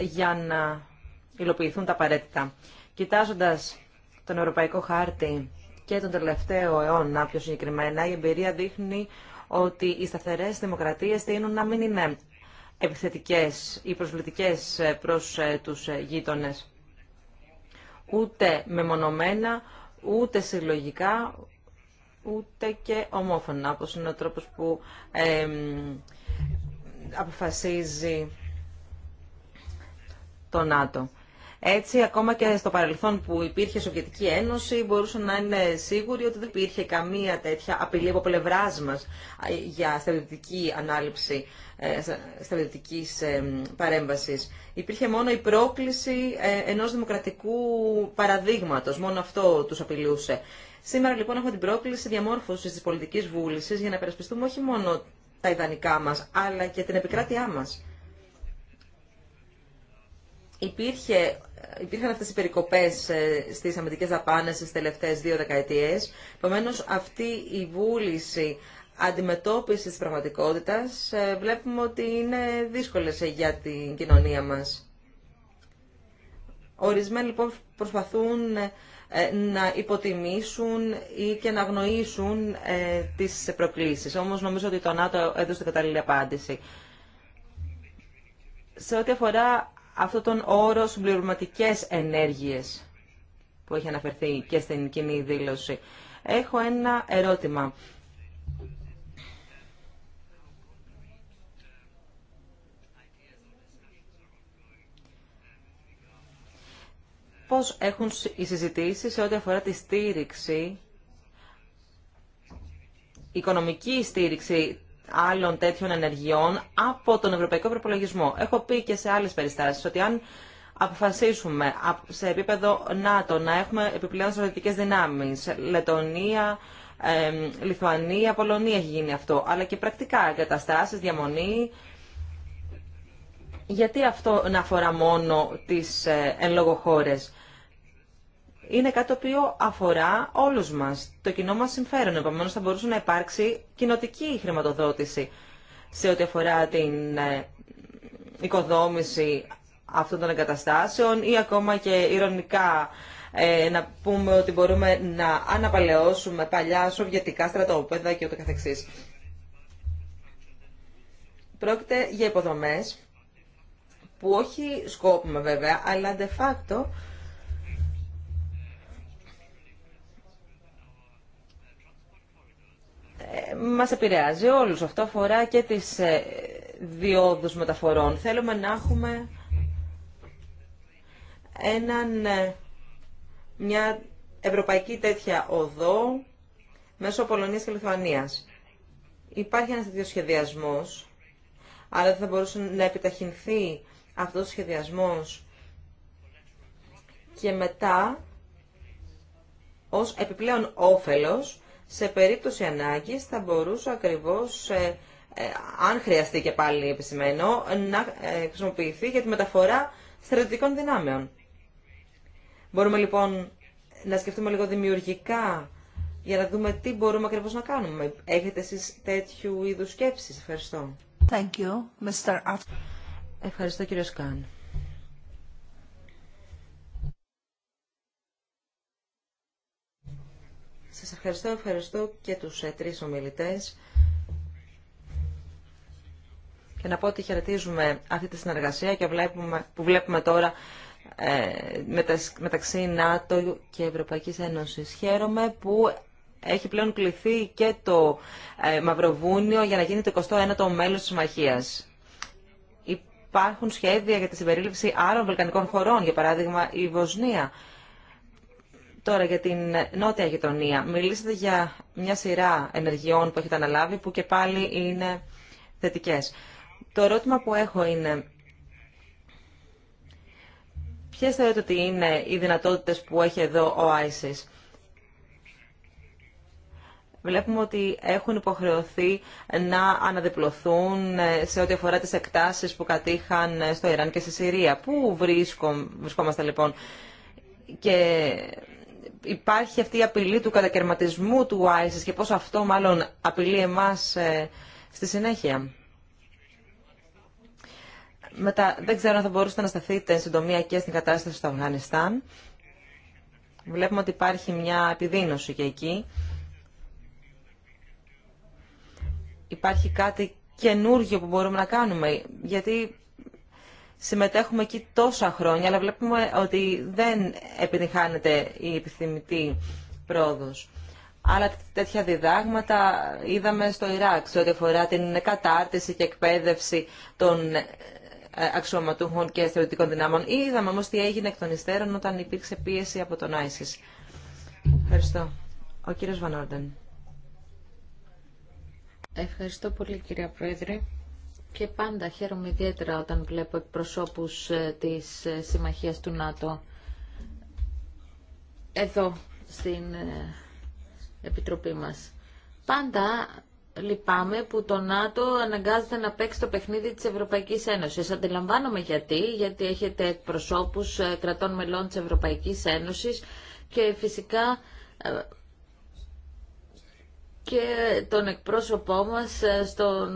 για να υλοποιηθούν τα απαραίτητα. Κοιτάζοντας τον Ευρωπαϊκό Χάρτη και τον τελευταίο αιώνα πιο συγκεκριμένα, η εμπειρία δείχνει ότι οι σταθερές δημοκρατίες τείνουν να μην είναι επιθετικές ή προσβλητικές προς ε, τους ε, γείτονες ούτε μεμονωμένα, ούτε συλλογικά, ούτε και ομόφωνα, όπως είναι ο τρόπος που αποφασίζει το ΝΑΤΟ. Έτσι, ακόμα και στο παρελθόν που υπήρχε η Σοβιετική Ένωση, μπορούσαν να είναι σίγουροι ότι δεν υπήρχε καμία τέτοια απειλή από πλευρά μα για στρατιωτική ανάληψη ε, στρατιωτική ε, παρέμβαση. Υπήρχε μόνο η πρόκληση ε, ενό δημοκρατικού παραδείγματο. Μόνο αυτό του απειλούσε. Σήμερα λοιπόν έχουμε την πρόκληση διαμόρφωση τη πολιτική βούληση για να περασπιστούμε όχι μόνο τα ιδανικά μα, αλλά και την επικράτειά μα. Υπήρχε υπήρχαν αυτές οι περικοπές ε, στις αμυντικές δαπάνες στις τελευταίες δύο δεκαετίες. Επομένω, αυτή η βούληση αντιμετώπισης της πραγματικότητας ε, βλέπουμε ότι είναι δύσκολες ε, για την κοινωνία μας. Ορισμένοι λοιπόν προσπαθούν να υποτιμήσουν ή και να αγνοήσουν τις προκλήσεις. Όμως νομίζω ότι το ΝΑΤΟ έδωσε κατάλληλη απάντηση. Σε ό,τι αφορά αυτό τον όρο συμπληρωματικέ ενέργειε που έχει αναφερθεί και στην κοινή δήλωση. Έχω ένα ερώτημα. Πώς έχουν οι συζητήσεις σε ό,τι αφορά τη στήριξη, οικονομική στήριξη άλλων τέτοιων ενεργειών από τον Ευρωπαϊκό Προπολογισμό. Έχω πει και σε άλλες περιστάσεις ότι αν αποφασίσουμε σε επίπεδο ΝΑΤΟ να έχουμε επιπλέον στρατιωτικές δυνάμεις, Λετωνία, ε, Λιθουανία, Πολωνία έχει γίνει αυτό, αλλά και πρακτικά εγκαταστάσει, διαμονή. Γιατί αυτό να αφορά μόνο τις ε, εν λόγω χώρες είναι κάτι το οποίο αφορά όλους μας, το κοινό μα συμφέρον. Επομένω θα μπορούσε να υπάρξει κοινοτική χρηματοδότηση σε ό,τι αφορά την ε, οικοδόμηση αυτών των εγκαταστάσεων ή ακόμα και ηρωνικά ε, να πούμε ότι μπορούμε να αναπαλαιώσουμε παλιά σοβιετικά στρατόπεδα και ούτω καθεξής. Πρόκειται για υποδομές που όχι σκόπουμε βέβαια, αλλά de facto μας επηρεάζει όλους. Αυτό αφορά και τις ε, διόδους μεταφορών. Θέλουμε να έχουμε έναν, ε, μια ευρωπαϊκή τέτοια οδό μέσω Πολωνίας και Λιθουανίας. Υπάρχει ένας τέτοιος σχεδιασμός, αλλά θα μπορούσε να επιταχυνθεί αυτός ο σχεδιασμός και μετά ως επιπλέον όφελος σε περίπτωση ανάγκης θα μπορούσε ακριβώς, ε, ε, αν χρειαστεί και πάλι επισημένο, να ε, χρησιμοποιηθεί για τη μεταφορά στρατιωτικών δυνάμεων. Μπορούμε λοιπόν να σκεφτούμε λίγο δημιουργικά για να δούμε τι μπορούμε ακριβώς να κάνουμε. Έχετε εσείς τέτοιου είδους σκέψεις. Ευχαριστώ. Thank you, Mr. Ευχαριστώ κύριο Σκάν. Σας ευχαριστώ, ευχαριστώ και τους ε, τρεις ομιλητές. Και να πω ότι χαιρετίζουμε αυτή τη συνεργασία και που βλέπουμε τώρα ε, μεταξύ ΝΑΤΟ και Ευρωπαϊκής Ένωσης. Χαίρομαι που έχει πλέον κληθεί και το ε, Μαυροβούνιο για να γίνει το 21ο μέλος της Συμμαχίας. Υπάρχουν σχέδια για τη συμπερίληψη άλλων βαλκανικών χωρών, για παράδειγμα η Βοσνία. Τώρα για την νότια γειτονία. Μιλήσατε για μια σειρά ενεργειών που έχετε αναλάβει που και πάλι είναι θετικές. Το ερώτημα που έχω είναι ποιες θεωρείτε ότι είναι οι δυνατότητες που έχει εδώ ο ISIS. Βλέπουμε ότι έχουν υποχρεωθεί να αναδιπλωθούν σε ό,τι αφορά τις εκτάσεις που κατήχαν στο Ιράν και στη Συρία. Πού βρίσκομαστε λοιπόν και υπάρχει αυτή η απειλή του κατακαιρματισμού του ISIS και πώς αυτό μάλλον απειλεί εμάς ε, στη συνέχεια. Μετά, δεν ξέρω αν θα μπορούσατε να σταθείτε εν συντομία και στην κατάσταση στο Αφγανιστάν. Βλέπουμε ότι υπάρχει μια επιδείνωση και εκεί. Υπάρχει κάτι καινούργιο που μπορούμε να κάνουμε, γιατί συμμετέχουμε εκεί τόσα χρόνια, αλλά βλέπουμε ότι δεν επιτυχάνεται η επιθυμητή πρόοδος. Άλλα τέτοια διδάγματα είδαμε στο Ιράκ, σε ό,τι αφορά την κατάρτιση και εκπαίδευση των ε, αξιωματούχων και θεωρητικών δυνάμων. Είδαμε όμως τι έγινε εκ των υστέρων όταν υπήρξε πίεση από τον Άισις. Ευχαριστώ. Ο κύριος Βανόρντεν. Ευχαριστώ πολύ κύριε Πρόεδρε. Και πάντα χαίρομαι ιδιαίτερα όταν βλέπω εκπροσώπους ε, της ε, Συμμαχίας του ΝΑΤΟ εδώ στην ε, Επιτροπή μας. Πάντα λυπάμαι που το ΝΑΤΟ αναγκάζεται να παίξει το παιχνίδι της Ευρωπαϊκής Ένωσης. Αντιλαμβάνομαι γιατί, γιατί έχετε εκπροσώπους κρατών μελών της Ευρωπαϊκής Ένωσης και φυσικά και τον εκπρόσωπό μας ε, στο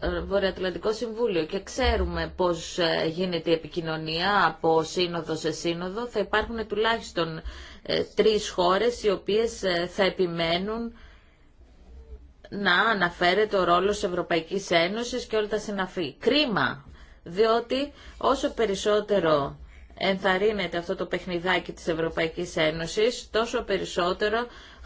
ε, Βορειοατλαντικό Συμβούλιο και ξέρουμε πώς ε, γίνεται η επικοινωνία από σύνοδο σε σύνοδο. Θα υπάρχουν τουλάχιστον τρεις χώρες οι οποίες θα επιμένουν να αναφέρεται ο ρόλος Ευρωπαϊκής Ένωσης και όλα τα συναφή. Κρίμα, διότι όσο περισσότερο ενθαρρύνεται αυτό το παιχνιδάκι της Ευρωπαϊκής Ένωσης, τόσο περισσότερο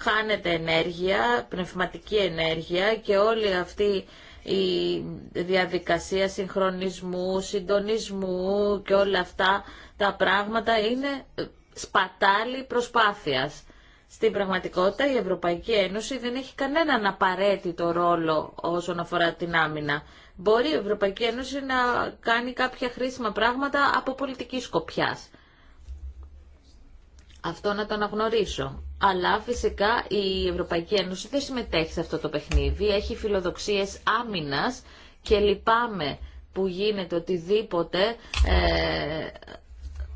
χάνεται ενέργεια, πνευματική ενέργεια και όλη αυτή η διαδικασία συγχρονισμού, συντονισμού και όλα αυτά τα πράγματα είναι σπατάλη προσπάθειας. Στην πραγματικότητα η Ευρωπαϊκή Ένωση δεν έχει κανέναν απαραίτητο ρόλο όσον αφορά την άμυνα. Μπορεί η Ευρωπαϊκή Ένωση να κάνει κάποια χρήσιμα πράγματα από πολιτική σκοπιάς. Αυτό να το αναγνωρίσω αλλά φυσικά η Ευρωπαϊκή Ένωση δεν συμμετέχει σε αυτό το παιχνίδι, έχει φιλοδοξίες άμυνας και λυπάμαι που γίνεται οτιδήποτε ε,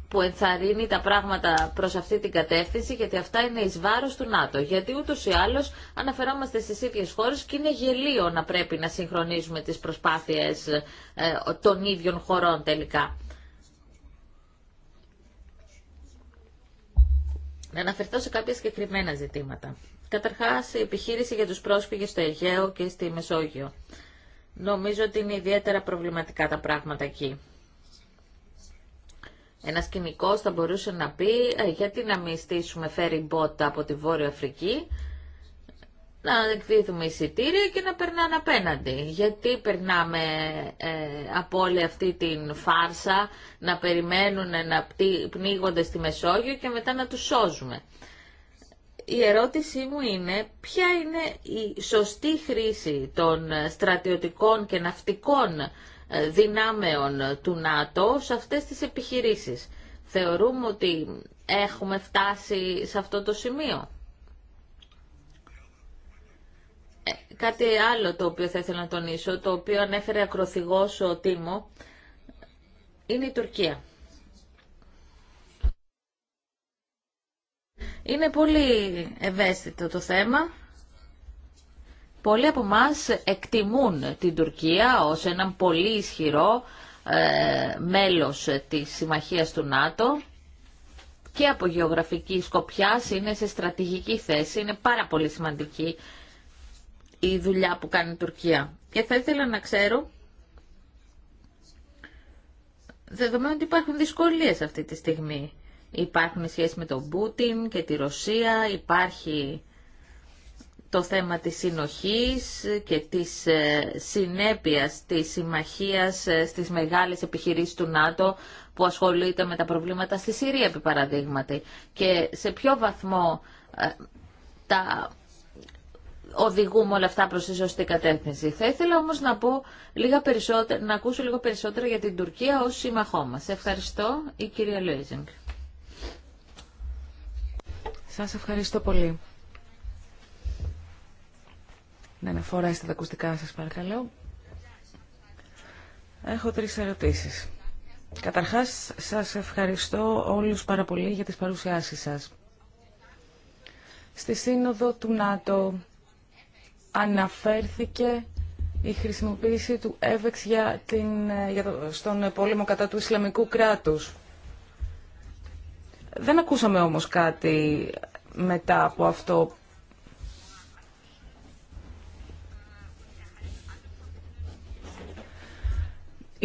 που ενθαρρύνει τα πράγματα προς αυτή την κατεύθυνση, γιατί αυτά είναι εις βάρος του ΝΑΤΟ. Γιατί ούτως ή άλλως αναφερόμαστε στις ίδιες χώρες και είναι γελίο να πρέπει να συγχρονίζουμε τις προσπάθειες ε, των ίδιων χωρών τελικά. Να αναφερθώ σε κάποια συγκεκριμένα ζητήματα. Καταρχάς, η επιχείρηση για τους πρόσφυγες στο Αιγαίο και στη Μεσόγειο. Νομίζω ότι είναι ιδιαίτερα προβληματικά τα πράγματα εκεί. Ένα κοινικό θα μπορούσε να πει «Ε, γιατί να μην στήσουμε φέρει από τη Βόρεια Αφρική να εκδίδουμε εισιτήρια και να περνάνε απέναντι. Γιατί περνάμε ε, από όλη αυτή την φάρσα να περιμένουν να πνίγονται στη Μεσόγειο και μετά να τους σώζουμε. Η ερώτησή μου είναι ποια είναι η σωστή χρήση των στρατιωτικών και ναυτικών ε, δυνάμεων του ΝΑΤΟ σε αυτές τις επιχειρήσεις. Θεωρούμε ότι έχουμε φτάσει σε αυτό το σημείο. Κάτι άλλο το οποίο θα ήθελα να τονίσω, το οποίο ανέφερε ακροθυγός ο Τίμο, είναι η Τουρκία. Είναι πολύ ευαίσθητο το θέμα. Πολλοί από εμά εκτιμούν την Τουρκία ως έναν πολύ ισχυρό ε, μέλος της συμμαχίας του ΝΑΤΟ και από γεωγραφική σκοπιά είναι σε στρατηγική θέση, είναι πάρα πολύ σημαντική η δουλειά που κάνει η Τουρκία. Και θα ήθελα να ξέρω, δεδομένου ότι υπάρχουν δυσκολίες αυτή τη στιγμή. Υπάρχουν σχέσεις με τον Πούτιν και τη Ρωσία, υπάρχει το θέμα της συνοχής και της ε, συνέπειας της συμμαχίας ε, στις μεγάλες επιχειρήσεις του ΝΑΤΟ που ασχολείται με τα προβλήματα στη Συρία, επί παραδείγματι. Και σε ποιο βαθμό ε, τα οδηγούμε όλα αυτά προς τη σωστή κατεύθυνση. Θα ήθελα όμως να, πω λίγα περισσότερα, να ακούσω λίγο περισσότερα για την Τουρκία ως σύμμαχό μας. Ευχαριστώ η κυρία Λουίζινγκ. Σας ευχαριστώ πολύ. να αναφοράσετε τα ακουστικά σας παρακαλώ. Έχω τρεις ερωτήσεις. Καταρχάς, σας ευχαριστώ όλους πάρα πολύ για τις παρουσιάσεις σας. Στη Σύνοδο του ΝΑΤΟ αναφέρθηκε η χρησιμοποίηση του ΕΒΕΞ για την, για το, στον πόλεμο κατά του Ισλαμικού κράτους. Δεν ακούσαμε όμως κάτι μετά από αυτό.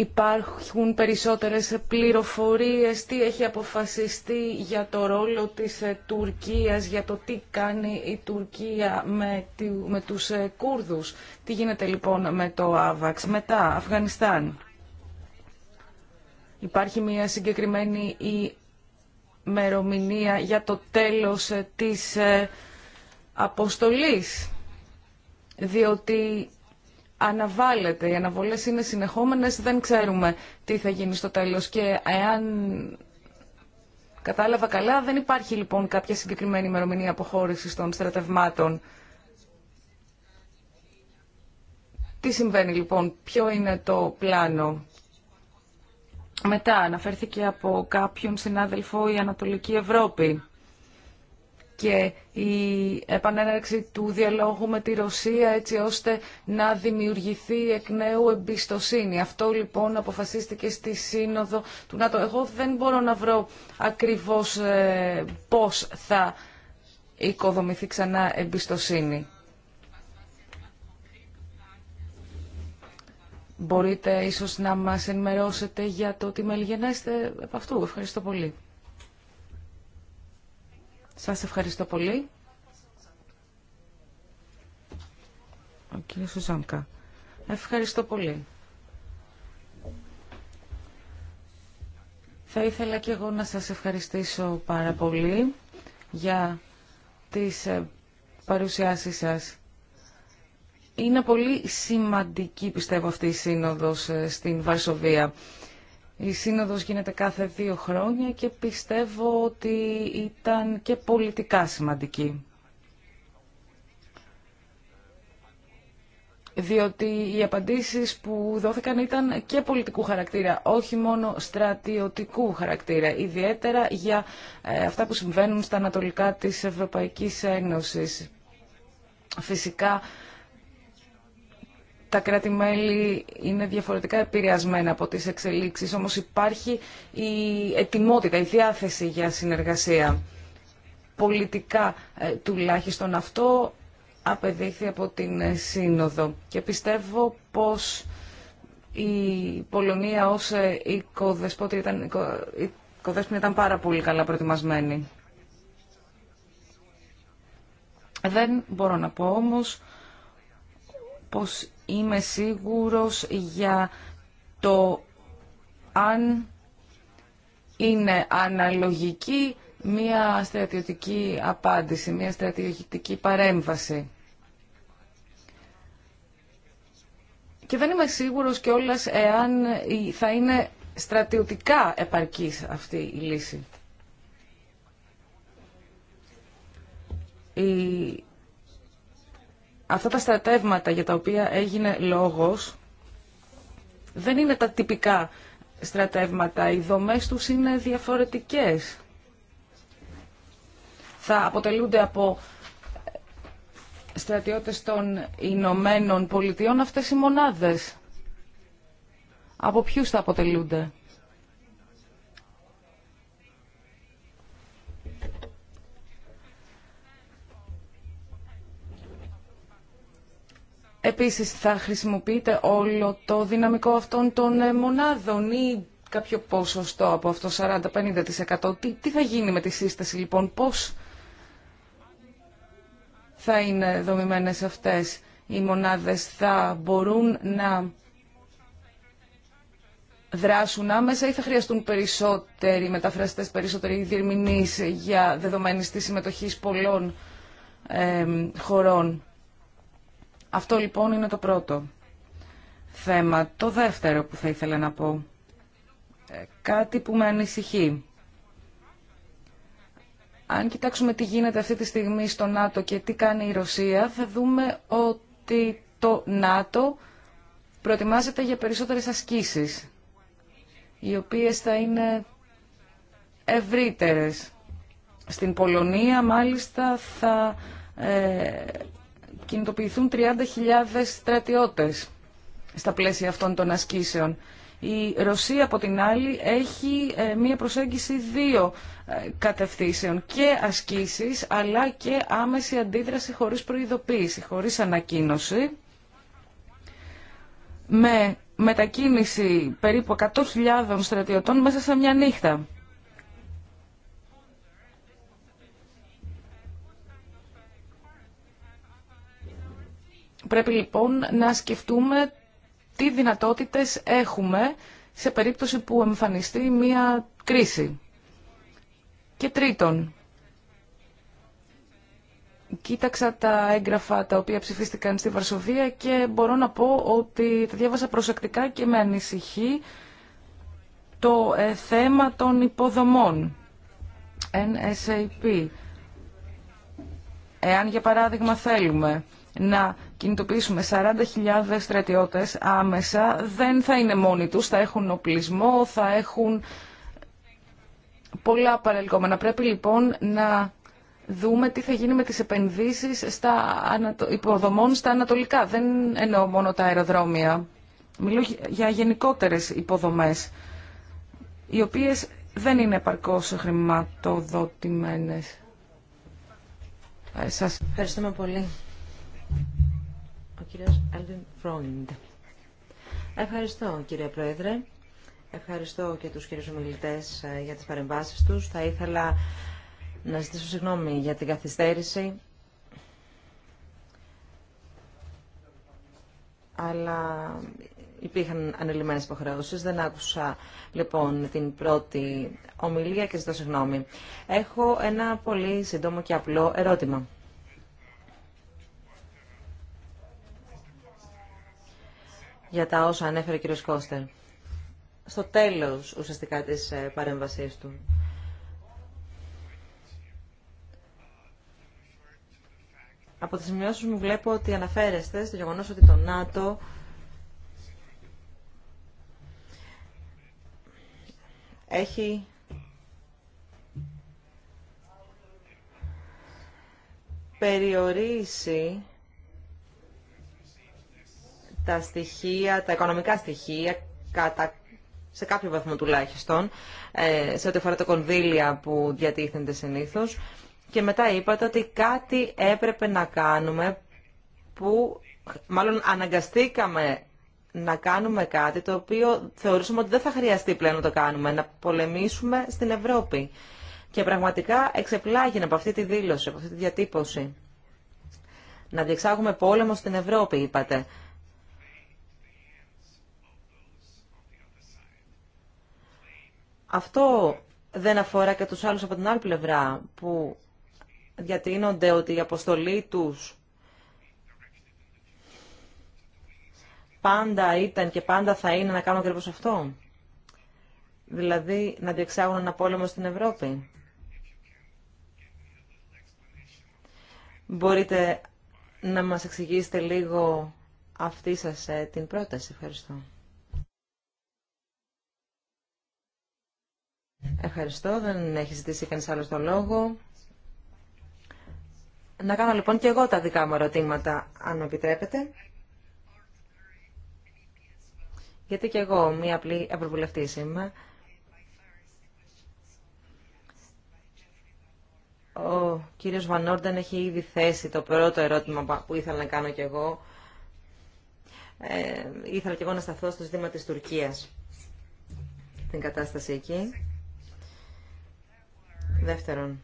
υπάρχουν περισσότερες πληροφορίες, τι έχει αποφασιστεί για το ρόλο της ε, Τουρκίας, για το τι κάνει η Τουρκία με, με τους ε, Κούρδους. Τι γίνεται λοιπόν με το ΑΒΑΞ. Μετά, Αφγανιστάν. Υπάρχει μια συγκεκριμένη ημερομηνία για το τέλος ε, της αποστολής, διότι αναβάλλεται. Οι αναβολές είναι συνεχόμενες, δεν ξέρουμε τι θα γίνει στο τέλος και εάν κατάλαβα καλά δεν υπάρχει λοιπόν κάποια συγκεκριμένη ημερομηνία αποχώρησης των στρατευμάτων. Τι συμβαίνει λοιπόν, ποιο είναι το πλάνο. Μετά αναφέρθηκε από κάποιον συνάδελφο η Ανατολική Ευρώπη και η επανέναρξη του διαλόγου με τη Ρωσία έτσι ώστε να δημιουργηθεί εκ νέου εμπιστοσύνη. Αυτό λοιπόν αποφασίστηκε στη Σύνοδο του ΝΑΤΟ. Εγώ δεν μπορώ να βρω ακριβώς ε, πώς θα οικοδομηθεί ξανά εμπιστοσύνη. Μπορείτε ίσως να μας ενημερώσετε για το τι μελγενέστε από αυτού. Ευχαριστώ πολύ. Σας ευχαριστώ πολύ. Ο Ευχαριστώ πολύ. Θα ήθελα και εγώ να σας ευχαριστήσω πάρα πολύ για τις ε, παρουσιάσεις σας. Είναι πολύ σημαντική, πιστεύω, αυτή η σύνοδος ε, στην Βαρσοβία. Η σύνοδος γίνεται κάθε δύο χρόνια και πιστεύω ότι ήταν και πολιτικά σημαντική. διότι οι απαντήσεις που δόθηκαν ήταν και πολιτικού χαρακτήρα, όχι μόνο στρατιωτικού χαρακτήρα, ιδιαίτερα για ε, αυτά που συμβαίνουν στα ανατολικά της Ευρωπαϊκής Ένωσης. Φυσικά τα κράτη-μέλη είναι διαφορετικά επηρεασμένα από τις εξελίξεις, όμως υπάρχει η ετοιμότητα, η διάθεση για συνεργασία. Πολιτικά ε, τουλάχιστον αυτό απεδείχθη από την ε, Σύνοδο. Και πιστεύω πως η Πολωνία ως ε, οικοδεσπότη ήταν, ήταν πάρα πολύ καλά προετοιμασμένη. Δεν μπορώ να πω όμως πως είμαι σίγουρος για το αν είναι αναλογική μία στρατιωτική απάντηση, μία στρατιωτική παρέμβαση. Και δεν είμαι σίγουρος κιόλας εάν θα είναι στρατιωτικά επαρκής αυτή η λύση αυτά τα στρατεύματα για τα οποία έγινε λόγος δεν είναι τα τυπικά στρατεύματα. Οι δομές τους είναι διαφορετικές. Θα αποτελούνται από στρατιώτες των Ηνωμένων Πολιτειών αυτές οι μονάδες. Από ποιους θα αποτελούνται. Επίσης θα χρησιμοποιείτε όλο το δυναμικό αυτών των ε, μονάδων ή κάποιο ποσοστό από αυτό 40-50%. Τι, τι θα γίνει με τη σύσταση λοιπόν, πώς θα είναι δομημένες αυτές οι μονάδες, θα μπορούν να δράσουν άμεσα ή θα χρειαστούν περισσότεροι μεταφραστές, περισσότεροι διερμηνείς για δεδομένη στη συμμετοχή πολλών χωρών. Αυτό λοιπόν είναι το πρώτο θέμα. Το δεύτερο που θα ήθελα να πω. Ε, κάτι που με ανησυχεί. Αν κοιτάξουμε τι γίνεται αυτή τη στιγμή στο ΝΑΤΟ και τι κάνει η Ρωσία, θα δούμε ότι το ΝΑΤΟ προετοιμάζεται για περισσότερες ασκήσεις, οι οποίες θα είναι ευρύτερες. Στην Πολωνία, μάλιστα, θα ε, κινητοποιηθούν 30.000 στρατιώτες στα πλαίσια αυτών των ασκήσεων. Η Ρωσία από την άλλη έχει ε, μία προσέγγιση δύο ε, κατευθύνσεων και ασκήσεις αλλά και άμεση αντίδραση χωρίς προειδοποίηση, χωρίς ανακοίνωση με μετακίνηση περίπου 100.000 στρατιωτών μέσα σε μια νύχτα. Πρέπει λοιπόν να σκεφτούμε τι δυνατότητες έχουμε σε περίπτωση που εμφανιστεί μία κρίση. Και τρίτον, κοίταξα τα έγγραφα τα οποία ψηφίστηκαν στη Βαρσοβία και μπορώ να πω ότι τα διάβασα προσεκτικά και με ανησυχεί το ε, θέμα των υποδομών, NSAP. Εάν για παράδειγμα θέλουμε να κινητοποιήσουμε 40.000 στρατιώτες άμεσα, δεν θα είναι μόνοι τους, θα έχουν οπλισμό, θα έχουν πολλά παρελκόμενα. Πρέπει λοιπόν να δούμε τι θα γίνει με τις επενδύσεις στα υποδομών στα ανατολικά. Δεν εννοώ μόνο τα αεροδρόμια. Μιλώ για γενικότερες υποδομές, οι οποίες δεν είναι επαρκώς χρηματοδοτημένες. Ε, σας ευχαριστούμε πολύ. Ευχαριστώ κύριε Πρόεδρε. Ευχαριστώ και τους κύριους ομιλητές ε, για τις παρεμβάσεις τους. Θα ήθελα να ζητήσω συγγνώμη για την καθυστέρηση. Αλλά υπήρχαν ανελημμένες υποχρεώσει. Δεν άκουσα λοιπόν την πρώτη ομιλία και ζητώ συγγνώμη. Έχω ένα πολύ σύντομο και απλό ερώτημα. για τα όσα ανέφερε ο κ. Κώστερ. Στο τέλος ουσιαστικά της ε, παρέμβασής του. Από τις σημειώσεις μου βλέπω ότι αναφέρεστε στο γεγονός ότι το ΝΑΤΟ έχει περιορίσει τα στοιχεία, τα οικονομικά στοιχεία, κατά, σε κάποιο βαθμό τουλάχιστον, ε, σε ό,τι αφορά τα κονδύλια που διατίθενται συνήθως. Και μετά είπατε ότι κάτι έπρεπε να κάνουμε που μάλλον αναγκαστήκαμε να κάνουμε κάτι το οποίο θεωρούσαμε ότι δεν θα χρειαστεί πλέον να το κάνουμε, να πολεμήσουμε στην Ευρώπη. Και πραγματικά εξεπλάγει από αυτή τη δήλωση, από αυτή τη διατύπωση. Να διεξάγουμε πόλεμο στην Ευρώπη, είπατε. Αυτό δεν αφορά και τους άλλους από την άλλη πλευρά που διατείνονται ότι η αποστολή τους πάντα ήταν και πάντα θα είναι να κάνουν ακριβώ αυτό. Δηλαδή να διεξάγουν ένα πόλεμο στην Ευρώπη. Μπορείτε να μας εξηγήσετε λίγο αυτή σας ε, την πρόταση. Ευχαριστώ. Ευχαριστώ. Δεν έχει ζητήσει κανεί άλλο το λόγο. Να κάνω λοιπόν και εγώ τα δικά μου ερωτήματα, αν επιτρέπετε. Γιατί και εγώ μία απλή ευρωβουλευτή είμαι. Ο κύριος Βανόρντεν έχει ήδη θέσει το πρώτο ερώτημα που ήθελα να κάνω κι εγώ. Ε, ήθελα κι εγώ να σταθώ στο ζήτημα της Τουρκίας. Την κατάσταση εκεί. Δεύτερον,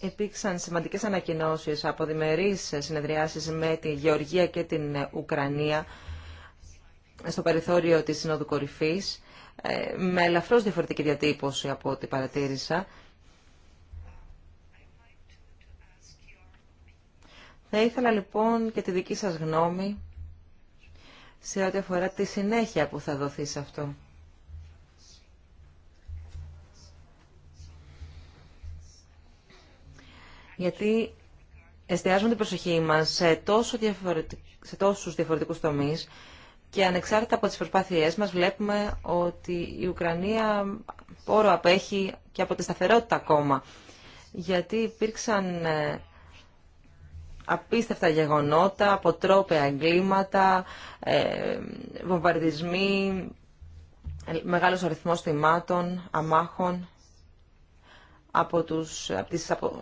υπήρξαν σημαντικές ανακοινώσεις από διμερείς συνεδριάσεις με τη Γεωργία και την Ουκρανία στο περιθώριο της Συνόδου Κορυφής, ε, με ελαφρώς διαφορετική διατύπωση από ό,τι παρατήρησα. Θα ήθελα λοιπόν και τη δική σας γνώμη σε ό,τι αφορά τη συνέχεια που θα δοθεί σε αυτό. γιατί εστιάζουμε την προσοχή μας σε, τόσο διαφορετικ... σε τόσους διαφορετικούς τομείς και ανεξάρτητα από τις προσπάθειές μας βλέπουμε ότι η Ουκρανία πόρο απέχει και από τη σταθερότητα ακόμα. Γιατί υπήρξαν ε, απίστευτα γεγονότα, αποτρόπαια εγκλήματα, ε, βομβαρδισμοί, ε, μεγάλος αριθμός θυμάτων, αμάχων από, τους, από τις απο,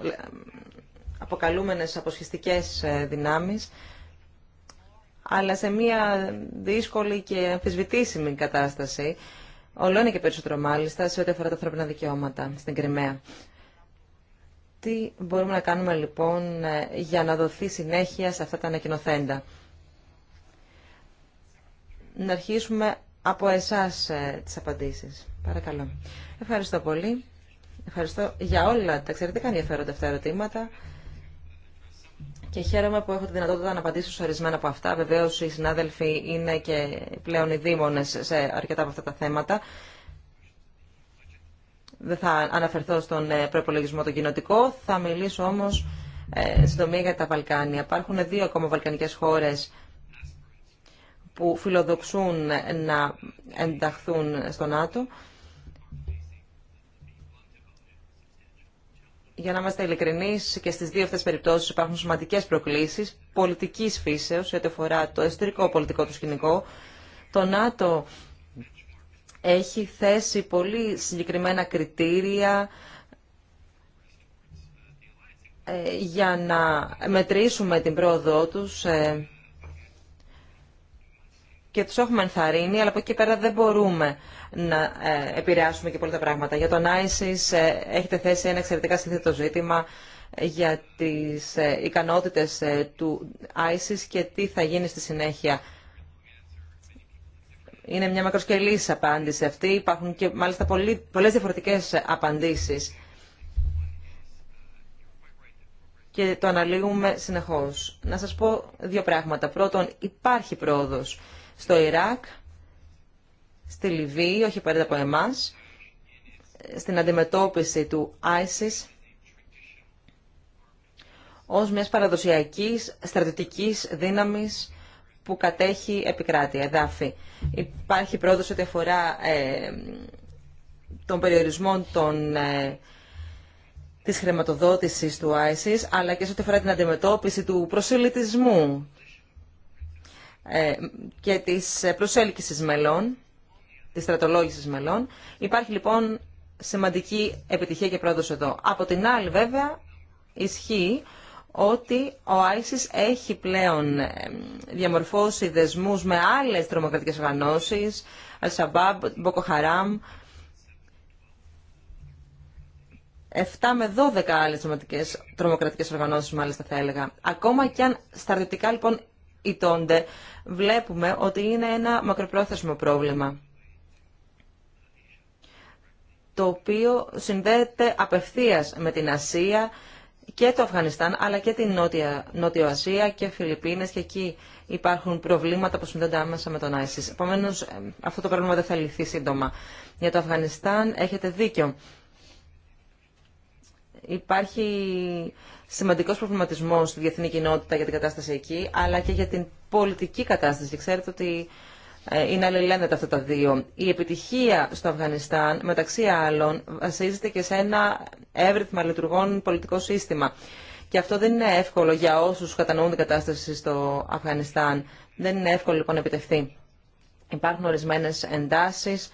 αποκαλούμενες αποσχιστικές ε, δυνάμεις, αλλά σε μια δύσκολη και αμφισβητήσιμη κατάσταση, είναι και περισσότερο μάλιστα, σε ό,τι αφορά τα ανθρώπινα δικαιώματα στην Κρυμαία. Τι μπορούμε να κάνουμε λοιπόν ε, για να δοθεί συνέχεια σε αυτά τα ανακοινοθέντα. Να αρχίσουμε από εσάς ε, τις απαντήσεις. Παρακαλώ. Ευχαριστώ πολύ. Ευχαριστώ για όλα τα εξαιρετικά ενδιαφέροντα αυτά ερωτήματα και χαίρομαι που έχω τη δυνατότητα να απαντήσω σε ορισμένα από αυτά. Βεβαίω, οι συνάδελφοι είναι και πλέον οι δήμονε σε αρκετά από αυτά τα θέματα. Δεν θα αναφερθώ στον ε, προπολογισμό το κοινοτικό, θα μιλήσω όμω ε, συντομία για τα Βαλκάνια. Υπάρχουν δύο ακόμα βαλκανικέ χώρε που φιλοδοξούν να ενταχθούν στο ΝΑΤΟ. για να είμαστε ειλικρινεί και στι δύο αυτέ περιπτώσει υπάρχουν σημαντικέ προκλήσει πολιτική φύσεω, ό,τι αφορά το εσωτερικό πολιτικό του σκηνικό. Το ΝΑΤΟ έχει θέσει πολύ συγκεκριμένα κριτήρια ε, για να μετρήσουμε την πρόοδό τους ε, και τους έχουμε ενθαρρύνει, αλλά από εκεί πέρα δεν μπορούμε να ε, επηρεάσουμε και πολλά τα πράγματα. Για τον ISIS ε, έχετε θέσει ένα εξαιρετικά σύνθετο ζήτημα για τις ε, ικανότητες του ISIS και τι θα γίνει στη συνέχεια. Είναι μια μακροσκελής απάντηση αυτή. Υπάρχουν και μάλιστα πολλές διαφορετικές απαντήσεις. Και το αναλύουμε συνεχώς. Να σας πω δύο πράγματα. Πρώτον, υπάρχει πρόοδος στο Ιράκ στη Λιβύη, όχι πέρα από εμάς, στην αντιμετώπιση του ISIS ως μιας παραδοσιακής στρατιωτικής δύναμης που κατέχει επικράτεια, εδάφη. Υπάρχει πρόοδος ότι αφορά ε, των περιορισμών της χρηματοδότησης του ISIS, αλλά και σε ό,τι αφορά την αντιμετώπιση του προσελητισμού ε, και της προσέλκυσης μελών. Τη στρατολόγηση μελών. Υπάρχει λοιπόν σημαντική επιτυχία και πρόοδο εδώ. Από την άλλη βέβαια ισχύει ότι ο ISIS έχει πλέον ε, διαμορφώσει δεσμούς με άλλες τρομοκρατικές οργανώσεις, Al-Shabaab, Boko Haram, 7 με 12 άλλες τρομοκρατικές, τρομοκρατικές οργανώσεις μάλιστα θα έλεγα. Ακόμα και αν στρατιωτικά λοιπόν ιτώνται, βλέπουμε ότι είναι ένα μακροπρόθεσμο πρόβλημα το οποίο συνδέεται απευθείας με την Ασία και το Αφγανιστάν, αλλά και την Νότια, Νότιο Ασία και Φιλιππίνες και εκεί υπάρχουν προβλήματα που συνδέονται άμεσα με τον ISIS. Επομένω, ε, αυτό το πρόβλημα δεν θα λυθεί σύντομα. Για το Αφγανιστάν έχετε δίκιο. Υπάρχει σημαντικός προβληματισμός στη διεθνή κοινότητα για την κατάσταση εκεί, αλλά και για την πολιτική κατάσταση. Ξέρετε ότι ε, είναι αλληλένδετα αυτά τα δύο. Η επιτυχία στο Αφγανιστάν, μεταξύ άλλων, βασίζεται και σε ένα εύρυθμα λειτουργών πολιτικό σύστημα. Και αυτό δεν είναι εύκολο για όσους κατανοούν την κατάσταση στο Αφγανιστάν. Δεν είναι εύκολο λοιπόν να επιτευχθεί. Υπάρχουν ορισμένες εντάσεις.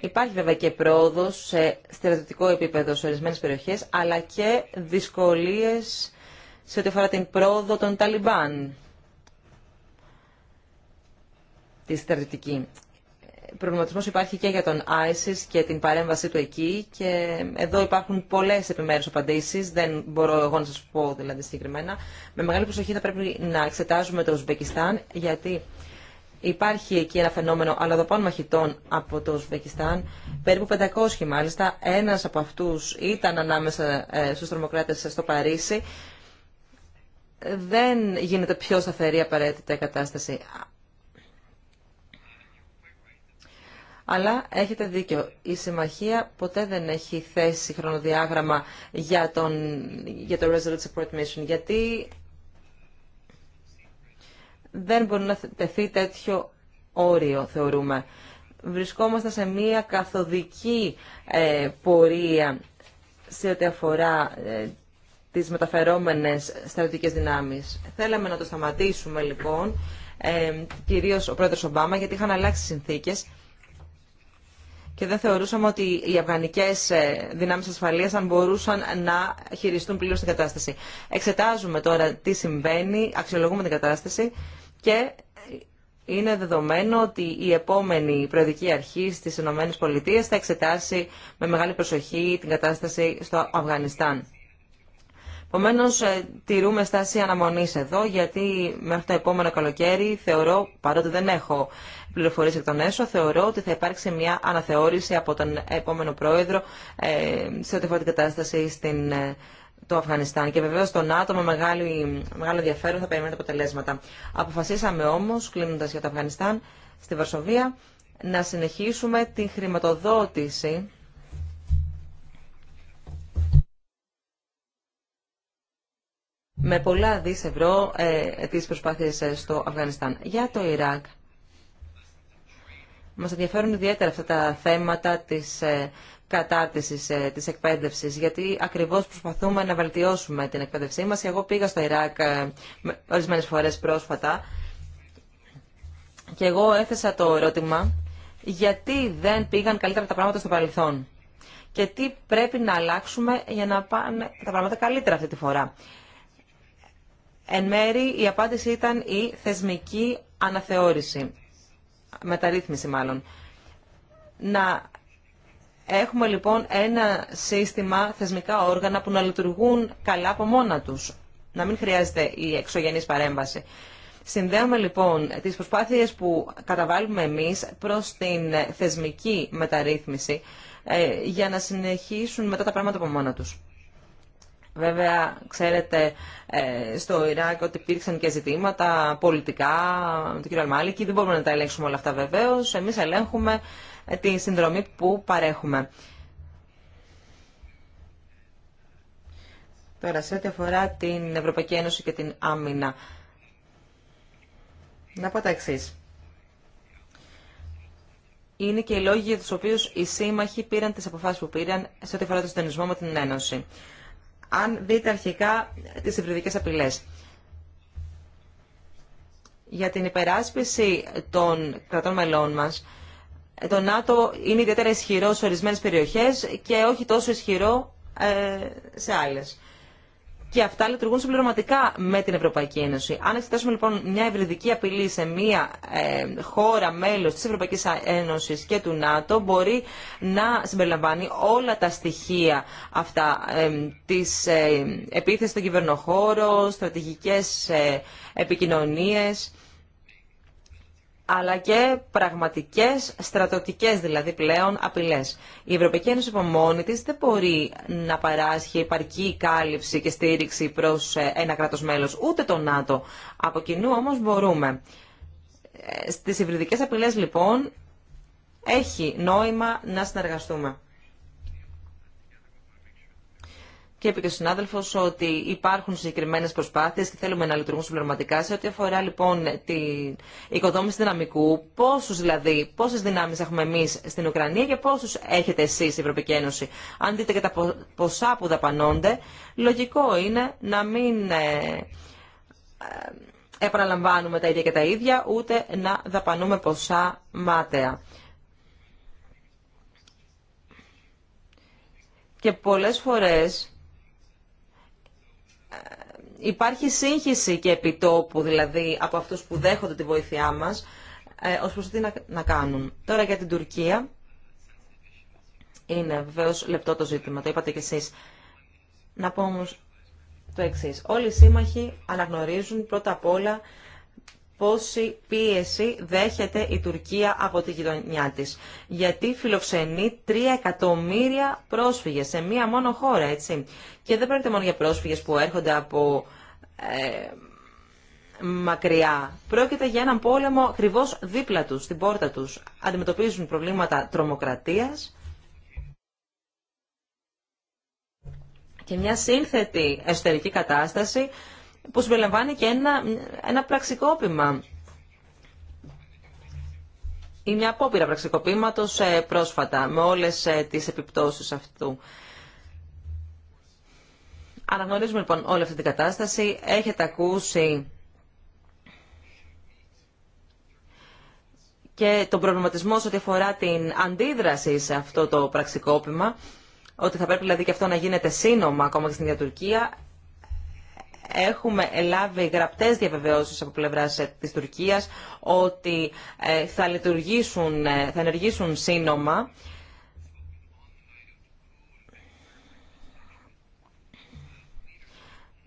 Υπάρχει βέβαια και πρόοδο σε στρατιωτικό επίπεδο σε ορισμένες περιοχές, αλλά και δυσκολίες σε ό,τι αφορά την πρόοδο των Ταλιμπάν τη στρατιωτική. Προβληματισμό υπάρχει και για τον ISIS και την παρέμβασή του εκεί και εδώ υπάρχουν πολλέ επιμέρου απαντήσει. δεν μπορώ εγώ να σα πω δηλαδή συγκεκριμένα. Με μεγάλη προσοχή θα πρέπει να εξετάζουμε το Ουσμπεκιστάν γιατί υπάρχει εκεί ένα φαινόμενο αλλοδαπών μαχητών από το Ουσβεκιστάν, περίπου 500 μάλιστα. ένα από αυτού ήταν ανάμεσα ε, στου τρομοκράτε στο Παρίσι. Δεν γίνεται πιο σταθερή απαραίτητα η κατάσταση. Αλλά έχετε δίκιο. Η συμμαχία ποτέ δεν έχει θέσει χρονοδιάγραμμα για, τον, για το Resolute Support Mission, γιατί δεν μπορεί να τεθεί τέτοιο όριο, θεωρούμε. Βρισκόμαστε σε μία καθοδική ε, πορεία σε ό,τι αφορά ε, τις μεταφερόμενες στρατιωτικές δυνάμεις. Θέλαμε να το σταματήσουμε, λοιπόν, ε, κυρίως ο πρόεδρος Ομπάμα, γιατί είχαν αλλάξει συνθήκες και δεν θεωρούσαμε ότι οι αφγανικέ ε, δυνάμει ασφαλείας αν μπορούσαν να χειριστούν πλήρω την κατάσταση. Εξετάζουμε τώρα τι συμβαίνει, αξιολογούμε την κατάσταση και είναι δεδομένο ότι η επόμενη προεδρική αρχή στις ΗΠΑ θα εξετάσει με μεγάλη προσοχή την κατάσταση στο Αφγανιστάν. Επομένω, ε, τηρούμε στάση αναμονή εδώ, γιατί μέχρι το επόμενο καλοκαίρι θεωρώ, παρότι δεν έχω πληροφορίε εκ των έσω, θεωρώ ότι θα υπάρξει μια αναθεώρηση από τον επόμενο πρόεδρο ε, σε ό,τι αφορά την κατάσταση στην, ε, το Αφγανιστάν. Και βεβαίω τον ΝΑΤΟ με μεγάλο μεγάλο ενδιαφέρον θα περιμένει τα αποτελέσματα. Αποφασίσαμε όμω, κλείνοντα για το Αφγανιστάν, στη Βαρσοβία, να συνεχίσουμε τη χρηματοδότηση με πολλά δις ευρώ ε, προσπάθειες ε, στο Αφγανιστάν. Για το Ιράκ μας ενδιαφέρουν ιδιαίτερα αυτά τα θέματα της ε, κατάρτισης, ε, της εκπαίδευσης, γιατί ακριβώς προσπαθούμε να βελτιώσουμε την εκπαίδευσή μας. Εγώ πήγα στο Ιράκ ε, ορισμένες φορές πρόσφατα και εγώ έθεσα το ερώτημα γιατί δεν πήγαν καλύτερα τα πράγματα στο παρελθόν και τι πρέπει να αλλάξουμε για να πάνε τα πράγματα καλύτερα αυτή τη φορά. Εν μέρη η απάντηση ήταν η θεσμική αναθεώρηση μεταρρύθμιση μάλλον. Να έχουμε λοιπόν ένα σύστημα θεσμικά όργανα που να λειτουργούν καλά από μόνα τους. Να μην χρειάζεται η εξωγενής παρέμβαση. Συνδέουμε λοιπόν τις προσπάθειες που καταβάλουμε εμείς προς την θεσμική μεταρρύθμιση ε, για να συνεχίσουν μετά τα πράγματα από μόνα τους. Βέβαια, ξέρετε, ε, στο Ιράκ ότι υπήρξαν και ζητήματα πολιτικά, με τον κύριο Αλμάλικη, δεν μπορούμε να τα ελέγξουμε όλα αυτά βεβαίως. Εμείς ελέγχουμε ε, τη συνδρομή που παρέχουμε. Τώρα, σε ό,τι αφορά την Ευρωπαϊκή Ένωση και την άμυνα. Να πω τα εξή. Είναι και οι λόγοι για του οποίου οι σύμμαχοι πήραν τι αποφάσει που πήραν σε ό,τι αφορά το συντονισμό με την Ένωση αν δείτε αρχικά τις υβριδικές απειλές. Για την υπεράσπιση των κρατών μελών μας, ε, το ΝΑΤΟ είναι ιδιαίτερα ισχυρό σε ορισμένες περιοχές και όχι τόσο ισχυρό ε, σε άλλες και αυτά λειτουργούν συμπληρωματικά με την Ευρωπαϊκή Ένωση. Αν εξετάσουμε λοιπόν μια ευρυδική απειλή σε μια ε, χώρα μέλος της Ευρωπαϊκής Ένωσης και του ΝΑΤΟ μπορεί να συμπεριλαμβάνει όλα τα στοιχεία αυτά ε, της ε, επίθεσης στον κυβερνοχώρο, στρατηγικές ε, επικοινωνίες αλλά και πραγματικές, στρατοτικέ, δηλαδή πλέον, απειλές. Η Ευρωπαϊκή Ένωση από μόνη της δεν μπορεί να παράσχει επαρκή κάλυψη και στήριξη προς ε, ένα κράτος μέλος, ούτε το ΝΑΤΟ. Από κοινού όμως μπορούμε. Ε, στις υβριδικέ απειλές λοιπόν έχει νόημα να συνεργαστούμε. και είπε και ο συνάδελφο ότι υπάρχουν συγκεκριμένε προσπάθειε και θέλουμε να λειτουργούν συμπληρωματικά. Σε ό,τι αφορά λοιπόν την οικοδόμηση δυναμικού, πόσου δηλαδή, πόσε δυνάμει έχουμε εμεί στην Ουκρανία και πόσου έχετε εσεί η Ευρωπαϊκή Ένωση. Αν δείτε και τα ποσά που δαπανώνται, λογικό είναι να μην ε, ε, επαναλαμβάνουμε τα ίδια και τα ίδια, ούτε να δαπανούμε ποσά μάταια. Και πολλές φορές ε, υπάρχει σύγχυση και επιτόπου, δηλαδή από αυτούς που δέχονται τη βοήθειά μας, ε, ως προς τι να, κάνουν. Τώρα για την Τουρκία, είναι βεβαίω λεπτό το ζήτημα, το είπατε κι εσείς. Να πω όμως το εξής, Όλοι οι σύμμαχοι αναγνωρίζουν πρώτα απ' όλα πόση πίεση δέχεται η Τουρκία από τη γειτονιά της. Γιατί φιλοξενεί 3 εκατομμύρια πρόσφυγες σε μία μόνο χώρα, έτσι. Και δεν πρόκειται μόνο για πρόσφυγες που έρχονται από ε, μακριά. Πρόκειται για έναν πόλεμο ακριβώ δίπλα τους, στην πόρτα τους. Αντιμετωπίζουν προβλήματα τρομοκρατίας και μια σύνθετη εσωτερική κατάσταση που συμπεριλαμβάνει και ένα, ένα πραξικόπημα ή μια απόπειρα πραξικοπήματος ε, πρόσφατα με όλες ε, τις επιπτώσεις αυτού. Αναγνωρίζουμε λοιπόν όλη αυτή την κατάσταση. Έχετε ακούσει και τον προβληματισμό σε ό,τι αφορά την αντίδραση σε αυτό το πραξικόπημα, ότι θα πρέπει δηλαδή και αυτό να γίνεται σύνομα ακόμα και στην Ιατουρκία. Έχουμε λάβει γραπτές διαβεβαιώσεις από πλευράς ε, της Τουρκίας ότι ε, θα λειτουργήσουν, ε, θα ενεργήσουν σύνομα.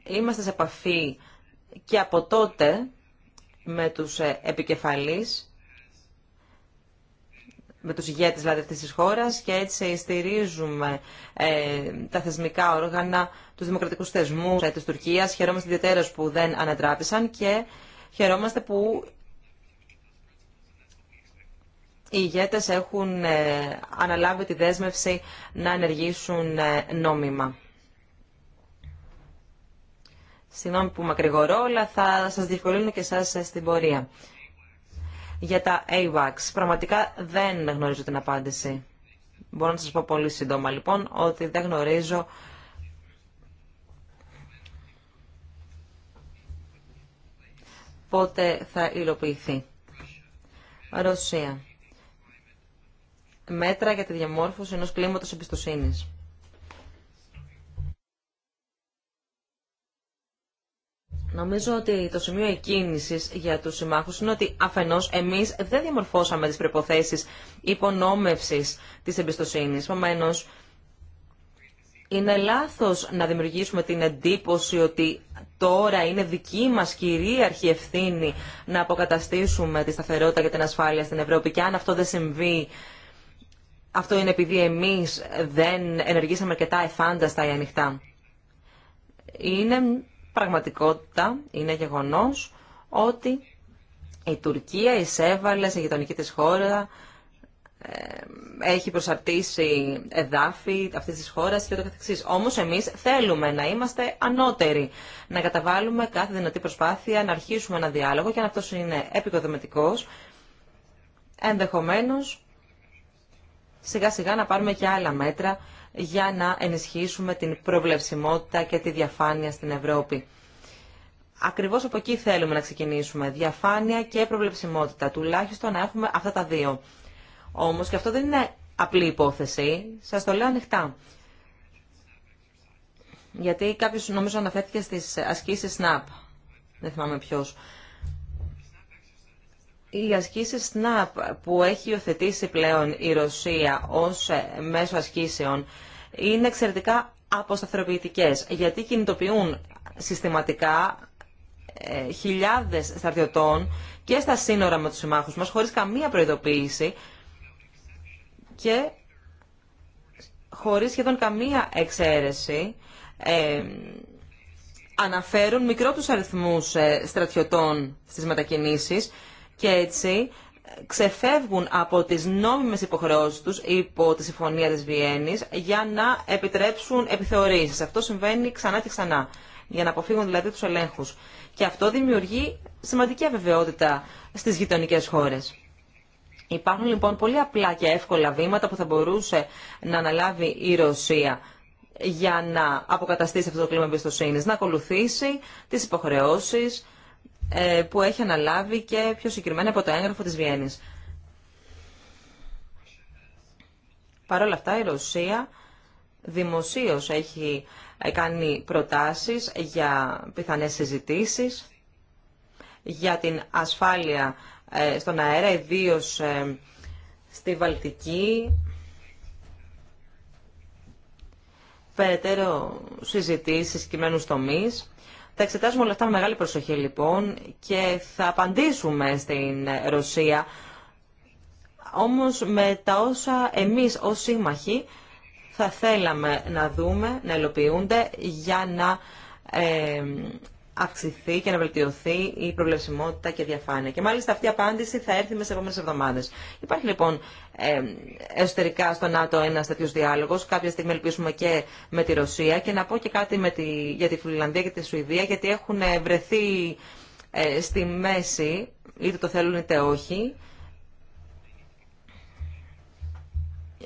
Είμαστε σε επαφή και από τότε με τους επικεφαλείς με τους ηγέτες δηλαδή αυτής της χώρας και έτσι στηρίζουμε ε, τα θεσμικά όργανα, του δημοκρατικού θεσμούς ε, της Τουρκίας. Χαιρόμαστε ιδιαίτερως που δεν ανατράπησαν και χαιρόμαστε που οι ηγέτες έχουν ε, αναλάβει τη δέσμευση να ενεργήσουν ε, νόμιμα. Συγγνώμη που μακρηγορώ, αλλά θα σας διευκολύνω και εσάς στην πορεία. Για τα AWACS, πραγματικά δεν γνωρίζω την απάντηση. Μπορώ να σας πω πολύ σύντομα λοιπόν ότι δεν γνωρίζω πότε θα υλοποιηθεί. Ρωσία. Μέτρα για τη διαμόρφωση ενός κλίματος εμπιστοσύνης. Νομίζω ότι το σημείο εκκίνησης για του συμμάχους είναι ότι αφενός εμείς δεν διαμορφώσαμε τις προποθέσει υπονόμευση της εμπιστοσύνης. Επομένω, είναι λάθος να δημιουργήσουμε την εντύπωση ότι τώρα είναι δική μας κυρίαρχη ευθύνη να αποκαταστήσουμε τη σταθερότητα και την ασφάλεια στην Ευρώπη και αν αυτό δεν συμβεί αυτό είναι επειδή εμεί δεν ενεργήσαμε αρκετά εφάνταστα ή ανοιχτά. Είναι πραγματικότητα, είναι γεγονός ότι η Τουρκία εισέβαλε σε γειτονική της χώρα, ε, έχει προσαρτήσει εδάφη αυτής της χώρας και το καθεξής. Όμως εμείς θέλουμε να είμαστε ανώτεροι, να καταβάλουμε κάθε δυνατή προσπάθεια, να αρχίσουμε ένα διάλογο και αν αυτός είναι επικοδομητικός, ενδεχομένως σιγά σιγά να πάρουμε και άλλα μέτρα για να ενισχύσουμε την προβλεψιμότητα και τη διαφάνεια στην Ευρώπη. Ακριβώς από εκεί θέλουμε να ξεκινήσουμε. Διαφάνεια και προβλεψιμότητα. Τουλάχιστον να έχουμε αυτά τα δύο. Όμως και αυτό δεν είναι απλή υπόθεση. Σας το λέω ανοιχτά. Γιατί κάποιος νομίζω αναφέρθηκε στις ασκήσεις SNAP. Δεν θυμάμαι ποιος. Οι ασκήσεις SNAP που έχει υιοθετήσει πλέον η Ρωσία ως μέσο ασκήσεων είναι εξαιρετικά αποσταθεροποιητικές γιατί κινητοποιούν συστηματικά ε, χιλιάδες στρατιωτών και στα σύνορα με τους συμμάχους μας χωρίς καμία προειδοποίηση και χωρίς σχεδόν καμία εξαίρεση ε, αναφέρουν μικρό τους αριθμούς ε, στρατιωτών στις μετακινήσεις και έτσι ξεφεύγουν από τις νόμιμες υποχρεώσεις τους υπό τη Συμφωνία της Βιέννης για να επιτρέψουν επιθεωρήσεις. Αυτό συμβαίνει ξανά και ξανά, για να αποφύγουν δηλαδή τους ελέγχους. Και αυτό δημιουργεί σημαντική αβεβαιότητα στις γειτονικέ χώρες. Υπάρχουν λοιπόν πολύ απλά και εύκολα βήματα που θα μπορούσε να αναλάβει η Ρωσία για να αποκαταστήσει αυτό το κλίμα εμπιστοσύνη, να ακολουθήσει τις υποχρεώσεις ε, που έχει αναλάβει και πιο συγκεκριμένα από το έγγραφο της Βιέννης. Παρ' όλα αυτά η Ρωσία δημοσίως έχει ε, κάνει προτάσεις για πιθανές συζητήσεις, για την ασφάλεια ε, στον αέρα, ιδίω στη Βαλτική. Περαιτέρω συζητήσεις κειμένους τομείς. Θα εξετάσουμε όλα αυτά με μεγάλη προσοχή λοιπόν και θα απαντήσουμε στην Ρωσία όμως με τα όσα εμείς ως σύμμαχοι θα θέλαμε να δούμε, να ελοποιούνται για να ε, αυξηθεί και να βελτιωθεί η προβλεψιμότητα και διαφάνεια. Και μάλιστα αυτή η απάντηση θα έρθει με σε επόμενε εβδομάδε. Υπάρχει λοιπόν ε, εσωτερικά στο ΝΑΤΟ ένα τέτοιο διάλογο. Κάποια στιγμή ελπίσουμε και με τη Ρωσία. Και να πω και κάτι με τη, για τη Φιλανδία και τη Σουηδία, γιατί έχουν ε, βρεθεί ε, στη μέση, είτε το θέλουν είτε όχι.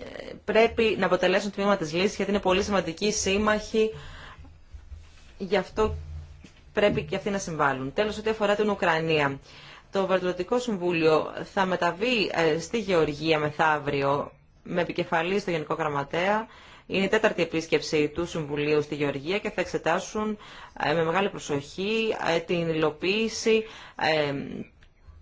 Ε, πρέπει να αποτελέσουν τμήμα της λύσης γιατί είναι πολύ σημαντικοί σύμμαχοι. Γι' αυτό πρέπει και αυτοί να συμβάλλουν. Τέλος, ό,τι αφορά την Ουκρανία. Το Βαρτολωτικό Συμβούλιο θα μεταβεί ε, στη Γεωργία μεθαύριο με επικεφαλή στο Γενικό Γραμματέα. Είναι η τέταρτη επίσκεψη του Συμβουλίου στη Γεωργία και θα εξετάσουν ε, με μεγάλη προσοχή ε, την υλοποίηση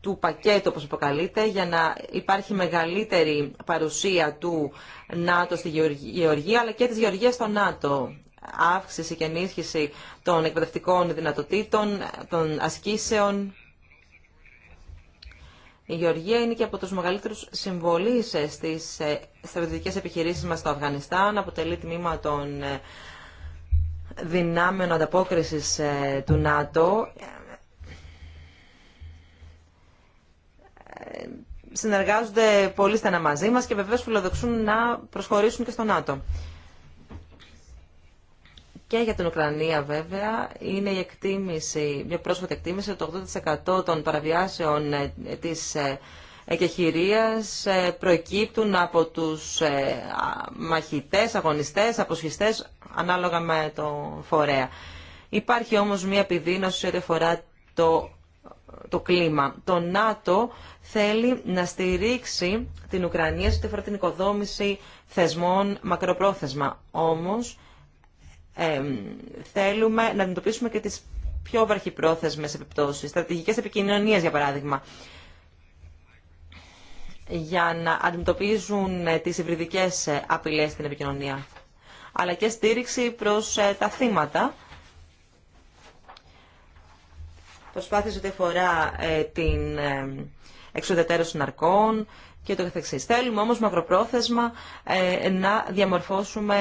του πακέτου, όπως αποκαλείται, για να υπάρχει μεγαλύτερη παρουσία του ΝΑΤΟ στη Γεωργία, αλλά και της Γεωργίας στο ΝΑΤΟ αύξηση και ενίσχυση των εκπαιδευτικών δυνατοτήτων, των ασκήσεων. Η Γεωργία είναι και από τους μεγαλύτερους συμβολείς στις ε, στρατιωτικές επιχειρήσεις μας στο Αφγανιστάν. Αποτελεί τμήμα των ε, δυνάμεων ανταπόκρισης ε, του ΝΑΤΟ. Συνεργάζονται πολύ στενά μαζί μας και βεβαίως φιλοδοξούν να προσχωρήσουν και στο ΝΑΤΟ. Και για την Ουκρανία βέβαια είναι η εκτίμηση, μια πρόσφατη εκτίμηση ότι το 80% των παραβιάσεων ε, της ε, εκεχηρίας ε, προκύπτουν από τους μαχητές, αγωνιστές, αποσχιστές ανάλογα με το φορέα. Υπάρχει όμως μια επιδείνωση ό,τι αφορά το, το κλίμα. Το ΝΑΤΟ θέλει να στηρίξει την Ουκρανία σε ό,τι αφορά την οικοδόμηση θεσμών μακροπρόθεσμα. Όμως θέλουμε να αντιμετωπίσουμε και τις πιο βαρχιπρόθεσμες επιπτώσεις, στρατηγικές επικοινωνίες για παράδειγμα, για να αντιμετωπίζουν ε, τις υβριδικές ε, απειλές στην επικοινωνία, αλλά και στήριξη προς ε, τα θύματα, Προσπάθησε ότι αφορά την εξουδετέρωση ναρκών, και το καθεξής. Θέλουμε όμως μακροπρόθεσμα ε, να διαμορφώσουμε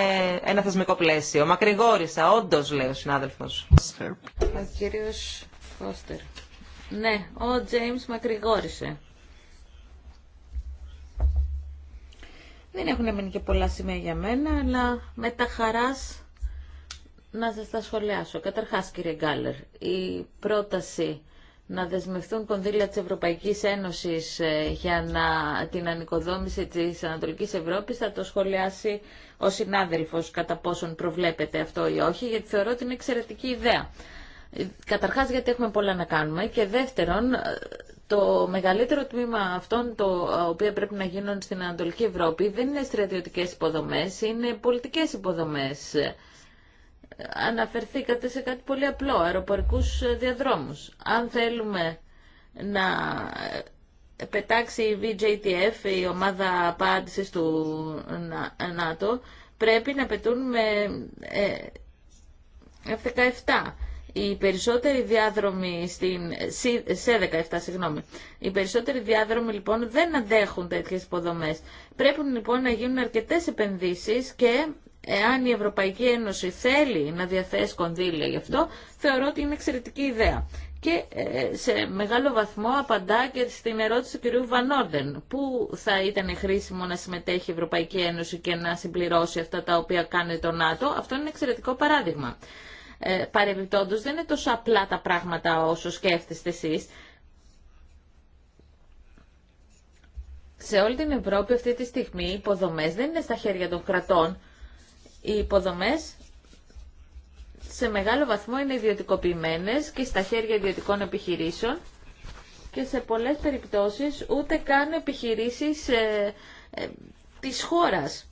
ένα θεσμικό πλαίσιο. Μακρηγόρησα, όντως, λέει ο συνάδελφος. Ο κύριος Φώστερ. Ναι, ο Τζέιμς μακρηγόρησε. Δεν έχουν μείνει και πολλά σημεία για μένα, αλλά με τα χαράς να σας τα σχολιάσω. Καταρχάς, κύριε Γκάλερ, η πρόταση να δεσμευτούν κονδύλια της Ευρωπαϊκής Ένωσης ε, για να, την ανοικοδόμηση της Ανατολικής Ευρώπης θα το σχολιάσει ο συνάδελφος κατά πόσον προβλέπεται αυτό ή όχι, γιατί θεωρώ ότι είναι εξαιρετική ιδέα. Ε, καταρχάς γιατί έχουμε πολλά να κάνουμε και δεύτερον ε, το μεγαλύτερο τμήμα αυτών το οποίο πρέπει να γίνουν στην Ανατολική Ευρώπη δεν είναι στρατιωτικές υποδομές, είναι πολιτικές υποδομές αναφερθήκατε σε κάτι πολύ απλό, αεροπορικούς διαδρόμους. Αν θέλουμε να πετάξει η VJTF, η ομάδα απάντησης του ΝΑΤΟ, πρέπει να πετούν με F-17. Ε, Οι περισσότεροι διάδρομοι στην... σε 17, συγγνώμη. Οι περισσότεροι διάδρομοι λοιπόν δεν αντέχουν τέτοιες υποδομές. Πρέπει λοιπόν να γίνουν αρκετές επενδύσεις και εάν η Ευρωπαϊκή Ένωση θέλει να διαθέσει κονδύλια γι' αυτό, θεωρώ ότι είναι εξαιρετική ιδέα. Και ε, σε μεγάλο βαθμό απαντά και στην ερώτηση του κυρίου Βανόρδεν. Πού θα ήταν χρήσιμο να συμμετέχει η Ευρωπαϊκή Ένωση και να συμπληρώσει αυτά τα οποία κάνει το ΝΑΤΟ. Αυτό είναι εξαιρετικό παράδειγμα. Ε, παρεμπιπτόντως δεν είναι τόσο απλά τα πράγματα όσο σκέφτεστε εσείς. Σε όλη την Ευρώπη αυτή τη στιγμή οι υποδομές δεν είναι στα χέρια των κρατών οι υποδομές σε μεγάλο βαθμό είναι ιδιωτικοποιημένες και στα χέρια ιδιωτικών επιχειρήσεων και σε πολλές περιπτώσεις ούτε καν επιχειρήσεις ε, ε της χώρας.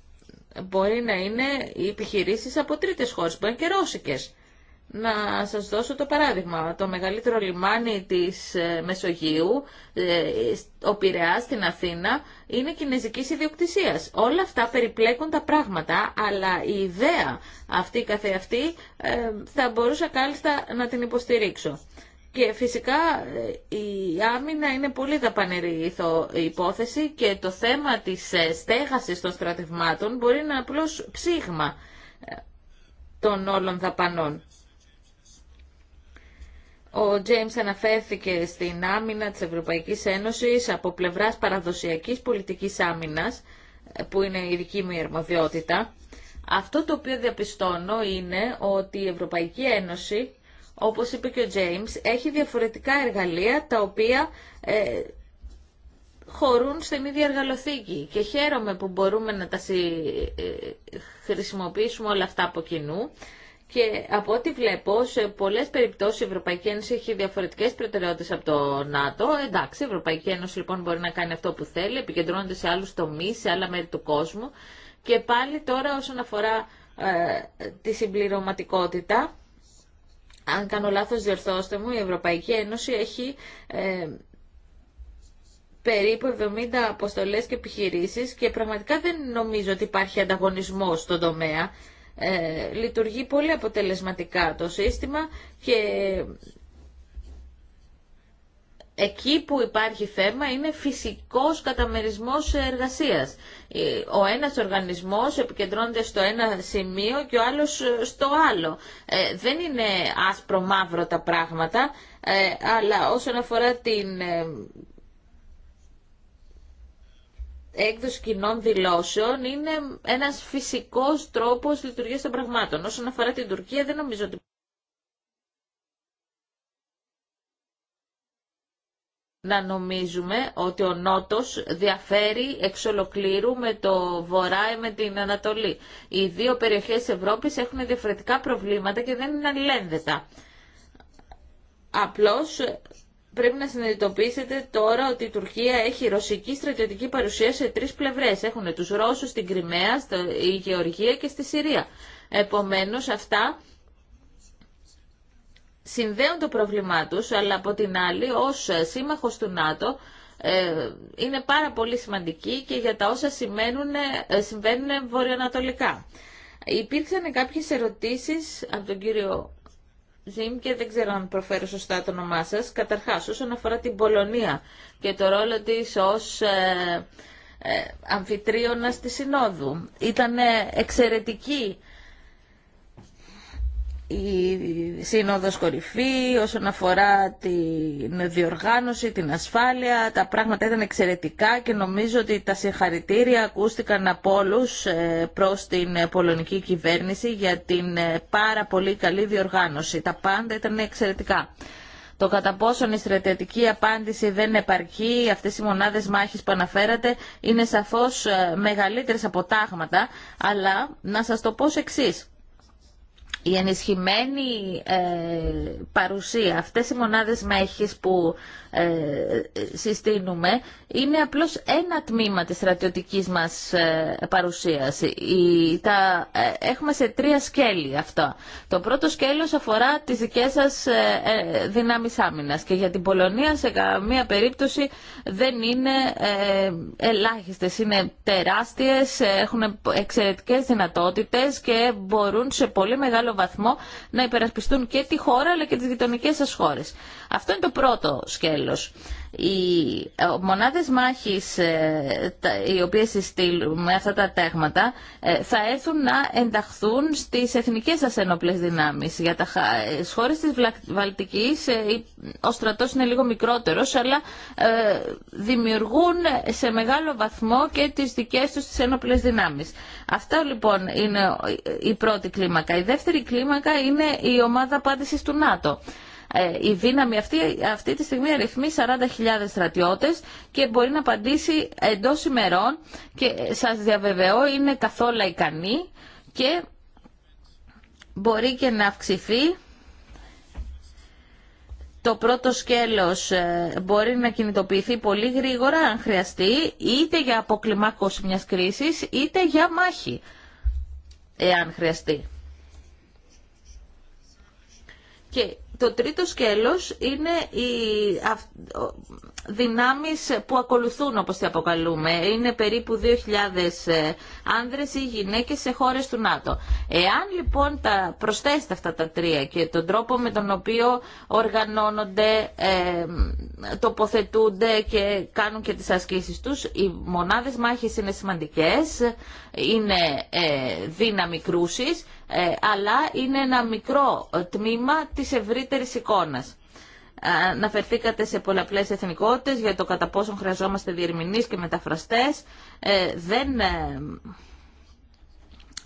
Μπορεί να είναι οι επιχειρήσεις από τρίτες χώρες, μπορεί και ρώσικες. Να σας δώσω το παράδειγμα. Το μεγαλύτερο λιμάνι της ε, Μεσογείου, ε, ο Πειραιάς στην Αθήνα, είναι κινέζικης ιδιοκτησίας. Όλα αυτά περιπλέκουν τα πράγματα, αλλά η ιδέα αυτή καθεαυτή ε, θα μπορούσα κάλλιστα να την υποστηρίξω. Και φυσικά η άμυνα είναι πολύ δαπανερή η υπόθεση και το θέμα της στέγασης των στρατευμάτων μπορεί να είναι απλώς ψήγμα των όλων δαπανών. Ο Τζέιμς αναφέρθηκε στην άμυνα της Ευρωπαϊκής Ένωσης από πλευράς παραδοσιακής πολιτικής άμυνας, που είναι η δική μου αρμοδιότητα. Αυτό το οποίο διαπιστώνω είναι ότι η Ευρωπαϊκή Ένωση, όπως είπε και ο Τζέιμς, έχει διαφορετικά εργαλεία τα οποία ε, χωρούν στην ίδια εργαλοθήκη και χαίρομαι που μπορούμε να τα ε, χρησιμοποιήσουμε όλα αυτά από κοινού και από ό,τι βλέπω, σε πολλέ περιπτώσει η Ευρωπαϊκή Ένωση έχει διαφορετικέ προτεραιότητε από το ΝΑΤΟ. Εντάξει, η Ευρωπαϊκή Ένωση λοιπόν μπορεί να κάνει αυτό που θέλει, επικεντρώνεται σε άλλου τομεί, σε άλλα μέρη του κόσμου. Και πάλι τώρα όσον αφορά ε, τη συμπληρωματικότητα, αν κάνω λάθος διορθώστε μου, η Ευρωπαϊκή Ένωση έχει ε, περίπου 70 αποστολές και επιχειρήσεις και πραγματικά δεν νομίζω ότι υπάρχει ανταγωνισμό στον τομέα. Ε, λειτουργεί πολύ αποτελεσματικά το σύστημα και Εκεί που υπάρχει θέμα είναι φυσικός καταμερισμός εργασίας. Ε, ο ένας οργανισμός επικεντρώνεται στο ένα σημείο και ο άλλος στο άλλο. Ε, δεν είναι άσπρο-μαύρο τα πράγματα, αλλά όσον αφορά την έκδοση κοινών δηλώσεων είναι ένας φυσικός τρόπος λειτουργίας των πραγμάτων. Όσον αφορά την Τουρκία δεν νομίζω ότι να νομίζουμε ότι ο Νότος διαφέρει εξ ολοκλήρου με το Βορρά ή με την Ανατολή. Οι δύο περιοχές της Ευρώπης έχουν διαφορετικά προβλήματα και δεν είναι αλληλένδετα. Απλώς πρέπει να συνειδητοποιήσετε τώρα ότι η Τουρκία έχει ρωσική στρατιωτική παρουσία σε τρεις πλευρές. Έχουν τους Ρώσους στην Κρυμαία, η Γεωργία και στη Συρία. Επομένως αυτά συνδέουν το πρόβλημά τους, αλλά από την άλλη ως σύμμαχος του ΝΑΤΟ ε, είναι πάρα πολύ σημαντική και για τα όσα ε, συμβαίνουν βορειοανατολικά. Υπήρξαν κάποιες ερωτήσεις από τον κύριο Ζήμ και δεν ξέρω αν προφέρω σωστά το όνομά σας. Καταρχάς, όσον αφορά την Πολωνία και το ρόλο της ως ε, ε, Συνόδου. Ήταν εξαιρετική η σύνοδος κορυφή όσον αφορά την διοργάνωση, την ασφάλεια. Τα πράγματα ήταν εξαιρετικά και νομίζω ότι τα συγχαρητήρια ακούστηκαν από όλου ε, προς την πολωνική κυβέρνηση για την ε, πάρα πολύ καλή διοργάνωση. Τα πάντα ήταν εξαιρετικά. Το κατά πόσον η στρατιωτική απάντηση δεν επαρκεί, αυτές οι μονάδες μάχης που αναφέρατε, είναι σαφώς ε, μεγαλύτερες τάγματα, αλλά να σας το πω εξής η ενισχυμένη ε, παρουσία, αυτές οι μονάδες μέχης που ε, συστήνουμε είναι απλώς ένα τμήμα της στρατιωτικής μας ε, παρουσίας. Τα ε, έχουμε σε τρία σκέλη αυτό. Το πρώτο σκέλος αφορά τις δικές σας δυνάμεις άμυνας και για την Πολωνία σε καμία περίπτωση δεν είναι ελάχιστες. Είναι τεράστιες, έχουν εξαιρετικές δυνατότητες και μπορούν σε πολύ μεγάλο βαθμό να υπερασπιστούν και τη χώρα αλλά και τις γειτονικές σας χώρες. Αυτό είναι το πρώτο σκέλος. Οι ε, μονάδες μάχης ε, οι οποίες συστήλουμε αυτά τα τέχματα ε, θα έρθουν να ενταχθούν στις εθνικές σας ενόπλες δυνάμεις. Για τα χώρες της Βαλτικής ο στρατός είναι λίγο μικρότερος αλλά δημιουργούν σε μεγάλο βαθμό και τις δικές τους τις ενόπλες δυνάμεις. Αυτά λοιπόν είναι η πρώτη κλίμακα. Η δεύτερη κλίμακα είναι η ομάδα απάντησης του ΝΑΤΟ. Ε, η δύναμη αυτή αυτή τη στιγμή αριθμεί 40.000 στρατιώτες και μπορεί να απαντήσει εντός ημερών και σας διαβεβαιώ είναι καθόλου ικανή και μπορεί και να αυξηθεί το πρώτο σκέλος ε, μπορεί να κινητοποιηθεί πολύ γρήγορα αν χρειαστεί είτε για αποκλιμάκωση μιας κρίσης είτε για μάχη εάν χρειαστεί. Και το τρίτο σκέλος είναι η δυνάμεις που ακολουθούν όπως τι αποκαλούμε. Είναι περίπου 2.000 ε, άνδρες ή γυναίκες σε χώρες του ΝΑΤΟ. Εάν λοιπόν τα προσθέσετε αυτά τα τρία και τον τρόπο με τον οποίο οργανώνονται, ε, τοποθετούνται και κάνουν και τις ασκήσεις τους, οι μονάδες μάχης είναι σημαντικές, είναι ε, δύναμη κρούσης, αλλά είναι ένα μικρό τμήμα της ευρύτερης εικόνας. Αναφερθήκατε σε πολλαπλές εθνικότητες για το κατά πόσο χρειαζόμαστε διερμηνείς και μεταφραστές. Ε, δεν ε,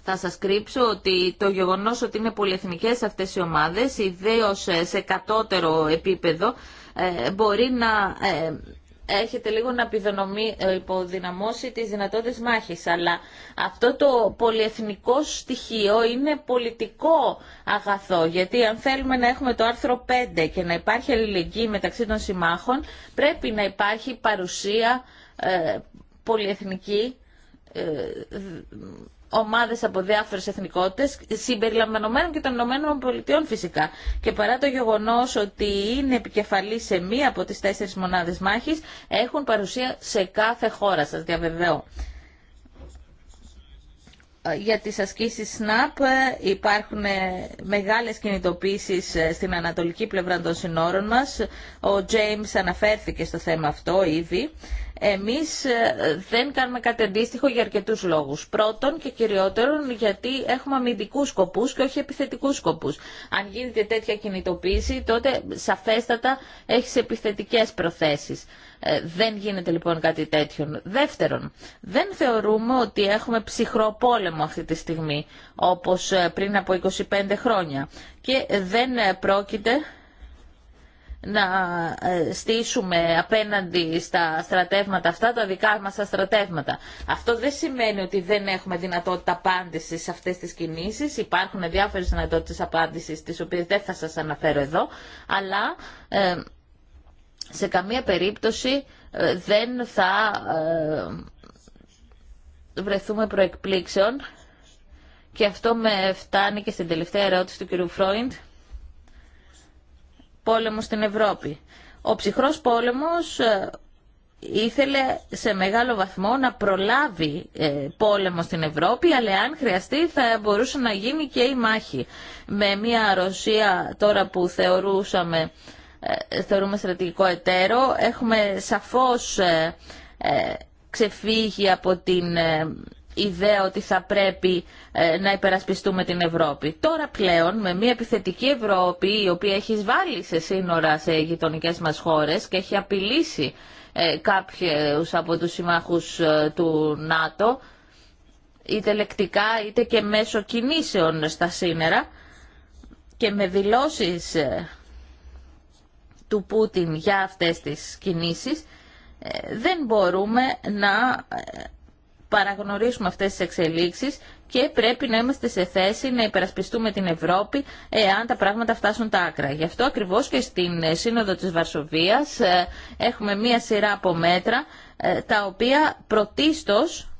θα σας κρύψω ότι το γεγονός ότι είναι πολυεθνικές αυτές οι ομάδες, ιδέως ε, σε κατώτερο επίπεδο, ε, μπορεί να ε, έχετε λίγο να ε, υποδυναμώσει τις δυνατότητες μάχης, αλλά αυτό το πολυεθνικό στοιχείο είναι πολιτικό αγαθό, γιατί αν θέλουμε να έχουμε το άρθρο 5 και να υπάρχει αλληλεγγύη μεταξύ των συμμάχων, πρέπει να υπάρχει παρουσία ε, πολυεθνική ε, ομάδες από διάφορες εθνικότητες, συμπεριλαμβανομένων και των Ηνωμένων Πολιτειών φυσικά. Και παρά το γεγονός ότι είναι επικεφαλή σε μία από τις τέσσερι μονάδε μάχη, έχουν παρουσία σε κάθε χώρα, σας διαβεβαιώ. Για τις ασκήσεις SNAP ε, υπάρχουν ε, μεγάλες κινητοποίησεις ε, στην ανατολική πλευρά των συνόρων μας. Ο James αναφέρθηκε στο θέμα αυτό ήδη. Εμείς ε, δεν κάνουμε κάτι αντίστοιχο για αρκετούς λόγους. Πρώτον και κυριότερον γιατί έχουμε αμυντικούς σκοπούς και όχι επιθετικούς σκοπούς. Αν γίνεται τέτοια κινητοποίηση τότε σαφέστατα έχεις επιθετικές προθέσεις. Ε, δεν γίνεται λοιπόν κάτι τέτοιο. Δεύτερον, δεν θεωρούμε ότι έχουμε ψυχρό πόλεμο αυτή τη στιγμή, όπως ε, πριν από 25 χρόνια. Και δεν πρόκειται να ε, στήσουμε απέναντι στα στρατεύματα αυτά, τα δικά μας στρατεύματα. Αυτό δεν σημαίνει ότι δεν έχουμε δυνατότητα απάντηση σε αυτές τις κινήσεις. Υπάρχουν διάφορες δυνατότητες απάντησης, τις οποίες δεν θα σας αναφέρω εδώ, αλλά ε, σε καμία περίπτωση ε, δεν θα βρεθούμε προεκπλήξεων. Και αυτό με φτάνει και στην τελευταία ερώτηση του κ. Φρόιντ πόλεμο στην Ευρώπη. Ο ψυχρός πόλεμος ε, ήθελε σε μεγάλο βαθμό να προλάβει ε, πόλεμο στην Ευρώπη, αλλά αν χρειαστεί θα μπορούσε να γίνει και η μάχη. Με μια Ρωσία τώρα που θεωρούσαμε, ε, θεωρούμε στρατηγικό εταίρο, έχουμε σαφώς ξεφύγει από την ιδέα ότι θα πρέπει ε, να υπερασπιστούμε την Ευρώπη. Τώρα πλέον με μια επιθετική Ευρώπη η οποία έχει βάλει σε σύνορα σε γειτονικέ μας χώρες και έχει απειλήσει ε, κάποιους από τους συμμάχους ε, του ΝΑΤΟ είτε λεκτικά είτε και μέσω κινήσεων στα σύνορα και με δηλώσεις του Πούτιν για αυτές τις κινήσεις δεν μπορούμε να παραγνωρίσουμε αυτές τις εξελίξεις και πρέπει να είμαστε σε θέση να υπερασπιστούμε την Ευρώπη εάν τα πράγματα φτάσουν τα άκρα. Γι' αυτό ακριβώς και στην ε, Σύνοδο της Βαρσοβίας ε, έχουμε μία σειρά από μέτρα ε, τα οποία πρωτίστως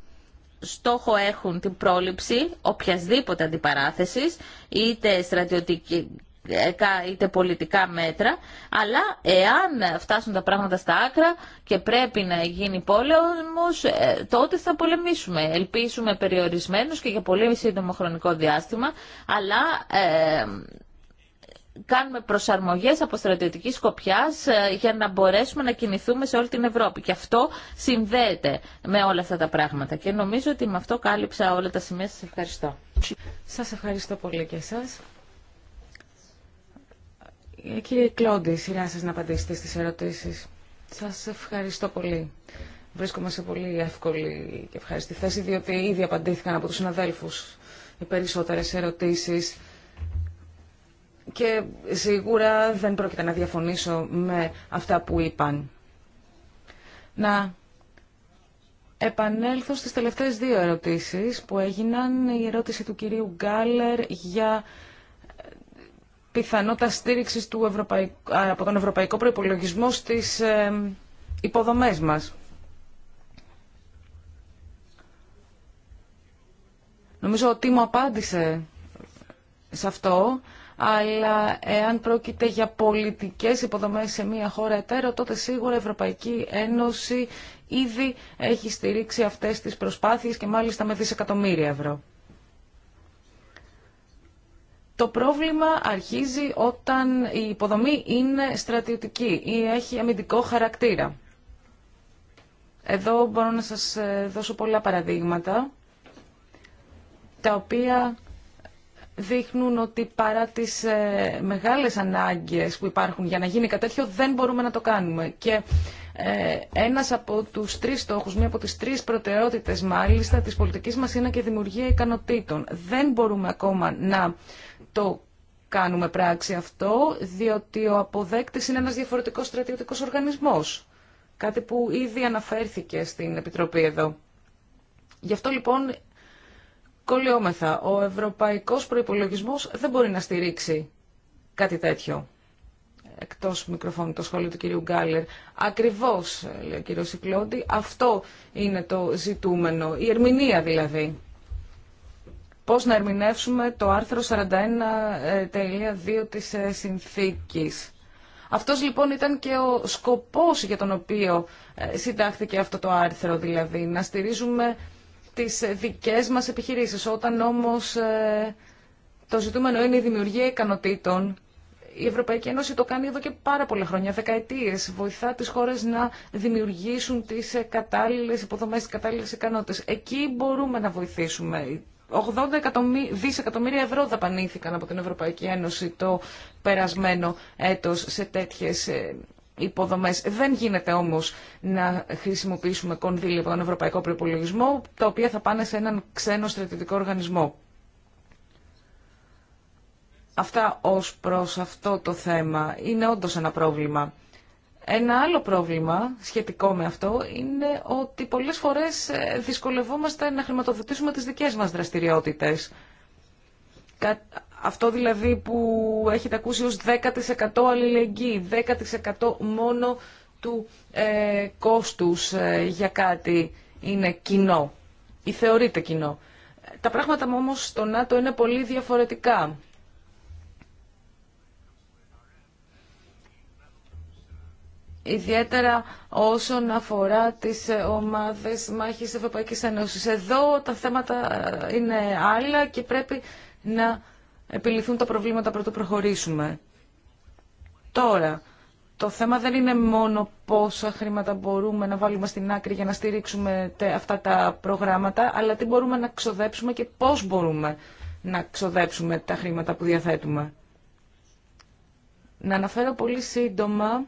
στόχο έχουν την πρόληψη οποιασδήποτε αντιπαράθεσης, είτε στρατιωτική είτε πολιτικά μέτρα, αλλά εάν φτάσουν τα πράγματα στα άκρα και πρέπει να γίνει πόλεμος, ε, τότε θα πολεμήσουμε. Ελπίζουμε περιορισμένους και για πολύ σύντομο χρονικό διάστημα, αλλά ε, κάνουμε προσαρμογές από στρατιωτική σκοπιά ε, για να μπορέσουμε να κινηθούμε σε όλη την Ευρώπη. Και αυτό συνδέεται με όλα αυτά τα πράγματα. Και νομίζω ότι με αυτό κάλυψα όλα τα σημεία. Σας ευχαριστώ. Σας ευχαριστώ πολύ και εσάς. Κύριε Κλόντι, σειρά σας να απαντήσετε στις ερωτήσεις. Σας ευχαριστώ πολύ. Βρίσκομαι σε πολύ εύκολη και ευχαριστή θέση, διότι ήδη απαντήθηκαν από τους συναδέλφους οι περισσότερες ερωτήσεις. Και σίγουρα δεν πρόκειται να διαφωνήσω με αυτά που είπαν. Να επανέλθω στις τελευταίες δύο ερωτήσεις που έγιναν. Η ερώτηση του κυρίου Γκάλερ για πιθανότητα στήριξη από τον Ευρωπαϊκό προπολογισμό στις υποδομέ υποδομές μας. Νομίζω ότι μου απάντησε σε αυτό, αλλά εάν πρόκειται για πολιτικές υποδομές σε μια χώρα εταίρο, τότε σίγουρα η Ευρωπαϊκή Ένωση ήδη έχει στηρίξει αυτές τις προσπάθειες και μάλιστα με δισεκατομμύρια ευρώ. Το πρόβλημα αρχίζει όταν η υποδομή είναι στρατιωτική ή έχει αμυντικό χαρακτήρα. Εδώ μπορώ να σας ε, δώσω πολλά παραδείγματα, τα οποία δείχνουν ότι παρά τις ε, μεγάλες ανάγκες που υπάρχουν για να γίνει κάτι τέτοιο, δεν μπορούμε να το κάνουμε. Και ε, ένας από τους τρεις στόχους, μία από τις τρεις προτεραιότητες μάλιστα της πολιτικής μας είναι και η δημιουργία ικανοτήτων. Δεν μπορούμε ακόμα να το κάνουμε πράξη αυτό, διότι ο αποδέκτης είναι ένας διαφορετικός στρατιωτικός οργανισμός. Κάτι που ήδη αναφέρθηκε στην Επιτροπή εδώ. Γι' αυτό λοιπόν κολλιόμεθα. Ο ευρωπαϊκός προϋπολογισμός δεν μπορεί να στηρίξει κάτι τέτοιο. Εκτός μικροφώνου το σχόλιο του κυρίου Γκάλερ. Ακριβώς, λέει ο κύριος αυτό είναι το ζητούμενο. Η ερμηνεία δηλαδή πώς να ερμηνεύσουμε το άρθρο 41.2 της ε, συνθήκης. Αυτός λοιπόν ήταν και ο σκοπός για τον οποίο ε, συντάχθηκε αυτό το άρθρο, δηλαδή να στηρίζουμε τις δικές μας επιχειρήσεις. Όταν όμως ε, το ζητούμενο είναι η δημιουργία ικανοτήτων, η Ευρωπαϊκή Ένωση το κάνει εδώ και πάρα πολλά χρόνια, δεκαετίες. Βοηθά τις χώρες να δημιουργήσουν τις κατάλληλες υποδομές, τις κατάλληλες ικανότητες. Εκεί μπορούμε να βοηθήσουμε. 80 δισεκατομμύρια ευρώ δαπανήθηκαν από την Ευρωπαϊκή Ένωση το περασμένο έτος σε τέτοιες ε, υποδομές. Δεν γίνεται όμως να χρησιμοποιήσουμε κονδύλια από τον Ευρωπαϊκό Προπολογισμό, τα οποία θα πάνε σε έναν ξένο στρατιωτικό οργανισμό. Αυτά ως προς αυτό το θέμα. Είναι όντως ένα πρόβλημα. Ένα άλλο πρόβλημα σχετικό με αυτό είναι ότι πολλές φορές ε, δυσκολευόμαστε να χρηματοδοτήσουμε τις δικές μας δραστηριότητες. Αυτό δηλαδή που έχετε ακούσει ως 10% αλληλεγγύη, 10% μόνο του ε, κόστους ε, για κάτι είναι κοινό ή θεωρείται κοινό. Τα πράγματα όμως στο ΝΑΤΟ είναι πολύ διαφορετικά. ιδιαίτερα όσον αφορά τις ε, ομάδες μάχης Ευρωπαϊκής Ένωσης. Εδώ τα θέματα ε, είναι άλλα και πρέπει να επιληθούν τα προβλήματα το προχωρήσουμε. Τώρα, το θέμα δεν είναι μόνο πόσα χρήματα μπορούμε να βάλουμε στην άκρη για να στηρίξουμε αυτά τα προγράμματα, αλλά τι μπορούμε να ξοδέψουμε και πώς μπορούμε να ξοδέψουμε τα χρήματα που διαθέτουμε. Να αναφέρω πολύ σύντομα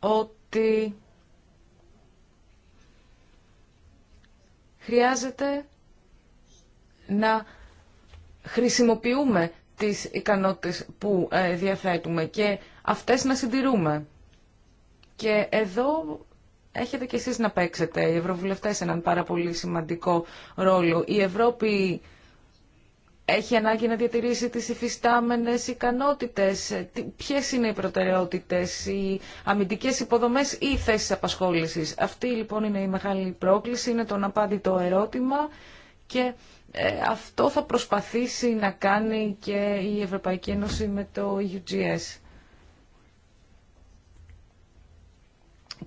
ότι χρειάζεται να χρησιμοποιούμε τις ικανότητες που ε, διαθέτουμε και αυτές να συντηρούμε. Και εδώ έχετε κι εσείς να παίξετε, οι ευρωβουλευτές, έναν πάρα πολύ σημαντικό ρόλο. Η Ευρώπη έχει ανάγκη να διατηρήσει τις υφιστάμενες ικανότητες, ποιες είναι οι προτεραιότητες, οι αμυντικές υποδομές ή οι θέσεις απασχόλησης. Αυτή λοιπόν είναι η μεγάλη πρόκληση, είναι το να ερώτημα και ε, αυτό θα προσπαθήσει να κάνει και η Ευρωπαϊκή Ένωση με το e UGS.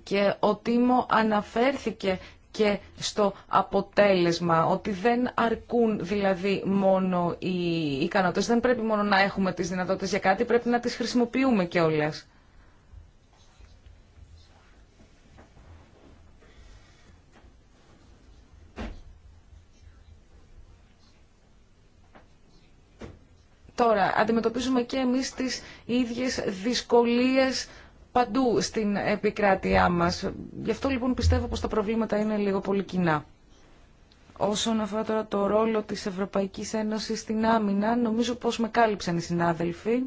Και ο Τίμο αναφέρθηκε και στο αποτέλεσμα, ότι δεν αρκούν δηλαδή μόνο οι ικανότητες, δεν πρέπει μόνο να έχουμε τις δυνατότητες για κάτι, πρέπει να τις χρησιμοποιούμε και όλες. Τώρα, αντιμετωπίζουμε και εμείς τις ίδιες δυσκολίες παντού στην επικράτειά μας. Γι' αυτό λοιπόν πιστεύω πως τα προβλήματα είναι λίγο πολύ κοινά. Όσον αφορά τώρα το ρόλο της Ευρωπαϊκής Ένωσης στην άμυνα, νομίζω πως με κάλυψαν οι συνάδελφοι.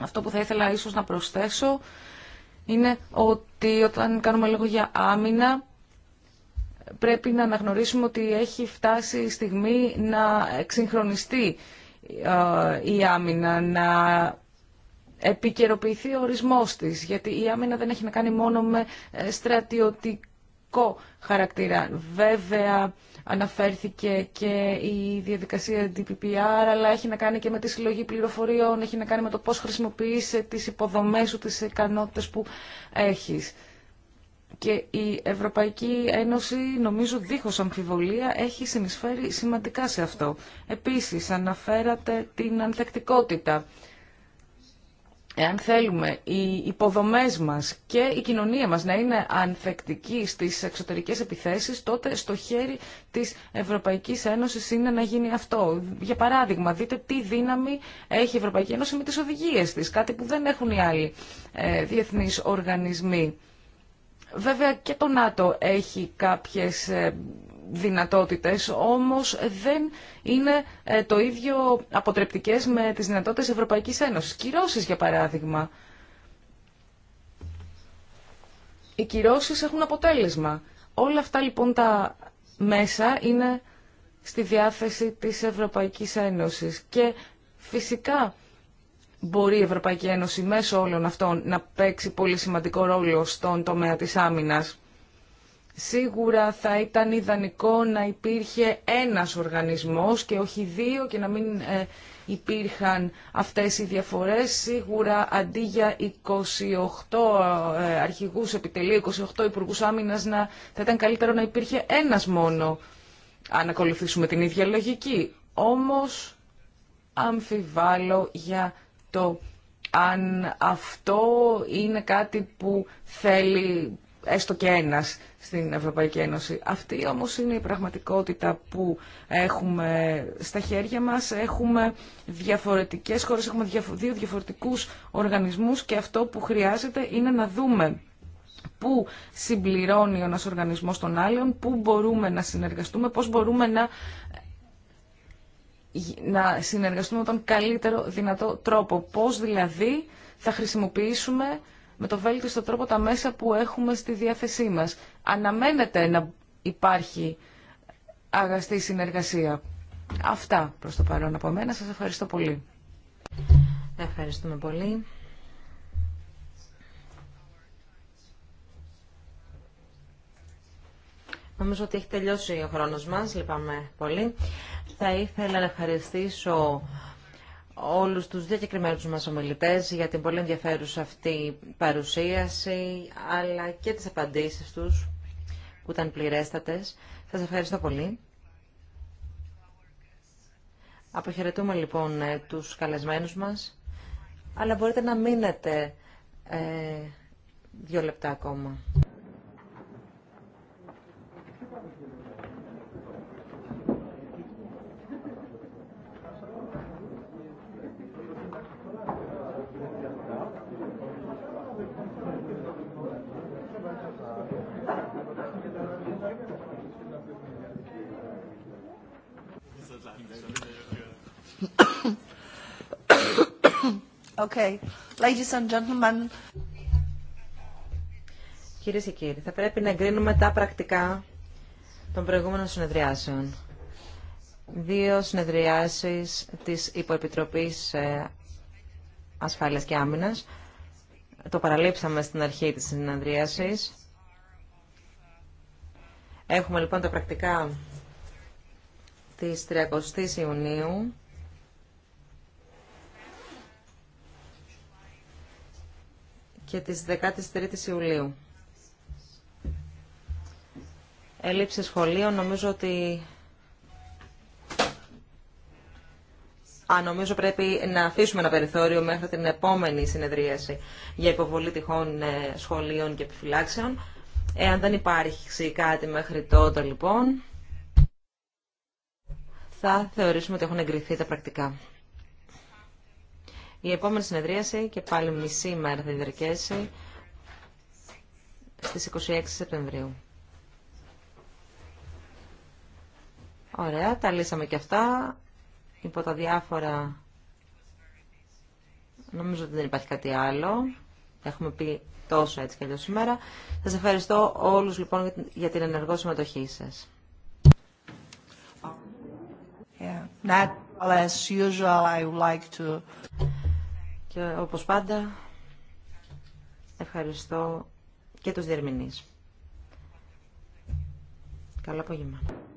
Αυτό που θα ήθελα ίσως να προσθέσω είναι ότι όταν κάνουμε λόγο για άμυνα, πρέπει να αναγνωρίσουμε ότι έχει φτάσει η στιγμή να εξυγχρονιστεί ε, η άμυνα, να επικαιροποιηθεί ο ορισμός της, γιατί η άμυνα δεν έχει να κάνει μόνο με ε, στρατιωτικό χαρακτήρα. Βέβαια, αναφέρθηκε και η διαδικασία DPPR, αλλά έχει να κάνει και με τη συλλογή πληροφοριών, έχει να κάνει με το πώς χρησιμοποιείς τις υποδομές σου, τις ικανότητες που έχεις. Και η Ευρωπαϊκή Ένωση, νομίζω δίχως αμφιβολία, έχει συνεισφέρει σημαντικά σε αυτό. Επίσης, αναφέρατε την ανθεκτικότητα Εάν θέλουμε οι υποδομές μας και η κοινωνία μας να είναι ανθεκτική στις εξωτερικές επιθέσεις, τότε στο χέρι της Ευρωπαϊκής Ένωσης είναι να γίνει αυτό. Για παράδειγμα, δείτε τι δύναμη έχει η Ευρωπαϊκή Ένωση με τις οδηγίες της, κάτι που δεν έχουν οι άλλοι ε, διεθνείς οργανισμοί. Βέβαια και το ΝΑΤΟ έχει κάποιες ε, δυνατότητες, όμως δεν είναι ε, το ίδιο αποτρεπτικές με τις δυνατότητες Ευρωπαϊκής Ένωσης. Κυρώσεις, για παράδειγμα. Οι κυρώσεις έχουν αποτέλεσμα. Όλα αυτά λοιπόν τα μέσα είναι στη διάθεση της Ευρωπαϊκής Ένωσης και φυσικά μπορεί η Ευρωπαϊκή Ένωση μέσω όλων αυτών να παίξει πολύ σημαντικό ρόλο στον τομέα της άμυνας. Σίγουρα θα ήταν ιδανικό να υπήρχε ένας οργανισμός και όχι δύο και να μην ε, υπήρχαν αυτές οι διαφορές. Σίγουρα αντί για 28 ε, αρχηγούς επιτελείου, 28 υπουργούς άμυνας, να, θα ήταν καλύτερο να υπήρχε ένας μόνο, αν ακολουθήσουμε την ίδια λογική. Όμως αμφιβάλλω για το αν αυτό είναι κάτι που θέλει έστω και ένας στην Ευρωπαϊκή Ένωση. Αυτή όμως είναι η πραγματικότητα που έχουμε στα χέρια μας. Έχουμε διαφορετικές χώρες, έχουμε δύο διαφορετικούς οργανισμούς και αυτό που χρειάζεται είναι να δούμε πού συμπληρώνει ο ένας οργανισμός των άλλων, πού μπορούμε να συνεργαστούμε, πώς μπορούμε να να συνεργαστούμε με τον καλύτερο δυνατό τρόπο. Πώς δηλαδή θα χρησιμοποιήσουμε με το βέλτιστο τρόπο τα μέσα που έχουμε στη διάθεσή μας. Αναμένεται να υπάρχει αγαστή συνεργασία. Αυτά προς το παρόν από μένα. Σας ευχαριστώ πολύ. Ευχαριστούμε πολύ. Νομίζω ότι έχει τελειώσει ο χρόνος μας, λυπάμαι πολύ. Θα ήθελα να ευχαριστήσω όλους τους διακεκριμένους μας ομιλητές για την πολύ ενδιαφέρουσα αυτή παρουσίαση, αλλά και τις απαντήσεις τους που ήταν πληρέστατες. Σας ευχαριστώ πολύ. Αποχαιρετούμε λοιπόν ε, τους καλεσμένους μας, αλλά μπορείτε να μείνετε ε, δύο λεπτά ακόμα. Okay. Ladies and gentlemen. Κυρίε και κύριοι, θα πρέπει να εγκρίνουμε τα πρακτικά των προηγούμενων συνεδριάσεων. Δύο συνεδριάσεις της Υποεπιτροπής ε, Ασφάλειας και Άμυνας. Το παραλείψαμε στην αρχή της συνεδρίασης. Έχουμε λοιπόν τα πρακτικά της 30 Ιουνίου. και της 13ης Ιουλίου. Έλλειψη σχολείων, νομίζω ότι... Α, νομίζω πρέπει να αφήσουμε ένα περιθώριο μέχρι την επόμενη συνεδρίαση για υποβολή τυχών ε, σχολείων και επιφυλάξεων. Εάν δεν υπάρχει κάτι μέχρι τότε, λοιπόν, θα θεωρήσουμε ότι έχουν εγκριθεί τα πρακτικά. Η επόμενη συνεδρίαση και πάλι μισή μέρα θα διαρκέσει στις 26 Σεπτεμβρίου. Ωραία, τα λύσαμε και αυτά. Υπό τα διάφορα νομίζω ότι δεν υπάρχει κάτι άλλο. Έχουμε πει τόσο έτσι και αλλιώς σήμερα. Σας ευχαριστώ όλους λοιπόν για την ενεργό συμμετοχή σας. Yeah. That as usual, I like to... Και όπως πάντα, ευχαριστώ και τους διερμηνείς. Καλό απόγευμα.